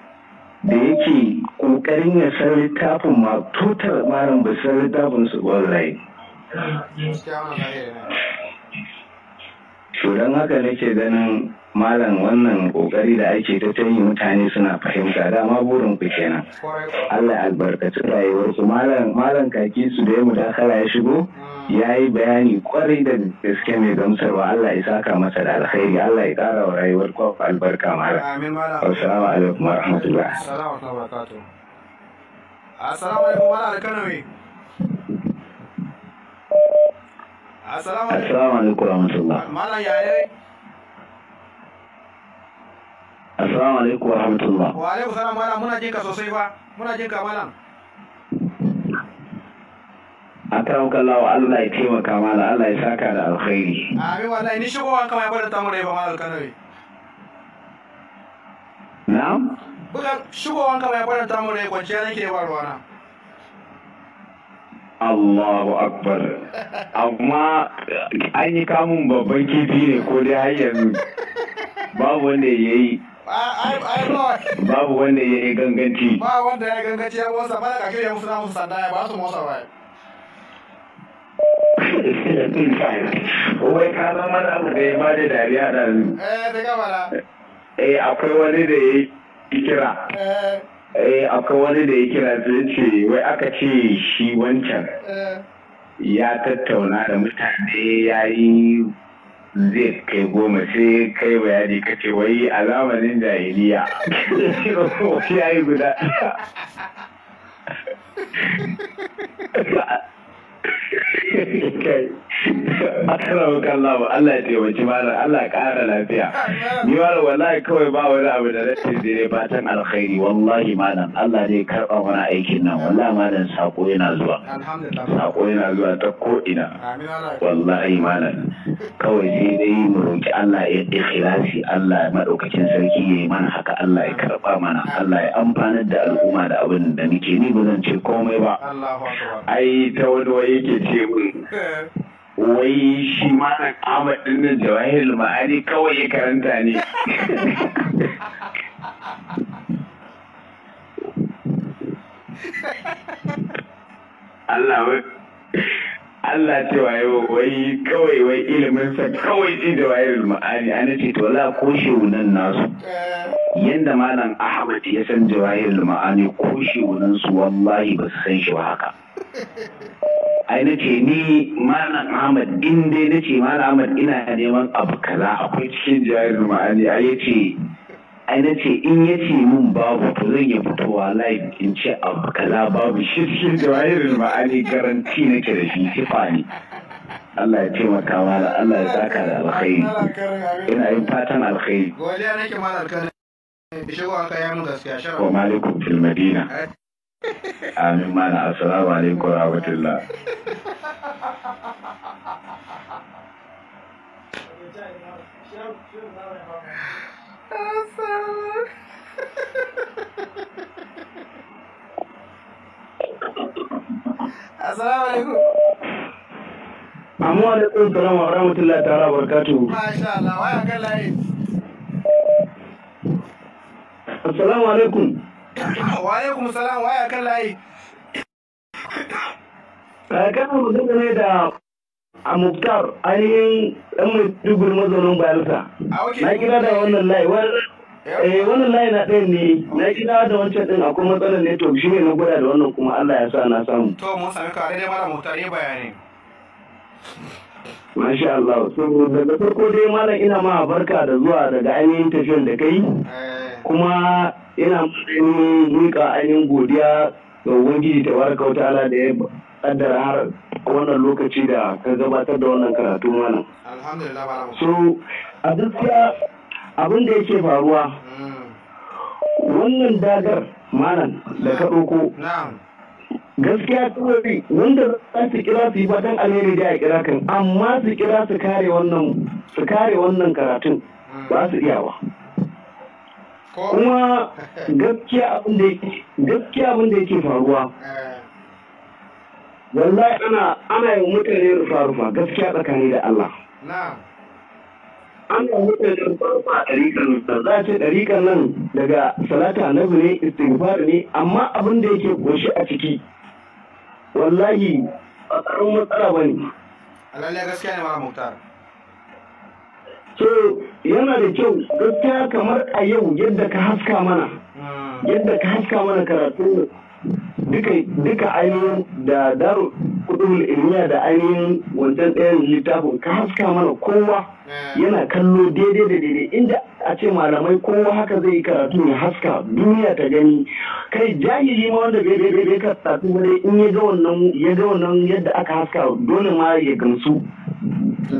da yake ƙoƙarin ya san littafin ma tutar malam ba san littafin su wallahi to don haka nake ganin malam wannan kokari da ake ta tayi mutane suna fahimta dama burin ku kenan Allah albarkaci rayuwar su malam malam kaki su da ya mudakala ya shigo ya yi bayani kwarai da gaske mai gamsarwa Allah ya saka masa da alkhairi Allah ya kara wa rayuwar ku albarka malam assalamu alaikum wa rahmatullah assalamu alaikum wa barakatuh assalamu alaikum wa alkanawi Assalamu alaikum. wa alaikum Malam yaya Assalamu alaikum wa rahmatullah. Wa alaikum salam malam muna jinka sosai ba muna jinka malam. Akram kallahu Allah ya taimaka malam Allah ya saka da alkhairi. Amin wallahi ni shigo kama ya bada tamu rai ba malam Kanawi. Na'am. Bukan shigo kama ya bada tamu rai kwanciya nake ba ruwana. Allahu Akbar. Amma an yi kamun babban kifi ne ko dai har yanzu. babu wanda ya yi babu wanda ya yi ganganci ba wanda ya ganganci ya wasa ba da kake ya musu namu sanda ya ba su motsa ba (laughs) wai ka zama da abu da ya ba da dariya da eh da gabara eh akwai wani da ya yi kira eh, eh akwai wani da ya kira zai ce wai aka ce shi wancan eh. ya tattauna da mutane ya yi zai kai goma sai kai bayani ka ce wai a zamanin jahiliya (laughs) ya yi guda Akarawa kalla ba Allah ya taimaki malam Allah ya ƙara lafiya. Ni malam wallahi kawai ba wani abu da rashin dire fatan alkhairi wallahi malam Allah zai karɓa mana aikin nan wallahi malam sako yana zuwa. Sako yana zuwa ta ko ina. Wallahi malam kawai sai dai mu roki Allah ya ikhlasi Allah madaukakin sarki ya yayi mana haka Allah ya karɓa mana Allah ya amfanar da al'umma da abin da muke ni ba zan ce komai ba. Ai ta wani yake ce mun wai shi malam Ahmad din nan Jawahir Ma'ani kawai ya karanta ne. Allah wai Allah ce yau wai kawai wai ilimin sa kawai ji da wayar ma'ani ana ce to la ko shehunan nasu yanda malam Ahmad ya san jawahir ma'ani ko shehunan su wallahi ba su san shi ba haka ai na ce ni malam ahmad in dai na ce malam ahmad ina neman abu kaza akwai cikin jarin ma'ani ai ya ce ai na ce in yace ce mun babu to zan yi fitowa live in ce abu kaza babu shi cikin jawahirin ma'ani garanti nake da shi sifa ne Allah ya taimaka mana Allah ya saka da alkhairi ina yin fatan alkhairi godiya nake malam alkhairi bishawa ka yi mun gaskiya shara wa malikum fil madina Amin mana assalamu alaikum wa rahmatullah. Assalamu alaikum. Amma alaikum salam wa rahmatullahi ta'ala wa barakatuhu. Masha Allah, waya kan layi. Assalamu alaikum. (coughs) wa alaikum salam wa kan layi eh, kana magana ne da a muktar ainihin dan mai dubur mazaunin bayelsa ah, na kira da wannan layi Eh wannan layi na ɗaya ne na kira da wancan ɗin akwai matsalar ne to shi ne na gwada da wannan kuma Allah ya sa na samu. To mun sami ka dai mara muktar ne bayani. Masha Allah, saboda da farko dai malam ina ma barka da zuwa daga ainihin tafiyan da kai. Eh. Kuma ina matsayin a ainihin godiya ga ubangiji da baraka Kauta, ala da ya kaddara har wannan lokaci da ka gabatar da wannan karatu mana so a gaskiya abin da yake faruwa hmm. wannan dagar malam da ka ɗauko gaskiya kawai wanda za su kira su yi batan alheri da a kira kan amma su kira su kare wannan karatun ba su iya ba kuma gaskiya abin da yake gaskiya abin da yake faruwa eh. wallahi ana ana yi mutane rufa rufa gaskiya tsakani da Allah ana yi mutane rufa rufa a ɗariƙan nan za ce ɗariƙan nan daga salata na ne istighfar ne amma abin da yake goshi a ciki wallahi a tsaron matsala ba ne. Alalai gaskiya ne ma mutar. so yana da kyau gaskiya kamar a yau yadda ka haska mana yadda ka haska mana karatu duka ainihin da daru kudul ilmiya da ainihin wancan ɗayan littafin ka haska mana kowa yana kallo daidai da daidai inda a ce malamai kowa haka zai yi karatu ne haska duniya ta gani kai jahili ma wanda bai bai bai karatu ba in ya ga wannan yadda aka haska dole ma ya gamsu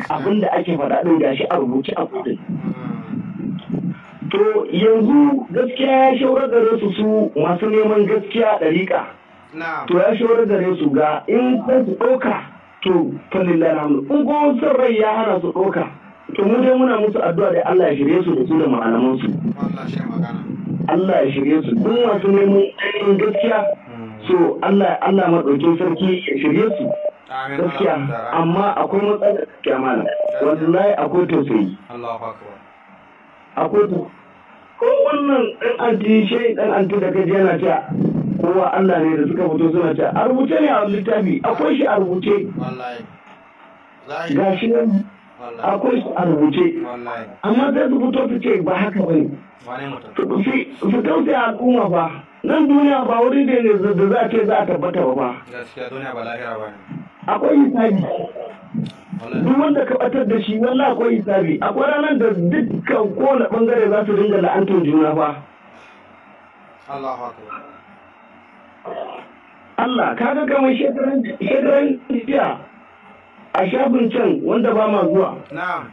abin da ake faɗa ɗin gashi a rubuce a kudin to yanzu gaskiya ya shaurar gare su su masu neman gaskiya ɗariƙa to ya shaurar gare su ga in zan su ɗauka to falillah na in ko son rai ya hana su ɗauka to mu dai muna musu addu'a da Allah ya shirye su da su da malaman su Allah ya shirye su duk masu neman gaskiya hmm. so Allah Allah maɗauki sarki ya shirye su gaskiya amma akwai matsalar gaskiya malam wallahi akwai tausayi akwai ko wannan dan anti shi dan anti da kaji yana ta kowa Allah ne da suka fito suna ta a rubuce ne a littafi akwai shi a rubuce ga shi nan akwai shi a rubuce amma sai su fito su ce ba haka bane su tausaya al'umma ba nan duniya ba wuri ne da za a ce za a tabbata ba ba gaskiya duniya ba lahira ba ne akwai hisabi duk wanda ka batar da shi wallah akwai hisabi akwai ranar da dukkan kowane bangare za su dinga la'antar juna ba? Allah ka ga shekaran jiya a shafin can wanda ba ma zuwa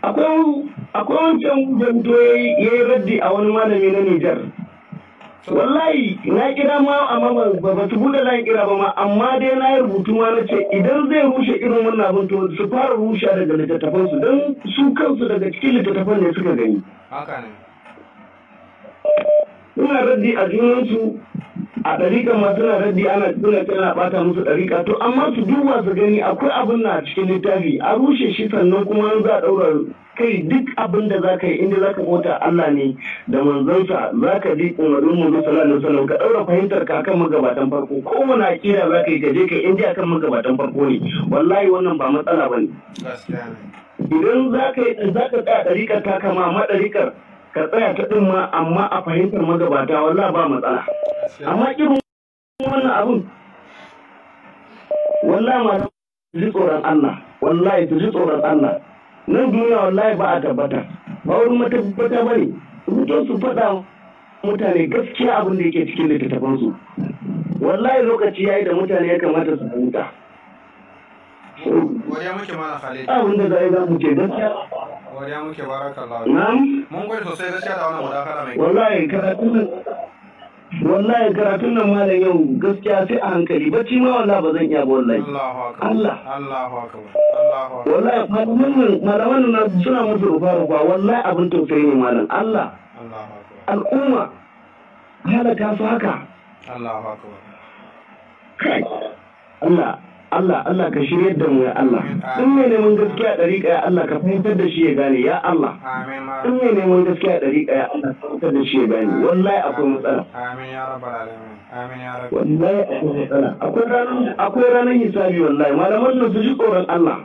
akwai wancan jamto ya yi raddi a wani malami na Nijar wallahi na kira ma amma ba su bude layin kira ba ma amma dai na yi rubutu ma na ce idan zai rushe irin wannan abin to su fara rushe daga littattafan su don su kansu daga cikin littattafan ne suka gani haka ne ina raddi a junansu a ɗariƙa masu na raddi ana tuna tana ɓata musu ɗarika. to amma su duba su gani akwai abin na cikin littafi a rushe shi sannan kuma za a ɗaura kai duk abin da za ka yi inda za ka bauta Allah ne da manzansa za ka bi umarin mu sallallahu alaihi ka ɗaura fahimtar ka kan magabatan farko wani akida za ka yi ka je ka inda akan magabatan farko ne wallahi wannan ba matsala ba ne idan za ka yi za ka ɗariƙar ta kama maɗarikar. ka tsaya ta ɗin ma amma a fahimtar magabata walla ba matsala amma irin wannan abin walla ma ji tsoron Allah wallahi ta ji tsoron Allah nan duniya wallahi ba a tabbata ba wurin matabbata ba ne mutum su faɗa mutane gaskiya abin da yake cikin littattafansu wallahi lokaci ya yi da mutane ya kamata su huta abin da za a yi za mu ce gaskiya Godiya muke barakallahu. Mun gode sosai gaskiya da wannan mai. Wallahi karatun nan wallahi karatun malam yau gaskiya sai a hankali bacci ma wallahi ba zan iya ba wallahi. Allah. Allahu akbar. Allahu akbar. Wallahi malaman nan suna musu rufa rufa wallahi abin tausayi ne malam. Allah. Allahu akbar. Al'umma halaka su haka. Allahu Allah. Allah Allah ka shiryar da mu ya Allah in mai neman gaskiya dariƙa ya Allah ka fahimtar da shi ya gane ya Allah in mai neman gaskiya dariƙa ya Allah ka fahimtar da shi ya gane wallahi akwai matsala wallahi akwai matsala akwai ranar hisabi wallahi malaman nan su ji tsoron Allah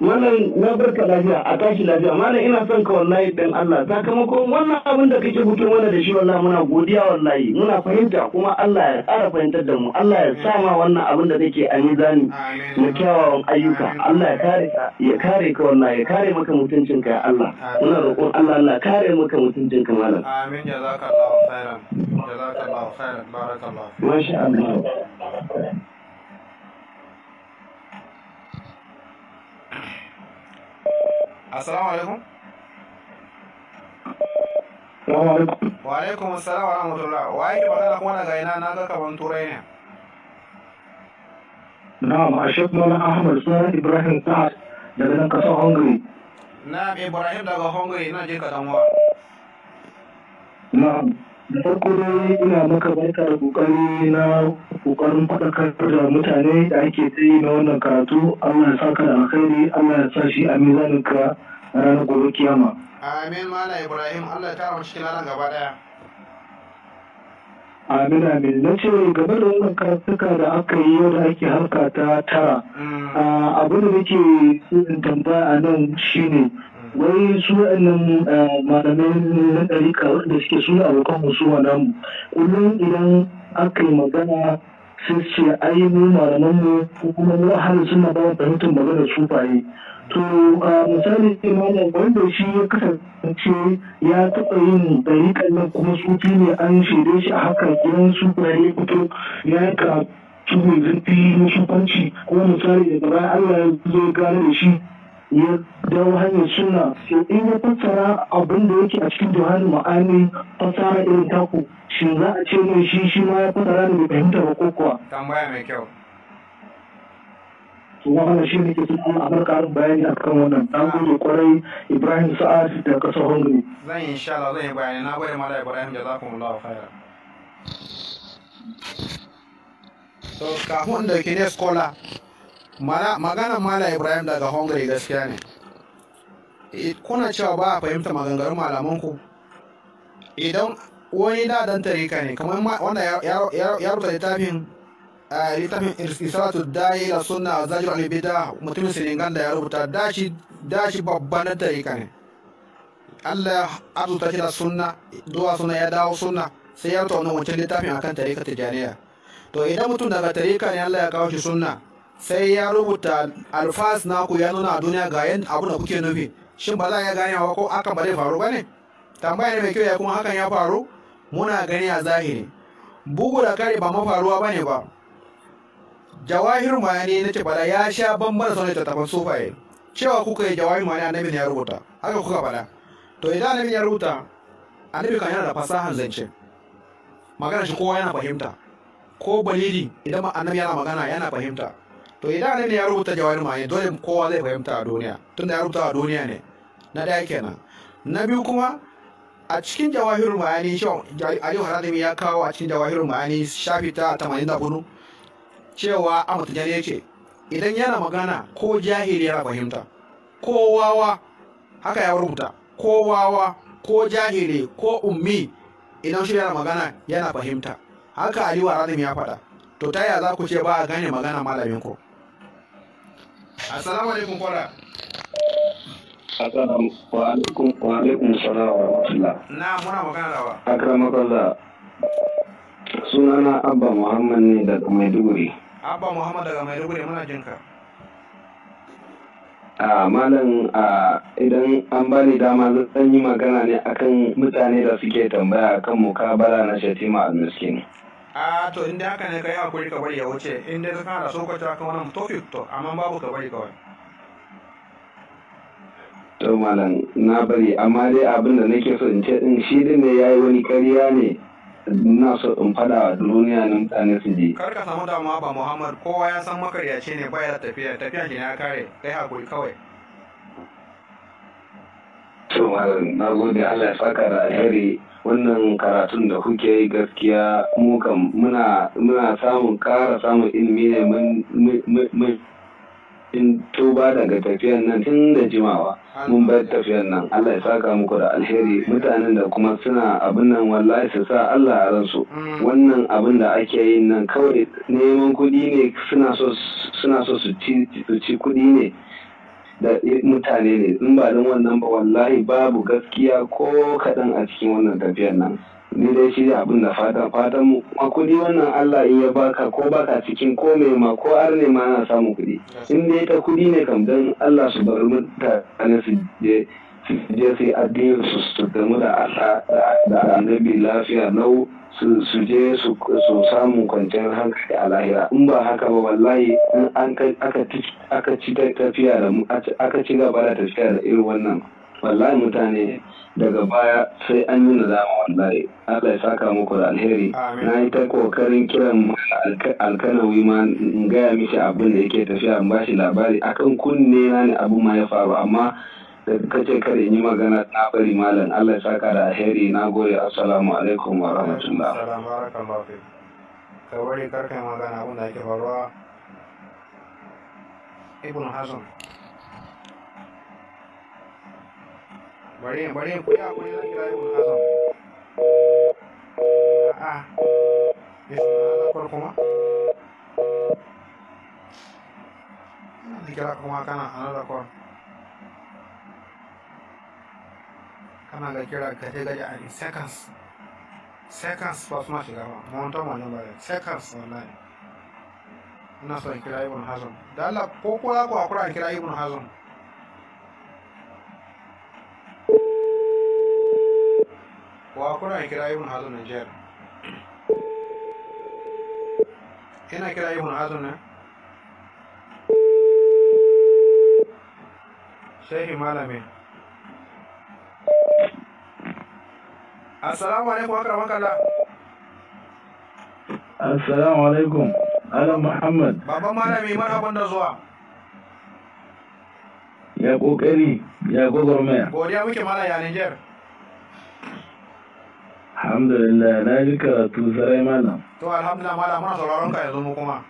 wannan na barka lafiya a tashi lafiya malam ina son ka wallahi dan Allah sakamakon wannan abin da kake fito mana da shi wallahi muna godiya wallahi muna fahimta kuma Allah ya ƙara fahimtar da mu Allah ya sa ma wannan abin da kake a mizani na kyawawan ayyuka Allah ya kare ka ya kare ka wallahi ya kare maka mutuncin ka ya Allah muna roƙon Allah Allah kare maka mutuncin ka malam amin jazakallahu khairan jazakallahu khairan barakallahu masha Allah assalamu alaikum wa alaikum assalam wa rahmatullah wa yake magana kuma daga ina na ga kaman turai ne na'am a shek mana ahmad sunan ibrahim sa'ad daga nan kasar hungary na'am ibrahim daga hungary na je ka damuwa na'am farko dai ina maka barka da kokari na kokarin faɗakar da mutane da ake ta yi na wannan karatu Allah ya saka da alkhairi Allah ya sa shi a mizanin ka ranar gobe kiyama amin mala ibrahim Allah ta tara cikin lalan gaba daya amin amin na ce game da wannan karatuka da aka yi yau da ake harka ta tara mm. ah, abin da nake so in tambaya a nan shine wai su wa'annan eh, malamai na ɗarika waɗanda suke su ne abokan husuma namu kullum idan aka yi magana sai ce ai mu malaman mu ko kuma mu suna ba mu fahimtar maganar sufaye to a misali malam wanda shi ya kasance ya taɓa yin ɗarikan nan kuma fi ne an shaide shi a haka gidan sufaye fito ya yi ka cikin zurfi na shukanci kuma misali daga baya Allah ya zo gane da shi ya dawo hanyar suna in ya fassara abin da yake a cikin johani ma'ani fassara irin taku shi za a ce mai shi shi ma ya fassara da mai fahimtar ba ko tambaya mai kyau wannan shi ne ke sun amur karin bayani a wannan na gode kwarai ibrahim sa'ad da kasar hungary zan yi insha Allah zan yi bayani na gode mala ibrahim da khaira so kafin da ke ne skola magana mala ibrahim daga hungary gaskiya ne kuna cewa ba a fahimta maganganun ku idan wani da dan tarika ne kamar wanda ya rubuta littafin eh, littafin isratu da'i da sunna zajir al-bida mutumin sinigan da ya rubuta dashi dashi babban dan tarika ne Allah ya arzuta shi da sunna zuwa sunna ya dawo sunna sai ya rubuta wani wancan littafin akan tarika tijaniya to idan mutum daga tarika ne Allah ya kawo shi sunna sai ya rubuta alfas na ku ya nuna a duniya ga yan abu da kuke nufi shin ba za a iya wa ko hakan ba zai faru ba ne tambaya ne mai kyau ya kuma hakan ya faru muna gani a zahiri bugu da kare ba mafaruwa ba ne ba jawahir mani na ce bala ya sha bambana sauran tattafan sufaye cewa kuka yi jawahir mani annabi ne ya rubuta haka kuka faɗa to idan annabi ya rubuta annabi kan yana da fasahan zance magana shi kowa yana fahimta ko balili idan annabi yana magana yana fahimta to idan ne ya rubuta jawahir maye dole kowa zai fahimta a duniya tunda ya rubuta a duniya ne na daya kenan na biyu kuma a cikin jawahirul ma'ani aliyu haradimi ya kawo a cikin jawahirul ma'ani shafi ta tamanin da hudu cewa a mutajane ce idan yana magana ko jahili yana fahimta ko wawa haka ya rubuta ko wawa ko jahili ko ummi idan shi yana magana yana fahimta haka aliyu haradimi ya faɗa to ta yaya za ku ce ba a gane magana malamin assalamu alaikum kwara assalamu wa alaikum alaikum salam wa rahmatullah na muna magana da wa akramakallah sunana abba muhammad ne daga maiduguri abba muhammad daga maiduguri muna jinka a malam idan an bani dama zan yi magana ne akan mutane da suke tambaya kan mukabala na shatima al-miskin a to inda haka ne kai hakuri ka bari ya wuce inda ka kana so ta kan wannan topic to amma babu ka bari kawai to malam na bari amma dai abin da nake so in ce din shi din ne yayi wani ƙarya ne ina so in fada a duniya na mutane su je kar ka samu damuwa ba muhammad kowa ya san makaryaci ne baya tafiya tafiya ne ya kare kai hakuri kawai to malam na gode Allah ya saka da alheri wannan karatun da kuke yi gaskiya muka muna muna samun ƙara samun ilimi ne mun in tuba daga tafiyan nan tun da jimawa mun bar tafiyan nan Allah ya saka muku da alheri mutanen da kuma suna abin nan wallahi su sa Allah a ransu mm. wannan abin da ake yin nan kawai neman kuɗi ne suna so su ci kuɗi ne da mutane ne in ba don wannan ba wallahi babu gaskiya ko kaɗan a cikin wannan tafiyar nan ni dai shi da abin da fata fatan mu kuma kuɗi wannan Allah in ya baka ko baka cikin ko mai ma ko ar ne ma ana samun kuɗi in dai ta kuɗi ne kam dan Allah su bar mutane su je su je su yi addinin su su da Allah da annabi lafiya nau su je su samun kwanciyar hankali a lahira in ba haka ba wallahi in an aka ci tafiya da aka ci gaba da tafiya da irin wannan wallahi mutane daga baya sai an yi nadama wallahi Allah ya saka muku da alheri na yi ta kokarin kiran alkanawi ma in gaya mishi abin da yake tafiya in bashi labari akan kunne na ne abin ma ya faru amma ka kace kare in yi magana na bari malam Allah ya saka da alheri na gode assalamu alaikum wa rahmatullah ka kai magana abun da yake faruwa ibn hasan bari bari ku ya ku ya ibn hasan ah isma ko kuma dikira kuma kana da kana da kira ka ta a seconds seconds ba suna shiga ba mountain wani ba da seconds online ina son kira ibn hazm da Allah ko ko za ku hakura kira ibn hazm ko hakura kira ibn hazm Niger ina kira ibn hazm ne shehi malamin Assalamu alaikum wa alaikum. Ala Muhammad. Baba Malami abin da zuwa. Ya kokari, ya gwagwarmaya. Godiya muke mala ya Niger. Alhamdulillah, na ji karatu sarai malam. To alhamdulillah mala muna sauraron ka yanzu mu kuma.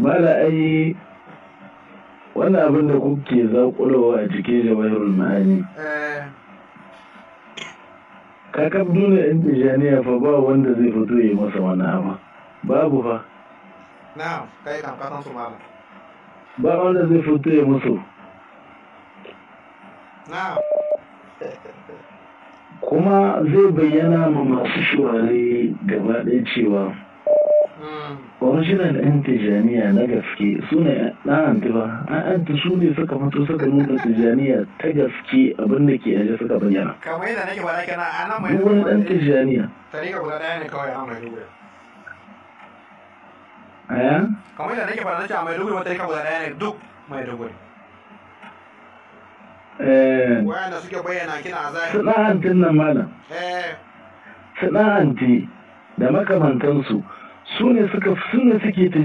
Mala ai wannan abin da kuke zaƙulawa a jikin jawahirul ma'ani eh. kakab dole tijani ya fa ba wanda zai fito ya masa wani abu babu fa na kai kan kasan su malam ba wanda zai fito ya musu na kuma zai bayyana ma masu shurare gaba ɗaya cewa kuma shirin ɗan tijaniya na gaske su ne ɗan ba an su ne suka fito suka nuna tijaniya ta gaske abin da ke aje suka bayyana kamar yadda nake ba kana mai wani ɗan tijaniya tarika guda ɗaya ne kawai an mai dubu aya kamar yadda nake ba mai dubu wata tarika guda ɗaya ne duk mai dubu eh wayanda suke bayyana kina a sana'antin nan malam eh. sana'anti da makamantansu su ne suka fi suna suke ta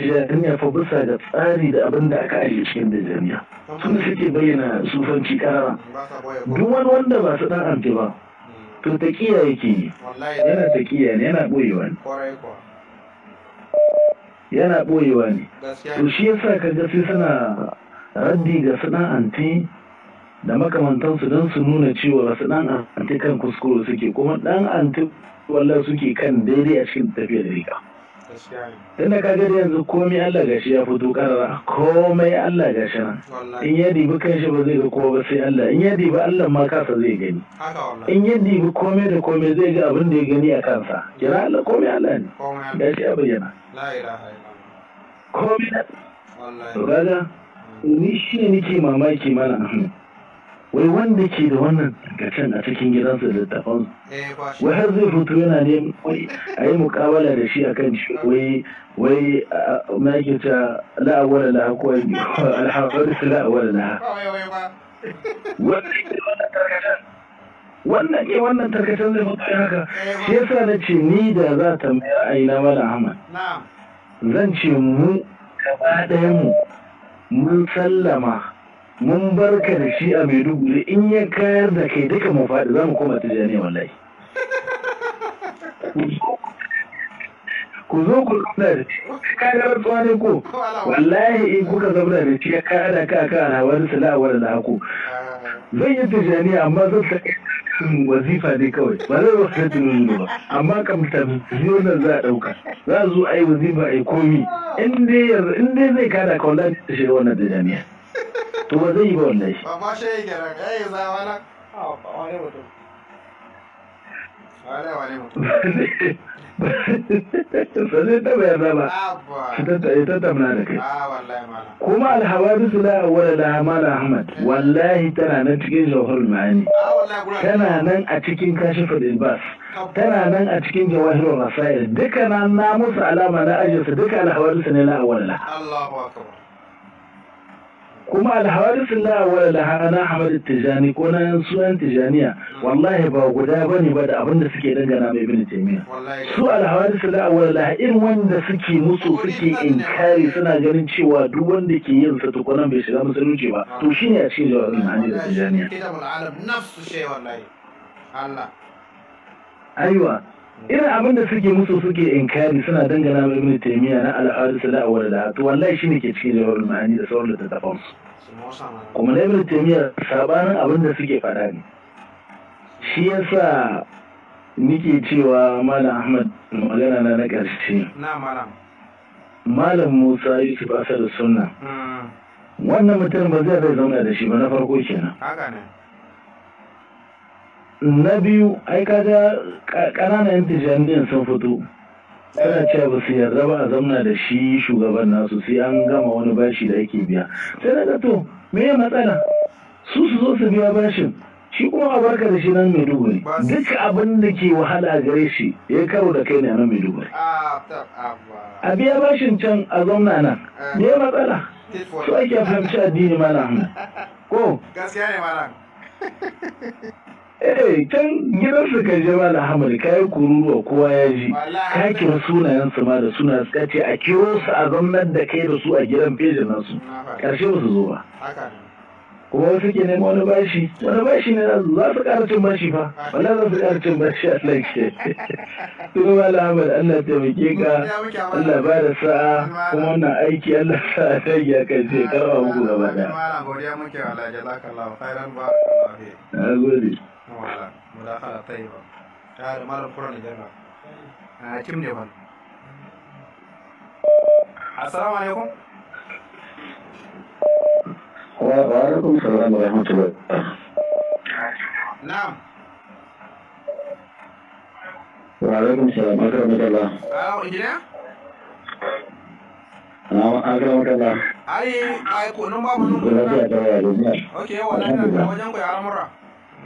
jami'a fa bisa da tsari da abin da aka ajiye cikin da jami'a su suke bayyana sufanci karara duk wani wanda ba su dan amfi ba to ta kiyaye yake yi yana ta ne yana boyewa ne yana boyewa ne to shi sa kaga sai suna raddi ga su dan amfi da makamantansu don su nuna cewa su dan amfi kan kuskure suke kuma dan amfi wallah suke kan daidai a cikin tafiyar rika. tunda ka gani yanzu komai Allah gashi ya fito karara komai Allah shi nan in ya dibi shi ba zai ga kowa ba sai Allah in ya dibi Allah ma kansa zai gani in ya dibi komai da komai zai ga abin da ya gani a kansa kira Allah komai Allah ne shi ya bayyana komai da to ni shi ne nake mamaki mana wai wanda ke da wannan gacen a cikin gidansa da littafan eh, wai har zai hutu yana ne wai a yi mukabala da shi akan shi wai wai na ke ta la'awar laha ko da su la'awar laha wannan ke wannan tarkacen zai fito haka eh, shi yasa na ce ni da za ta mai ra'ayina mala ahmad zan ce mu gaba ɗayan mu mun sallama mun bar ka da shi a maiduguri in ya kayar da kai duka mu faɗi za mu koma tijjani wallahi ku zo ku zauna da shi ka ga rantsuwa ne ko wallahi in kuka zauna da shi ya kayar da ka kan alhawar salawar da haku zan yi tijjani amma zan ta wazifa ne kawai ba zai wasu tattalin ba amma kam tafiyo nan za a ɗauka za a zo a yi wazifa a yi komi in dai zai kada ka da ta shiga wannan tijaniya. to ba zai yi ba wannan shi ba ma shi yi garan ya yi za wani wani mutum wani wani mutum ba zai taba yarda ba ta tattamna da kai A wallahi kuma alhawadisu la wala la mal ahmad eh. wallahi tana nan cikin jawharul ma'ani A ah, wallahi gura. tana nan a cikin kashiful ilbas tana nan a cikin jawahirul rasail duka na musu alama na ajinsu duka alhawadisu ne la wala. Allahu akbar kuma alhawarisun da wa lahana Ahmad Tijani ko na sunan Tijaniya wallahi ba guda bane ba da abin da suke dangana mai bin Taymiya su alhawarisun da wa lahin wanda suke musu suke inkari suna ganin cewa duk wanda ke yin sa tukunan bai shiga musulunci ba to ah. shine a cikin jawabin hanyar Tijaniya aiwa irin abin da suke musu suke inkari suna dangana mai ibn taymiya na al-hadith al-awwal da to wallahi shine ke cikin jawharul ma'ani da sauran littattafan kuma na ibn taymiya sabanin abin da suke faɗa ne shi yasa nike cewa malam ahmad magana na na ƙarshe malam musa yusuf da sunna hmm. wannan mutum ba zai zai zauna da shi ba na farko kenan na biyu ai kaga ƙananan tijan din sun fito ana cewa ba su yarda ba a zamna da shi shugaban nasu sai an gama wani bashi da ake biya sai na to me ya matsala su su zo su biya bashin shi kuma a barka da shi nan maiduguri duk abin da ke wahala gare shi ya karo da kai ne nan maiduguri ah, a biya bashin can a zauna nan eh. me ya matsala su ake fahimci addini malam (laughs) ko gaskiya ne malam (laughs) eh can gidan su je ba da hamali ka yi kururuwa kowa ya ji ka kira sunayen su ma da suna suka ce a kiro su a zannar da kai da su a gidan fejin nasu karshe ba su zo ba kuma wasu ke nema wani bashi wani bashi ne za su ƙara cin bashi fa wala za su ƙara cin bashi a nan ke (laughs) kuma ba lahamar Allah taimake ka Allah ba da sa'a kuma wannan aiki Allah sa'a ta yi ya kai sai karɓa muku gaba ɗaya. Na gode. wala mulaqala tayyiba ta da malam furan jarra a kim ne ban assalamu alaikum wa alaikum salam wa rahmatullah na'am wa alaikum salam wa rahmatullah ah injiniya Ai, ai ko nan babu nan. Ko lafiya na wajen ku ya al'amura.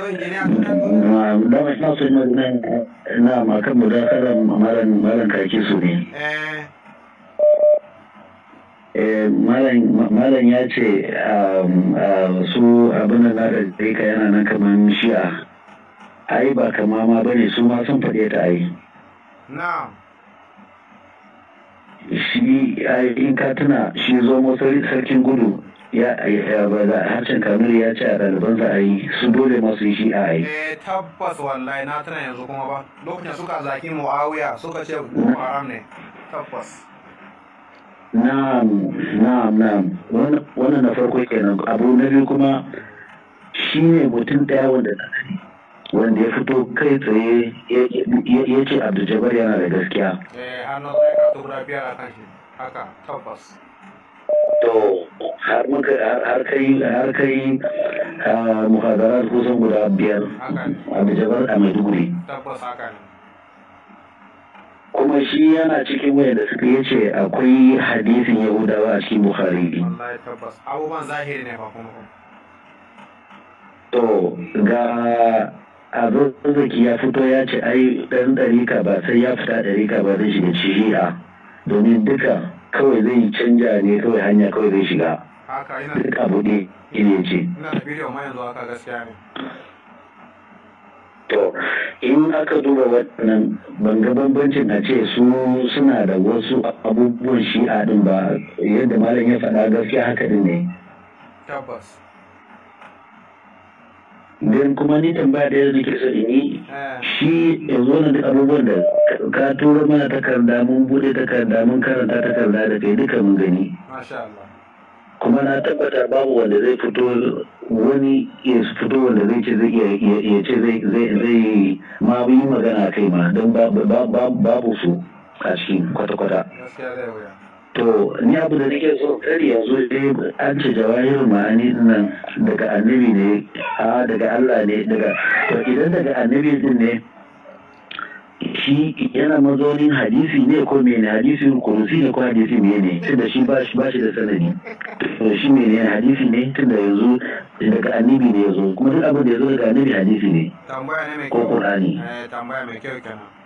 dama suna so yi na makan mu da karan maran maran kake su ne eh. Eh, malam ya ce um, um, su abin da na ka yana nan kamar shi'a ai ba kama ma ba ne su ma sun faɗe ta ai shi in ka tuna shi zo sarkin gudu ya eh, eh, za, harshen kamil ya ce a ɗaliban za a yi su dole masu yi shi a yi. eh tabbas wallahi na tana yanzu kuma ba lokacin suka zaki muawiya suka ce haram ne tabbas. na'am na'am na'am wannan na farko kenan abu na biyu kuma shi ne mutum ɗaya wanda na sani wanda ya fito kai tsaye ya ce abdul yana da gaskiya. eh hannun sai ka tura biyar a kan shi haka tabbas. to har muka har kai har kai muhadarar kusan guda biyar a Bijabar a Maiduguri kuma shi yana cikin wayan da suka yace akwai hadisin Yahudawa a cikin Bukhari to ga a arziki ya fito ya ce ai dan ka ba sai ya fita ka ba zai shiga a, domin duka kawai zai canja ne kawai hanya kawai zai shiga duk abu ne ce to in aka duba wannan banga bambancin na ce su suna da wasu abubuwan shi'a din ba yadda malam ya faɗa gaskiya haka din ne tabbas dan kuma ni tambaya da yanzu ke son in yi eh. shi yanzu wannan duk abubuwan da ka turo mana takarda mun bude takarda mun karanta takarda da kai duka mun gani kuma na tabbata babu wanda zai fito wani ya fito wanda zai ce zai ya ce zai zai ma yi magana kai ma don babu su a cikin kwata-kwata to ni abu da nake so kari ya zo dai an ce jawahirul ma'ani nan daga annabi ne a daga Allah ne daga to idan daga annabi din ne shi yana mazaunin hadisi ne ko mene hadisi kurusi ne ko hadisi mene tunda shi ba shi ba shi da sanani to shi mene hadisi ne tunda yanzu daga annabi ne yazo kuma duk abin da yazo daga annabi hadisi ne tambaya ne mai ko qur'ani eh tambaya mai kyau kenan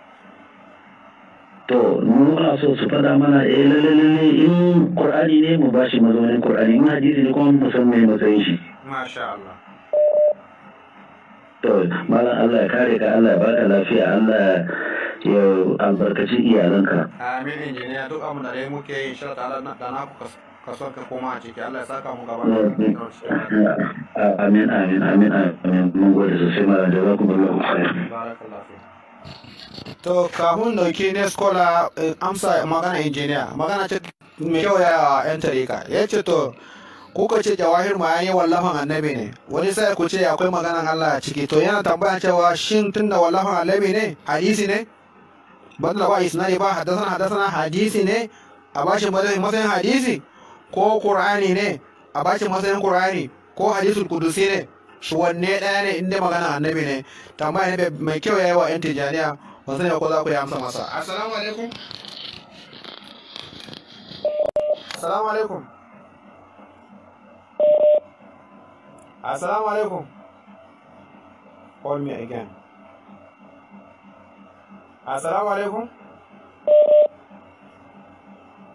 to muna so su fada mana eh lalle in qur'ani ne mu bashi mazaunin qur'ani in hadisi ne kuma mu san mai matsayin shi masha to malam Allah ya kare ka Allah ya baka lafiya Allah ya albarkaci iyalanka amin injiniya duk abin dai muke yi insha Allah da na ku kaso ka koma a ciki Allah ya saka mu gaba amin amin amin amin mun gode sosai malam jazakumullahu barakallahu to kafin dauki ne skola amsa magana injiniya magana ce mai kyau ya yan tarika ya ce to kuka ce jawahir ma yi wallafan annabi ne wani sai ku ce akwai maganan Allah a ciki to yana tambaya cewa shin tunda wallafan annabi ne hadisi ne ban da ba isnadi ba hadasan hadasan hadisi ne a bashi matsayin hadisi ko qur'ani ne a bashi matsayin qur'ani ko hadisul kudusi ne wanne ɗaya ne inda magana annabi ne tambaya ne mai kyau yayi wa yan tijaniya ban sani ko za ku yi amsa masa assalamu alaikum assalamu alaikum assalamu alaikum call me again assalamu alaikum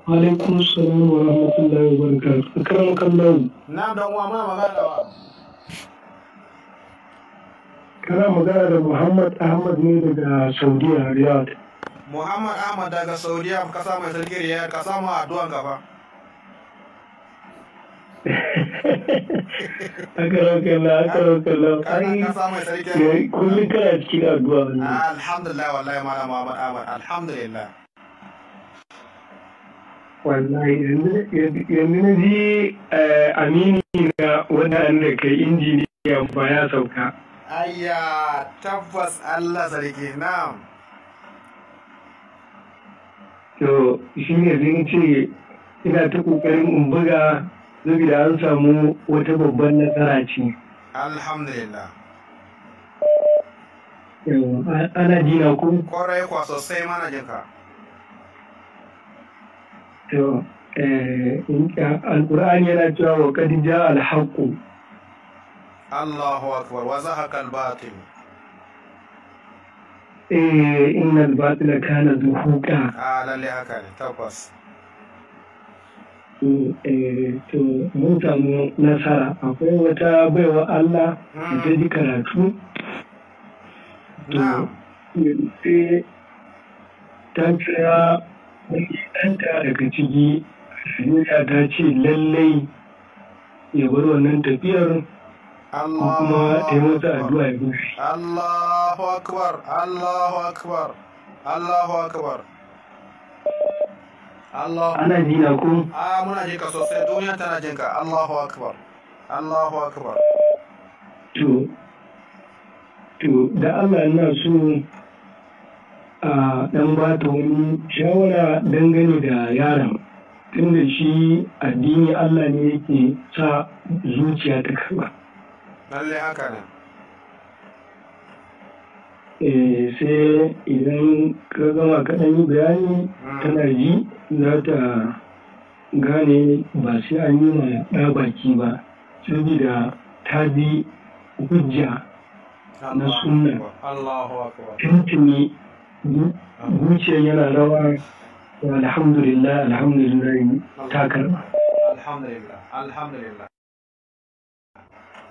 alaikum salam wa rahmatullahi wa barakatuh karam kallahu na dan uwa muna magana da kana magana da muhammad ahmad ne daga Saudi Arabia. muhammad ahmad daga Arabia kasa mai sarki riyadh ka samu addu'an gaba (laughs) akarokalla akarokalla ai kullum kana cikin addu'a alhamdulillah wallahi ma'ana muhammad ahmad alhamdulillah wallahi yanzu na ji eh, amini na wanda an da kai injiniya ba ya sauka ayya tabbas Allah sarki na'am to shi ne zai ce ina ta kokarin in buga saboda an samu wata babban nasara ce alhamdulillah ana jina ku kwarai kwa sosai mana jinka to eh, alƙur'ani yana cewa wa kadija alhaƙu الله akbar وزهق الباطل al-batil eh, ah, mm, eh, to mun samu nasara akwai wata baiwa Allah hmm. da ji karatu sai ta ɗanta daga ciki a ta ce lallai ya bar wannan tafiyar ko kuma ta yi masa addu'a Allahu akbar Allahu akbar Allahu akbar Allah ana na ko a muna jinka sosai duniya tana jinka Allahu akbar Allahu akbar to to da Allah ina so a dan ba ta wani shawara dangane da yaron tunda shi addini Allah ne yake sa zuciya ta karba lalle haka ne eh sai idan ka gama kaɗan yi bayani tana hmm. ji za ta gane ba sai an yi ma ɗa baki ba saboda ta bi hujja na sunna tuntuni hmm. zuciyar yana rawa alhamdulillah alhamdulillah ta karɓa. alhamdulillah alhamdulillah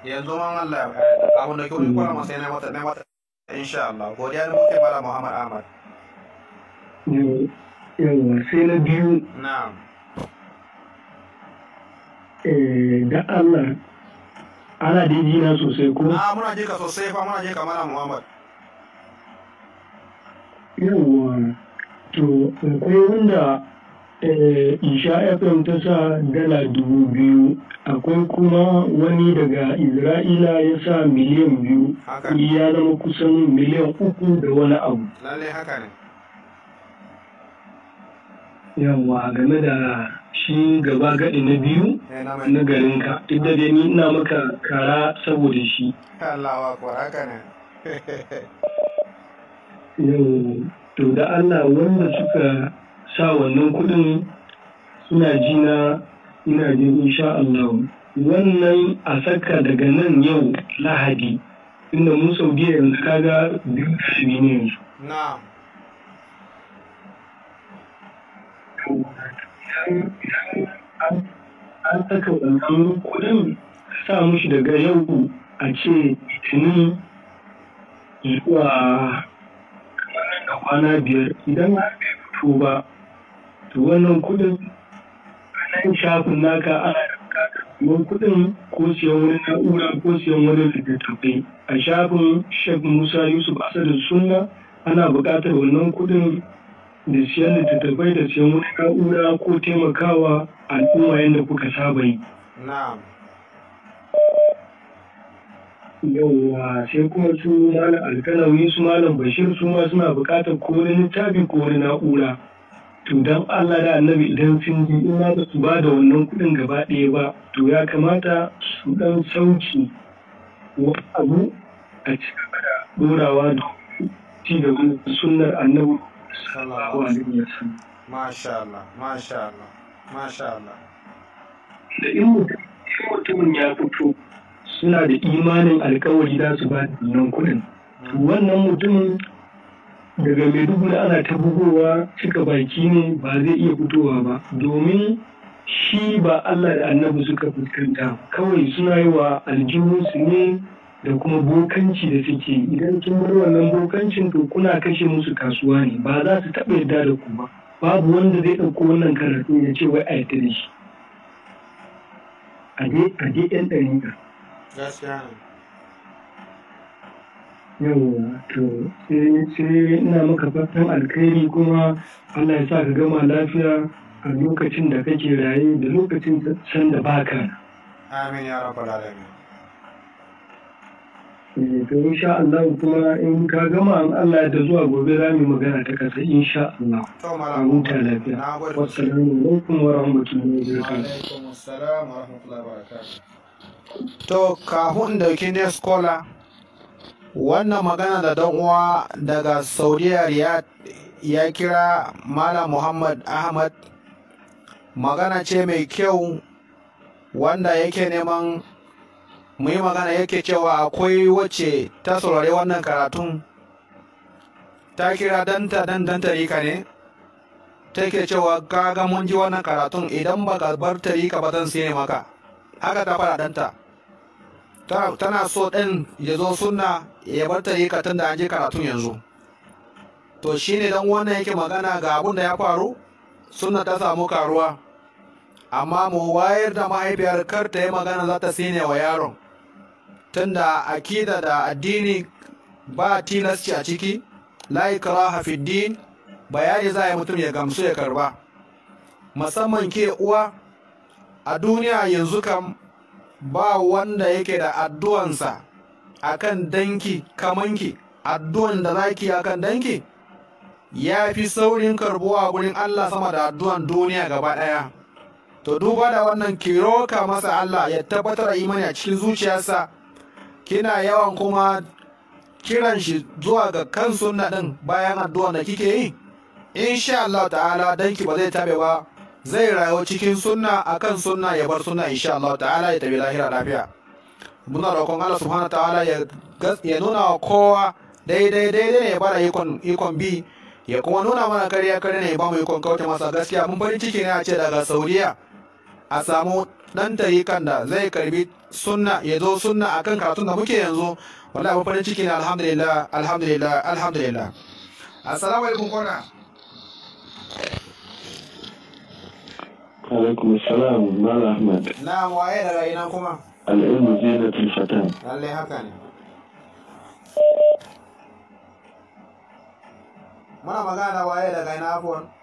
yanzu ma Allah abun da kuma kula masa yana mata na mata insha Allah godiya da muke mala Muhammad Ahmad yawa sai na biyu na'am eh da Allah ana daidai na sosai ko na muna je ka sosai fa muna je ka mala Muhammad yawa to akwai wanda Eh, Isha FM ta sa dala dubu biyu, akwai kuma wani daga Isra'ila ya sa miliyan biyu, ya zama kusan miliyan uku da wani abu. Lallai haka ne. Yawwa game da shi gaba gaɗi na biyu eh, na garinka, duk da ni ina maka kara saboda shi. Allahwa haka ne. (laughs) Yau, to da Allah wanda suka sa wannan kuɗin ina ji na ina jin insha Allah wannan a saka daga nan yau lahadi inda mu sau yanzu kaga biyu da ne yanzu an saka wannan kuɗin sa mushi daga yau a ce litinin zuwa da kwana biyar idan har bai ba to wannan kudin a nan shafin naka ana wani kudin ko siyan wani na'ura ko siyan wani littattafai a shafin shek musa yusuf asadu sunna ana buƙatar wannan kudin da siyan littattafai da siyan wani na'ura ko taimakawa al'umma yadda kuka saba yi yauwa sai kuma su malam alkalawi su malam bashir su ma suna buƙatar ko wani littafi ko wani na'ura to dan Allah da annabi idan sun ji in za su ba da wannan kuɗin gaba ɗaya ba to ya kamata su dan sauki abu a cikin da ɗorawa da ci da sunnar annabi sallallahu alaihi wasallam masha Allah masha Allah masha Allah da in mutumin ya fito suna da imanin alkawari za su ba da wannan kuɗin mm. wannan mutumin daga mai maiduguri ana ta bugowa cika baki ne ba zai iya fitowa ba domin shi ba allah da annabi suka fuskanta kawai suna yi wa aljihunsu ne da kuma bokanci da suke idan kin bar wannan bokancin to kuna kashe musu kasuwa ne ba za su taɓa yarda da ku ba babu wanda zai ɗauko wannan karatu ya ce wai a yi da shi a je ɗan ɗari ka yawwa to eh, sai ina maka fatan alkhairi kuma Allah ya sa ka gama lafiya a lokacin da kake raye da lokacin can da baka amin ya rabbal alamin eh, to insha Allah kuma in ka gama Allah da zuwa gobe za mu magana ta kasa insha Allah to malam huta lafiya wassalamu alaikum wa rahmatullahi wa barakatuh wa alaikum assalam wa rahmatullahi wa barakatuh to ka hun dauki ne scholar wannan magana da danuwa uwa daga saudiya riyad ya kira malam muhammad ahmad magana ce mai kyau wanda yake neman mu yi magana yake cewa akwai wacce ta saurari wannan karatun ta kira danta dan danta rika ne ta ke cewa kaga mun ji wannan karatun idan baka bar tarika ba zan siye maka haka ta fara danta tana so ɗin ya zo sunna ya bar ta yi katun da an je karatun yanzu to shi ne don wannan yake magana ga abun da ya faru suna ta samu karuwa amma mu wayar da mahaifiyar kar ta yi magana za ta sine wa yaron tunda akida da addini ba tilasci a ciki layi ikraha fi bayani za a yi mutum ya gamsu ya karba musamman ke uwa a duniya yanzu kam ba wanda yake da addu'ansa kan danki kamanki addu'an da zaki kan danki ya fi saurin karbuwa gurin Allah sama da addu'an duniya gaba ɗaya. To duba da wannan ki roka masa Allah ya tabbatar imani a cikin zuciyarsa kina yawan kuma kiran shi zuwa ga kan sunna din bayan addu'an da kike yi insha Allah ta'ala danki ba zai tabe ba zai rayu cikin sunna akan sunna ya bar suna insha Allah ta'ala ya tabi lahira lafiya muna roƙon Allah subhanahu ta'ala ya nuna wa kowa daidai daidai ne ya bar ikon ikon bi ya kuma nuna mana karya karya ne ya bamu ikon kauta masa gaskiya mun bari ciki ne a ce daga Saudiya a samu dan kan da zai karbi suna ya zo sunna akan karatun da muke yanzu wallahi mun farin ciki ne alhamdulillah alhamdulillah alhamdulillah assalamu alaikum kona عليكم السلام مال احمد نعم وين رايناكما العلم زينة الفتاة قال هكاني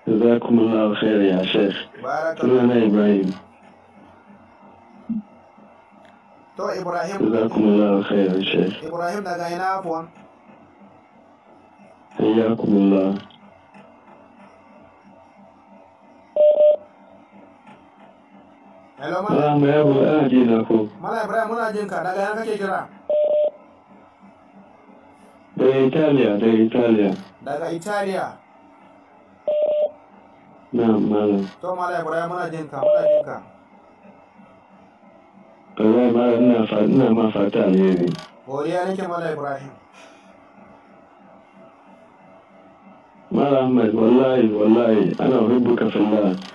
جزاكم الله خير يا شيخ بارك الله انا ابراهيم ابراهيم جزاكم الله خير يا شيخ ابراهيم لقينا عفوا حياكم الله Malam Ibrahim yana ji na ko. Malam Ibrahim muna jin ka daga kira. Daga Italiya, daga Italiya. Daga Italiya. malam. To Ibrahim muna jin ka, muna jin ka. ina ina ma fata alheri. nake Malam Ibrahim. Malam Ahmad wallahi wallahi ana hubbuka fillah.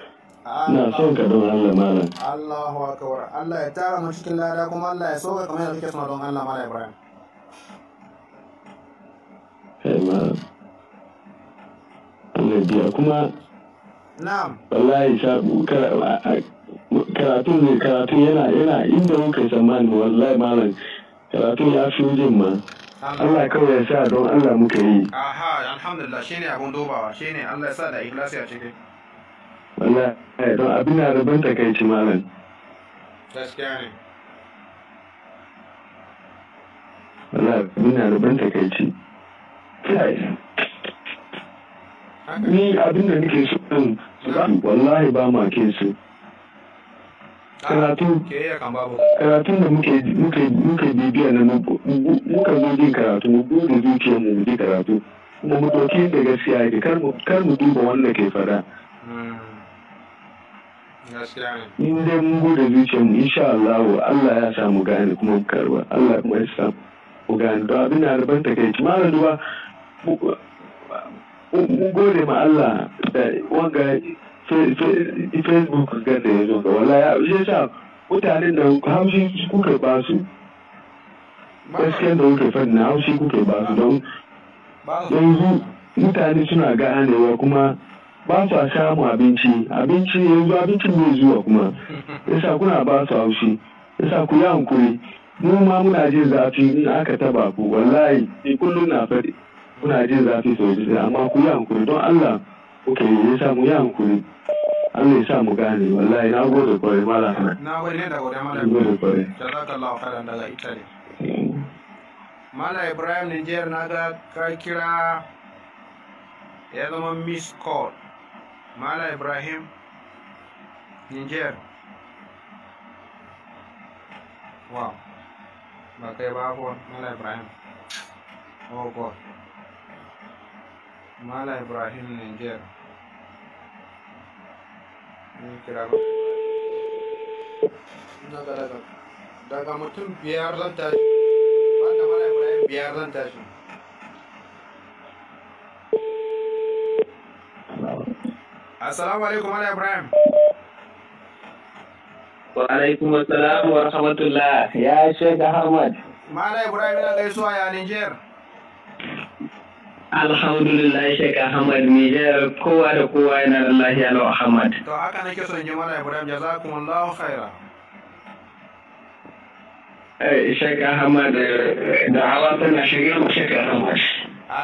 na son ka don Allah malam Allahu akbar Allah ya tara mu cikin lada kuma Allah ya soka kamar yadda kake so don Allah malam Ibrahim kai malam Allah biya kuma na'am wallahi shabu karatun ne karatun yana yana inda muka tsammani wallahi malam karatun ya fi jin ma Allah kawai ya sa don Allah muka yi aha alhamdulillah shine abun dubawa shine Allah ya sa da ikhlasi a cikin wallahi abin na rabon takaici malam gaskiya ne wallahi abin na rabon takaici ni abin da nake so din wallahi ba ma ke su ah, karatun da muke bibiya na muka zo jin karatu mu bude zuciya mu ji karatu kuma mu dauke da gaskiya kar mu duba wanda ke fada hmm. in dai mun bude zuciyar mu insha Allah Allah ya samu gane kuma mu karba Allah kuma ya samu mu gane to abin da ban ta kai malam duba mun gode ma Allah da wanga Facebook ga da ya zo ga wallahi ya sa mutanen da haushi kuka ba su gaskiyar da kuka fadi na haushi kuka ba su don yanzu mutane suna ganewa kuma ba sa samun abinci abinci yanzu abincin bai zuwa kuma yasa kuna ba su haushi yasa ku yi hankuri mu ma muna jin zafi in aka taba ku wallahi sai kullum na faɗi muna jin zafi sosai amma ku yi hankuri don Allah ok yasa mu yi hankuri Allah ya sa mu gane wallahi na gode kwarai malam na gode da gode malam na gode kwarai jazakallahu khairan daga Italy Malam Ibrahim Niger na ga ka kira ya zama miss call mala ibrahim niger wow ba kai ba ko mala ibrahim oh god mala ibrahim niger ni kira ko daga mutum biyar zan tashi wanda mala ibrahim biyar zan tashi السلام عليكم يا ابراهيم وعليكم السلام ورحمة الله يا شيخ أحمد ما لا ابراهيم إلا ليسوا يا نيجير الحمد لله شيخ أحمد نيجير قوة قوة إن الله يا لو أحمد تو هكا نكسو نجم علي ابراهيم جزاكم الله خيرا إيه، شيخ أحمد دعواتنا شيخ أحمد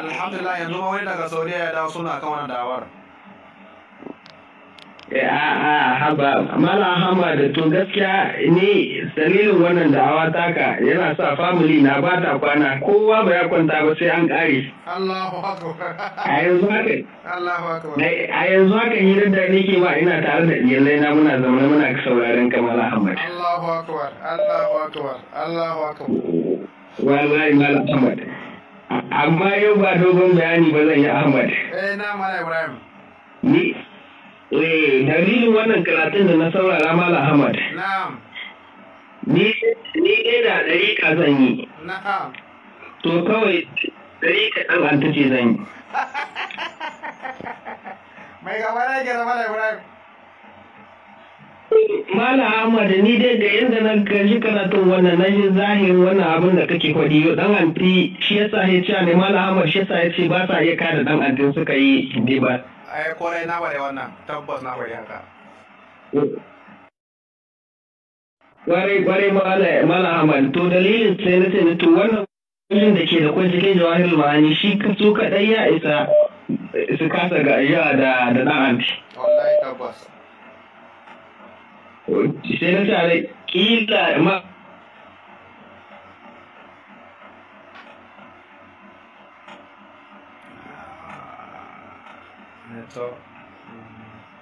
الحمد لله يا نوما وين لك سعودية يا دعوة سنة كمان دعوار Eh, haba mala hama da to gaskiya ne dalilin wannan hawa taka yana sa family na ba ta kwana kowa ba ya kwanta ba sai an kare a yanzu haka yi akbar a yanzu haka eh, ma ina tare da iyalai na muna zama muna sauraron ka Ahmad hama wallahi mala Ahmad amma yau ba dogon bayani ba zan yi Ahmad eh na mala Ibrahim ni Eh, dalilin wannan karatun da na saurara Malam Ahmad. Ni dai da ɗariƙa zan yi. To kawai ɗariƙa ɗan anta ce zan yi. Mai gaba na gina Malam Ibrahim. Malam Ahmad ni dai da yadda na gaji karatun wannan na ji zahirin wannan abin da kake kwadi dan anti shi yasa ya ce ne Malam Ahmad shi yasa ya ce ba sa iya kada dan antin suka yi dai ba. A yi eh, korai na ware wannan tabbas na ware haka kwarai kwarai mala amal to dalilin sai na sai to wannan dalilin da ke da kwan cikin jawahir ma'ani shi su kadai ya isa su kasa ga iya da da na'anti wallahi tabbas sai na sai kila ma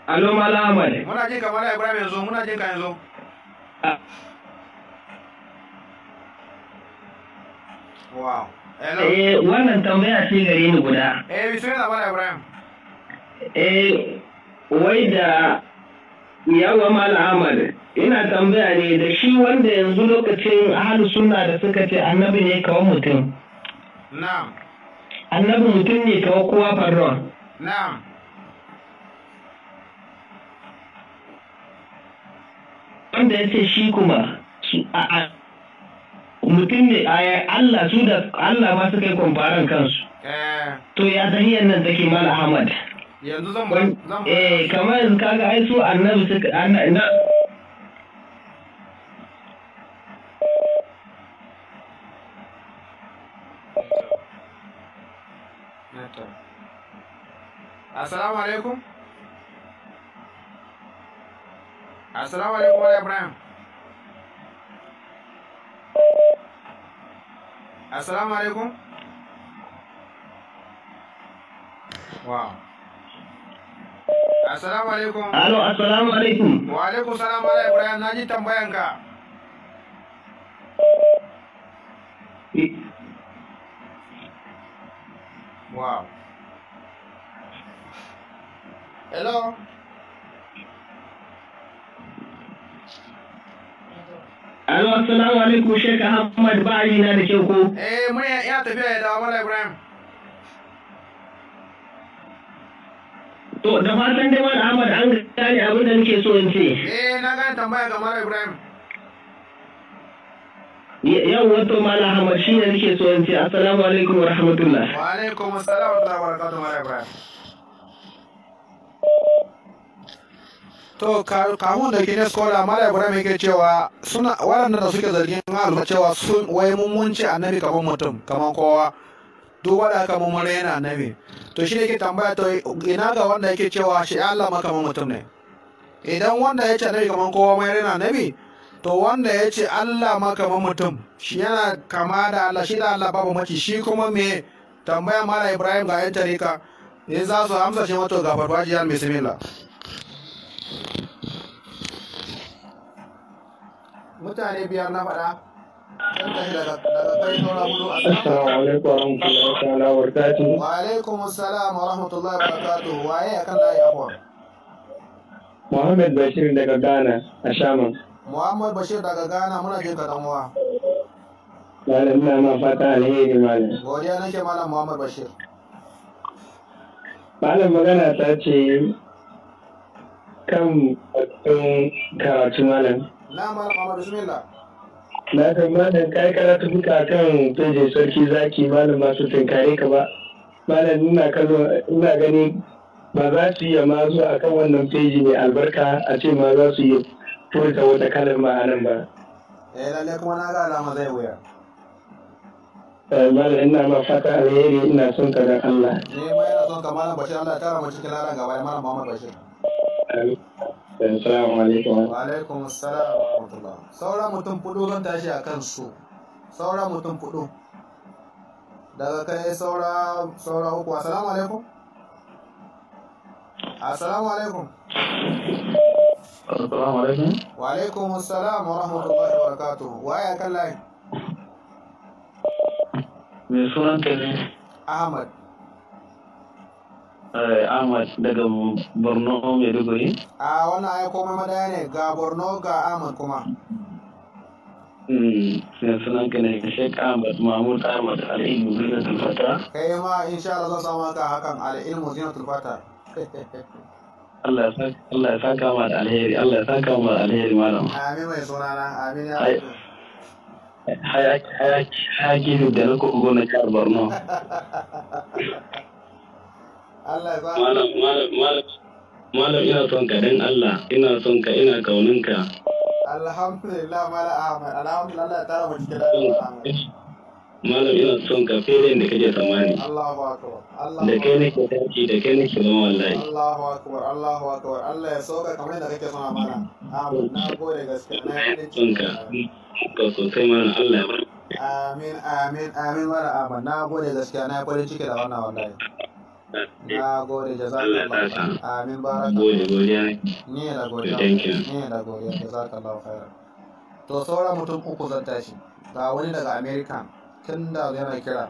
Alo malama ne. Muna jin ka mala Ibrahim yanzu muna jin ka yanzu. Wow. Hello. Eh wannan tambaya ce gare ni guda. Eh bismillah mala Ibrahim. Eh wai da yawa mala Ahmad ina tambaya ne da shi wanda yanzu lokacin ahlus sunna da suka ce annabi ne kawo mutum. Na'am. Annabi mutum ne kawo kowa farron. Na'am. wanda ya ce shi kuma mutum ne Allah su da Allah ma su yi kwamfaran kansu eh. to ya tahiyar nan zake mala Ahmad yanzu zan ba eh kamar yanzu kaga ai su annabi suka annabi Assalamu alaikum. assalamu alaikum wala ibrahim assalamu alaikum wow assalamu alaikum alo assalamu alaikum wa alaikum salam wala ibrahim naji tambayan ka wow Alo, assalamu alaikum Sheikh Ahmad Bari na da kyau ko? Eh, mun ya tafiya ya dawo Mala Ibrahim. To, da fatan dai Mala Ahmad an gane abin da nake so in ce. Eh, na gane tambaya ga Mala Ibrahim. Yau wato Mala Ahmad shi ne nake so in ce assalamu alaikum wa rahmatullah. Wa alaikum assalam wa rahmatullah wa barakatuh Mala Ibrahim. to kamun da kine skola mala ibrahim yake cewa suna waɗanda da suke zargin al'umma cewa sun wai mummunci annabi kamar mutum kamar kowa duk wanda aka mummure yana annabi to shi ne ke tambaya to ina ga wanda yake cewa shi Allah ma kamar mutum ne idan wanda ya ce annabi kamar kowa ma yana annabi to wanda ya ce Allah ma kamar mutum shi yana kama da Allah shi da Allah babu maci, shi kuma me tambaya mala ibrahim ga yan tarika in za su amsa shi wato ga farfajiyar bismillah mutane biyar na faɗa Assalamu Wa Waye layi Muhammad Bashir daga Ghana a Shaman. Muhammad Bashir daga Ghana muna jin ka damuwa. Malam ina ma fata alheri malam. Godiya nake malam Muhammad Bashir. Malam magana ta ce kan batun karatu malam. Na Muhammadu Na san malam kai karatu buka kan pejin sarki zaki malam masu tinkare ka ba. Malam ina kazo ina gani ba za su iya ma zuwa akan wannan peji mai albarka a ce ma za su yi furta wata kalar ma'anan ba. Eh lalle kuma na ga alama zai wuya. Eh, malam ina ma fata alheri ina son ka dan Allah. Eh ma yana son ka malam Bashir Allah ya tara mu cikin laran gaba malam Muhammad Bashir. Assalamu alaikum. Wa assalam wa mutum fudu zan tashi a kan su. Sauran mutum fudu. Daga kai saura saura uku. Assalamu alaikum. Assalamu alaikum. Assalamu alaikum. Wa alaikum assalam wa rahmatullahi wa barakatuh. kan Me sunan ne? Ahmad. Ahmad daga Borno Maiduguri. A wannan ya koma madaya ne ga Borno ga Ahmad kuma. Sai sunan ka ne Sheikh Ahmad Mahmud Ahmad Al'ilmu Zina Tulfata. Ka Kai ma insha Allah zan samu ka hakan Al'ilmu ilmu Tulfata. Allah ya saka ma da alheri, Allah ya saka ma da alheri malam. Amin mai amin ya hayaki da na kogo na Borno. Allah Malam, malam, malam. Malam ina son ka dan Allah, ina son ka ina kaunin ka. Alhamdulillah malam Ahmad, alhamdulillah Allah ya tara mu cikin Malam ina son ka fere da kake tsammani. Allahu akbar. Da kai nake tashi, da kai nake zama wallahi. Allahu akbar, Allahu akbar. Allah ya sauka kamar da kake Amin. Na gode gaskiya. Na yi son ka. Ka sosai Allah ya bar. Amin, amin, amin malam Ahmad. Na gode gaskiya, na yi farin ciki da wannan wallahi. Na gode da za ka Amin baraka. Gode godiya. Ni da godiya. Ni da godiya da za ka lafa. To saura mutum uku zan tashi. Ga wani daga America tun da yana kira.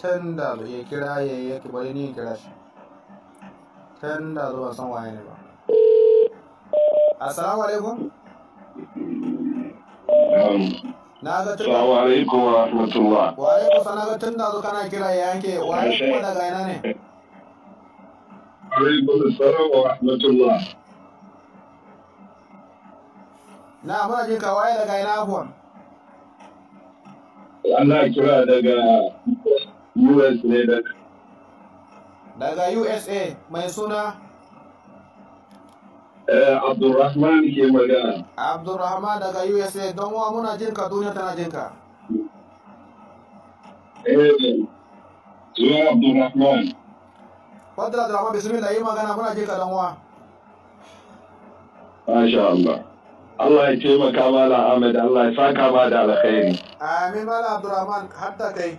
Tun da ya kira ya yi yake bari ni kira shi. Tun da zuwa san waye ne ba. Assalamu alaikum. na ga tun wa alaikum wa rahmatullah wa alaikum sana ga tun da zo kana kira yanke wa alaikum daga ina ne عليكم السلام ورحمة الله na muna jin kawai daga ina kuwa ana kira daga us ne daga usa mai suna eh, Abdulrahman ke magana. Abdulrahman daga USA don wa muna jin ka duniya tana jin ka. Eh, Abdulrahman. fadda da rama bismillah yi magana muna je ka danwa masha Allah Allah ya taimaka mala Ahmed Allah ya saka ma da alkhairi amin mala Abdurrahman hatta kai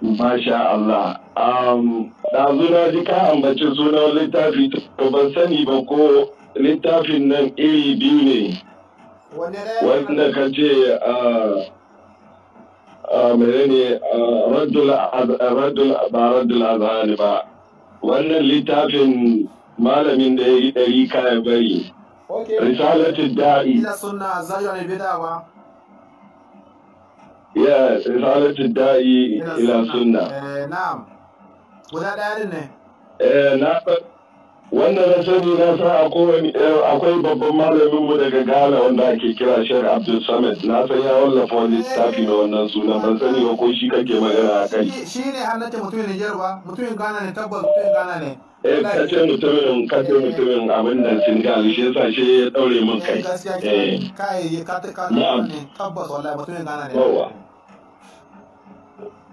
Masha Allah. ɗazu na ji ka ambaci sunan littafi to ban sani ba ko littafin nan iri biyu ne. Wanda ka ce ah, menene raddul ba raddul azhani ba wannan littafin malamin da ya yi ɗari kayan bari risalatul da'i yes risalatul da'i ila sunna guda ɗaya ne eh na wanda na sani na sa akwai babban malaminmu daga ghana wanda ake kira shek abdul samad na san ya wallafa wani littafi na wannan suna ban sani ba ko shi kake magana a kai shi ne halatta mutumin niger ba mutumin ghana ne tabbas mutumin ghana ne eh kace mutumin kace mutumin abin da ga shi yasa shi ya daure mun kai eh, eh. kai ka ta ne tabbas wallahi mutumin ghana ne Allah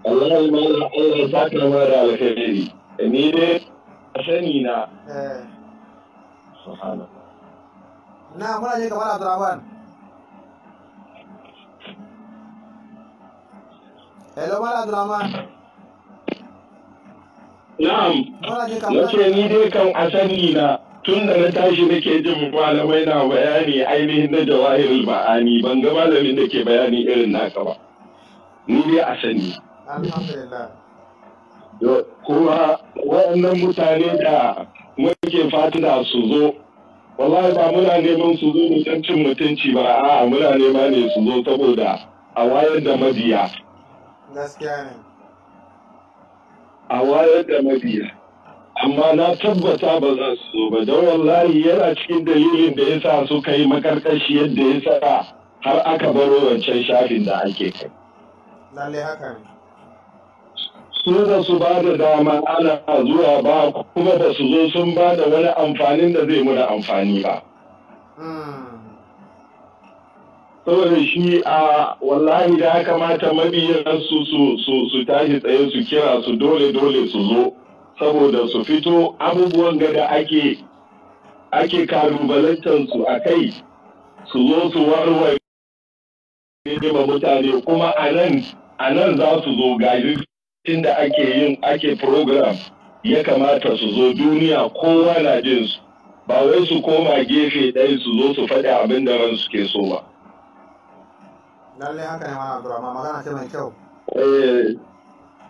ya Allah ya saka mara alheri eh, ni ne sani na eh. na muna je kamar abdurrahman hello abdurrahman na'am ni dai kan asali na tun da na tashi nake jin malamai na bayani ainihin na jawahirul ma'ani ban ga malamin da ke bayani irin naka ba ni dai asali alhamdulillah kuma waɗannan mutane da muke fatina su zo wallahi ba muna neman su zo da cin mutunci ba a muna nema ne su zo saboda a wayar da mabiya a wayar da mabiya amma na tabbata ba za su zo ba don wallahi yana cikin dalilin da ya sa suka yi makarkashi yadda ya sa har aka baro wancan shafin da ake kai lalle haka ne su ba su ba da dama ana zuwa ba kuma ba su zo sun ba da wani amfanin da zai muna amfani ba. saboda shi a wallahi da ya kamata mabiyan su su tashi tsaye su kira su dole dole su zo saboda su fito abubuwan gada ake ake kalubalantar su a kai su zo su warware ne ba mutane kuma a nan za su zo gaji inda ake yin ake program ya kamata su zo duniya kowa na jin su ba wai su koma gefe ɗaya su zo su faɗi abin da ran suke so ba. Lallai haka ne mana ma magana ce mai kyau. Eh,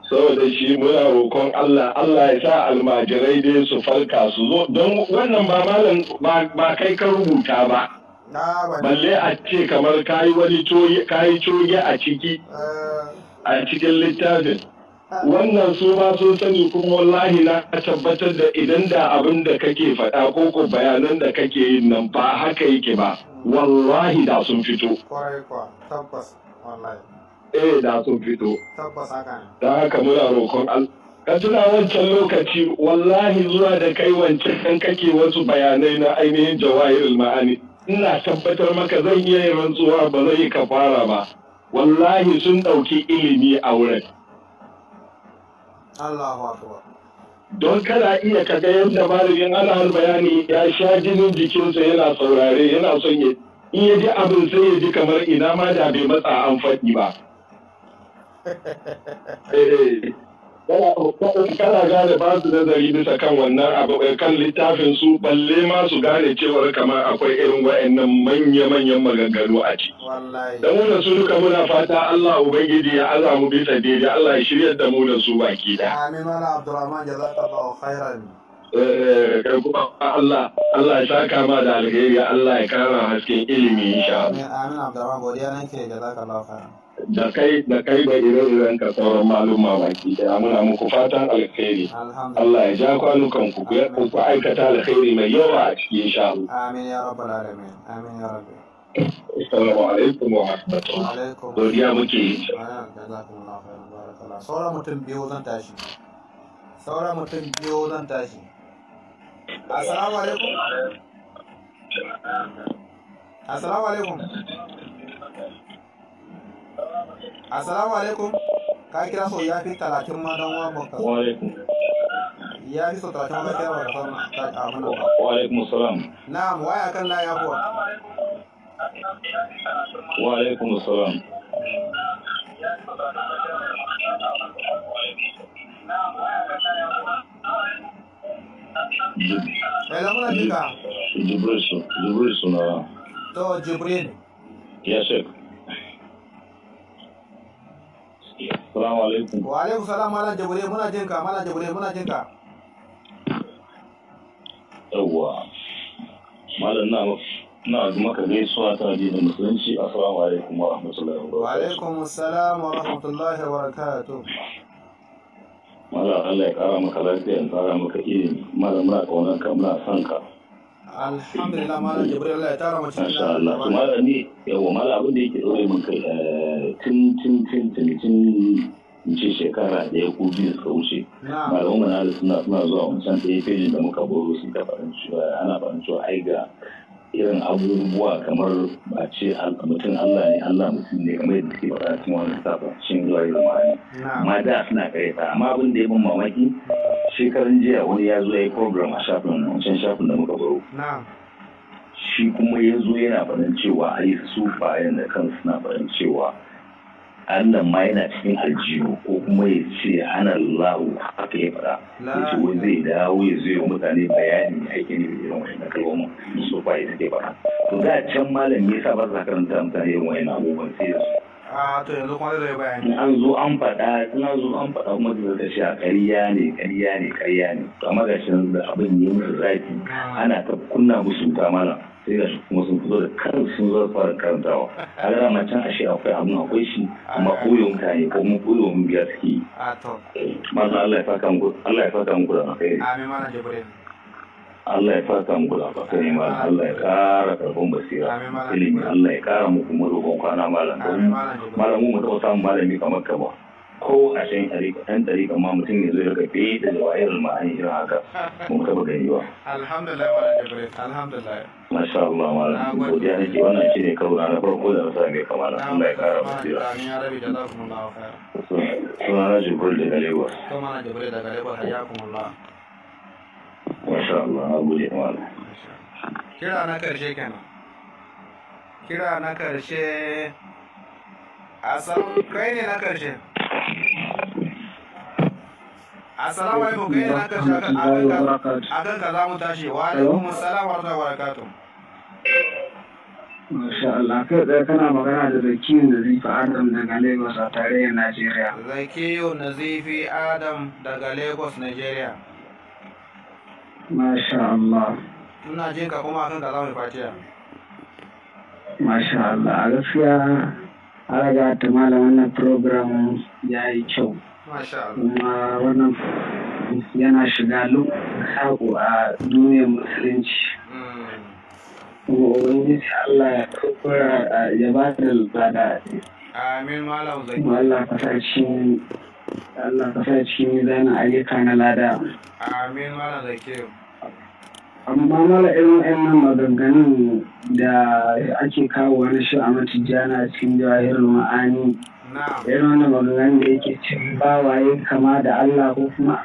saboda shi muna roƙon Allah Allah ya sa almajirai dai su farka su zo don wannan ba malam ba kai ka rubuta ba. Balle a ce kamar kayi wani coge a ciki eh. a cikin littafin. wannan su ma sun sani kuma wallahi na tabbatar da idan da abin da kake faɗa ko ko bayanan da kake yin nan ba haka yake ba wallahi da sun fito eh da sun fito da haka muna roƙon ka tuna wancan lokaci wallahi zuwa da kai wancan kan kake wasu bayanai na ainihin jawahir ma'ani ina tabbatar maka zan iya yi rantsuwa ba zai yi fara ba wallahi sun ɗauki ilimi a wurin Don kada iya kaga yadda malamin alhal bayani ya sha jinin jikinsa yana saurare yana son ya in ya ji abin sai ya ji kamar ina ma da bai matsa an faɗi ba. (laughs) Eh, eh. kana gane ba su nazari bisa kan wannan abu eh, kan littafin su balle ma su gane cewar kamar akwai irin wa'annan manya-manyan maganganu a ciki. Dan wannan su duka muna fata Allah Ubangiji ya Allah mu bisa daidai Allah ya shirya da mu da su baki da. Amin wala Abdurrahman jazakallahu khairan. Eh, kuma Allah Allah ya saka ma da alheri Allah ya kara hasken ilimi insha Allah. Amin Abdurrahman godiya nake jazakallahu khairan. da kai da kai da ire-iren ka sauran maluma baki daya muna muku fatan alkhairi Allah ya ja kwanukan ku ku aikata alkhairi mai yawa a cikin sha amin ya rabbal alamin amin ya rabbi assalamu alaikum wa rahmatullahi godiya muke yi sauran mutum biyu zan tashi sauran mutum biyu zan tashi assalamu alaikum assalamu alaikum assalamu alaikum ka kira so ya fi talatin ma don wa baka ya fi so talatin ma kira baka san ta abin wa alaikum salam na'am waya kan la ya kuwa wa alaikum salam Hello, muna jika. Jibril suna. To, Jibril. Ya shek. alaikum. Wa alaikum salam malam Jabure muna jin ka malam Jabure muna jin ka. Yawwa. Malam na na maka gaisuwa ta da musulunci assalamu alaikum wa rahmatullahi wa barakatuh. Wa alaikum assalam wa rahmatullahi wa barakatuh. Malam Allah ya kara maka lafiya ya kara maka ilimi. Malam muna kaunar ka muna son ka. alhamdulillah malam jibril Allah ya tara mu cikin insha Allah kuma ni yawa malam abin da yake dore min kai eh, tun tun tun tun tun ce shekara ɗaya ko biyu suka wuce malaman mana na suna suna zuwa wancan yi fejin da muka boro su ta faɗin cewa ana faɗin cewa ai ga irin abubuwa kamar a ce mutum Allah ne Allah mutum ne kamar yadda ke faɗa cikin wani sabon shin zuwa yi zama amma da suna kare ta amma abin da ya ban mamaki shekaran jiya wani ya zo ya yi program a shafin wancan shafin da muka baro shi kuma ya zo yana faɗin cewa a yi su bayan da kansu na faɗin cewa Allah ma yana cikin aljihu ko kuma ya ce ana lahu haka ya faɗa ya ce wani zai dawo ya zo mutane bayani ya aiki ne irin wa'annan kalmomin su ba ya faɗa to da can malam ya sa ba za karanta mutane irin wa'annan abubuwan sai da su a to yanzu kuma zai bayani an zo an faɗa tana zo an faɗa kuma da ta sha ƙarya ne ƙarya ne ƙarya ne to amma ga shin abin ne musu zafi ah. ana ta kunna musu wuta malam sai ga kuma sun fito da kan sun zo fara karantawa a ga ma can ashe akwai abin akwai shi amma ah. koyo mutane ko mun koyo mun biya suke yi. a ah, to. Eh, Allah ya faka muku Allah ya faka muku da alkhairi. amin mana jibril. Allah ya fata mu da alfakari ma. Allah ya kara karfin basira ilimi Allah ya kara muku marubon kwana malam malam mu taɓa samun malami kamar ka ba ko a shan ɗan ɗari ma mutum ya zo ya kafe da jawayar ma'ani irin haka mun taɓa gani ba alhamdulillah wala jibril alhamdulillah masha Allah malam godiya nake wannan shine karo na farko da rasa mai kamala Allah ya kara basira amin ya rabi jazakumullahu khairan sunana jibril daga lagos sunana jibril daga lagos hayyakumullah Masha Allah, na gode malam. Kira na karshe kenan. Kira na karshe. Assalamu kai ne na karshe. Assalamu alaikum kai ne na karshe akan ka za mu tashi. Wa alaikum assalam wa rahmatullahi wa barakatuh. Masha Allah, kai kana magana da Zakiyu Nazifi Adam daga Lagos a tarayyar Najeriya. Zakiyu Nazifi Adam daga Lagos, Najeriya. Masha Allah. Ina jin ka kuma akan kaza mai fatiya. Masha Allah, a gaskiya alaga ta malam wannan program ya yi kyau. Masha Allah. Kuma wannan yana shiga lokacin a duniyar musulunci. Hmm. Kuma Ubangiji Allah ya ɗaukura ya ba da lada. Amin malam zai. Allah ka sa Allah ka sa cikin mizanin ayyuka na lada. Amin mala da ke. Amma mala irin maganganun da ake kawo wani shi a matijana cikin jawahirin ma'ani. Irin wani maganganun da yake cin bawaye kama da Allah ko kuma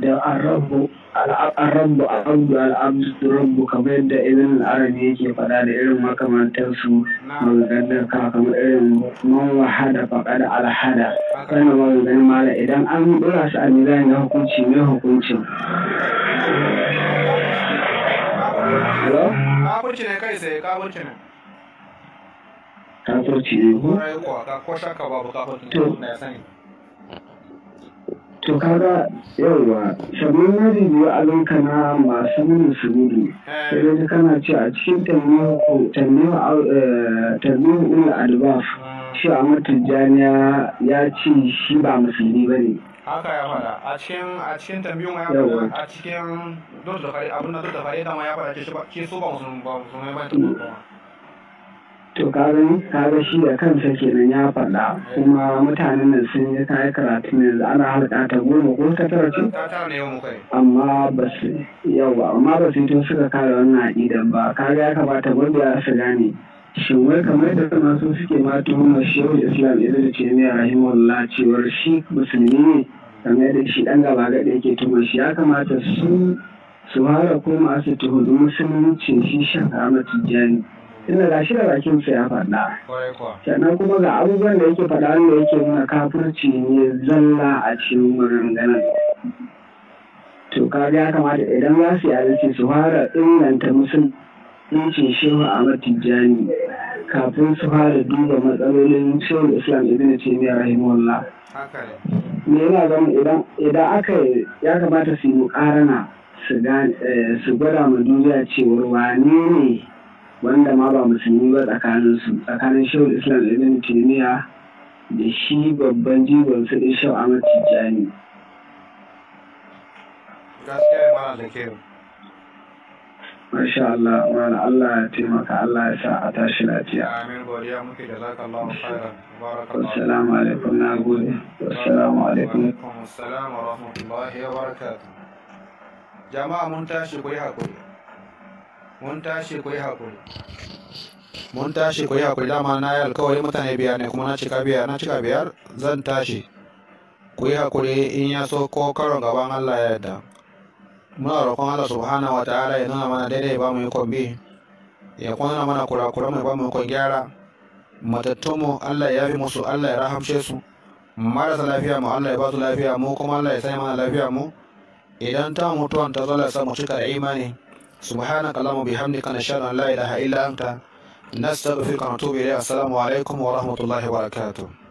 da arrabu al'arrabu al'abdu al'abdu rabbu kamar yadda idan al'arabi yake faɗa da irin makamantar su maganganun ka kamar irin man wahada faɗa da alhada wannan maganganun mala idan an ɗora su a mizanin na hukunci mai hukuncin Kafurci ne kai sai kafurci ne. Kafurci ne ko? Ko shakka babu kafurci ne na sani. to kaga yauwa sabon na biyu abinka na masu nuna sururu sai dai kana ce a cikin tannihu eh, ula albaf shi a matujjani ya ce shi ba musulmi ba ne haka ya fada a cikin a cikin tambiyun ya a cikin dole da fare abin da dole da fare ya fada ke su ba musulmi ba musulmi ba ne to karin kaga shi da kansa kenan ya faɗa kuma mutanen nan sun yi kayan karatun ne ana harka ta goma ko ta tara amma ba su ba. amma ba su tun suka kare wannan aƙidan ba kaga ya kamata gwamnati su gane shin wai kamar da sama su suke ma tuhumar shehu islam ibn taymiya rahimahullah cewar shi musulmi ne kamar da shi ɗan gaba gada yake tuhumar shi ya kamata su su hara koma su tuhumi musulunci shi shan ahmad tijjani inda ga shi da bakin su ya faɗa sannan kuma ga abubuwan da yake faɗa wanda yake nuna kafirci ne zalla a cikin wurin ganin to kaga ya kamata idan za su yi su fara inganta musulunci shehu a matijani kafin su fara duba matsalolin shehu islam ibn "Rahim rahimahullah me yana zama idan idan aka ya kamata su yi mukarana eh, su gwada ma duniya cewar wane ne wanda ma ba musulmi ba tsakanin su tsakanin shehu islam ibn Taymiya da shi babban jigon su din shehu ahmad tijjani Masha Allah, ya taimaka Allah ya sa a tashi lafiya. Amin godiya muke na gode. Wa alaikum wa rahmatullahi wa Jama'a mun tashi kuri haƙuri. hakuri. mun tashi ku yi haƙuri mun tashi ku yi haƙuri dama na yi alkawari mutane biyar ne kuma na cika biyar na cika biyar zan tashi ku yi haƙuri in ya so ko karon gaban Allah ya yarda muna roƙon Allah subhanahu ta'ala ya nuna mana daidai ba mu yi kwambi ya kuma mana kurakuran mu ba mu yi gyara matattunmu Allah ya fi musu Allah ya rahamce su marasa lafiya mu Allah ya ba su lafiya mu kuma Allah ya sanya mana lafiya mu idan ta mutuwan ta zo la ya sa mu cika da imani subhanaka allahumma bihamdika nashhadu an la ilaha illa anta nastaghfiruka wa natubu ilayk assalamu alaikum wa rahmatullahi wa barakatuh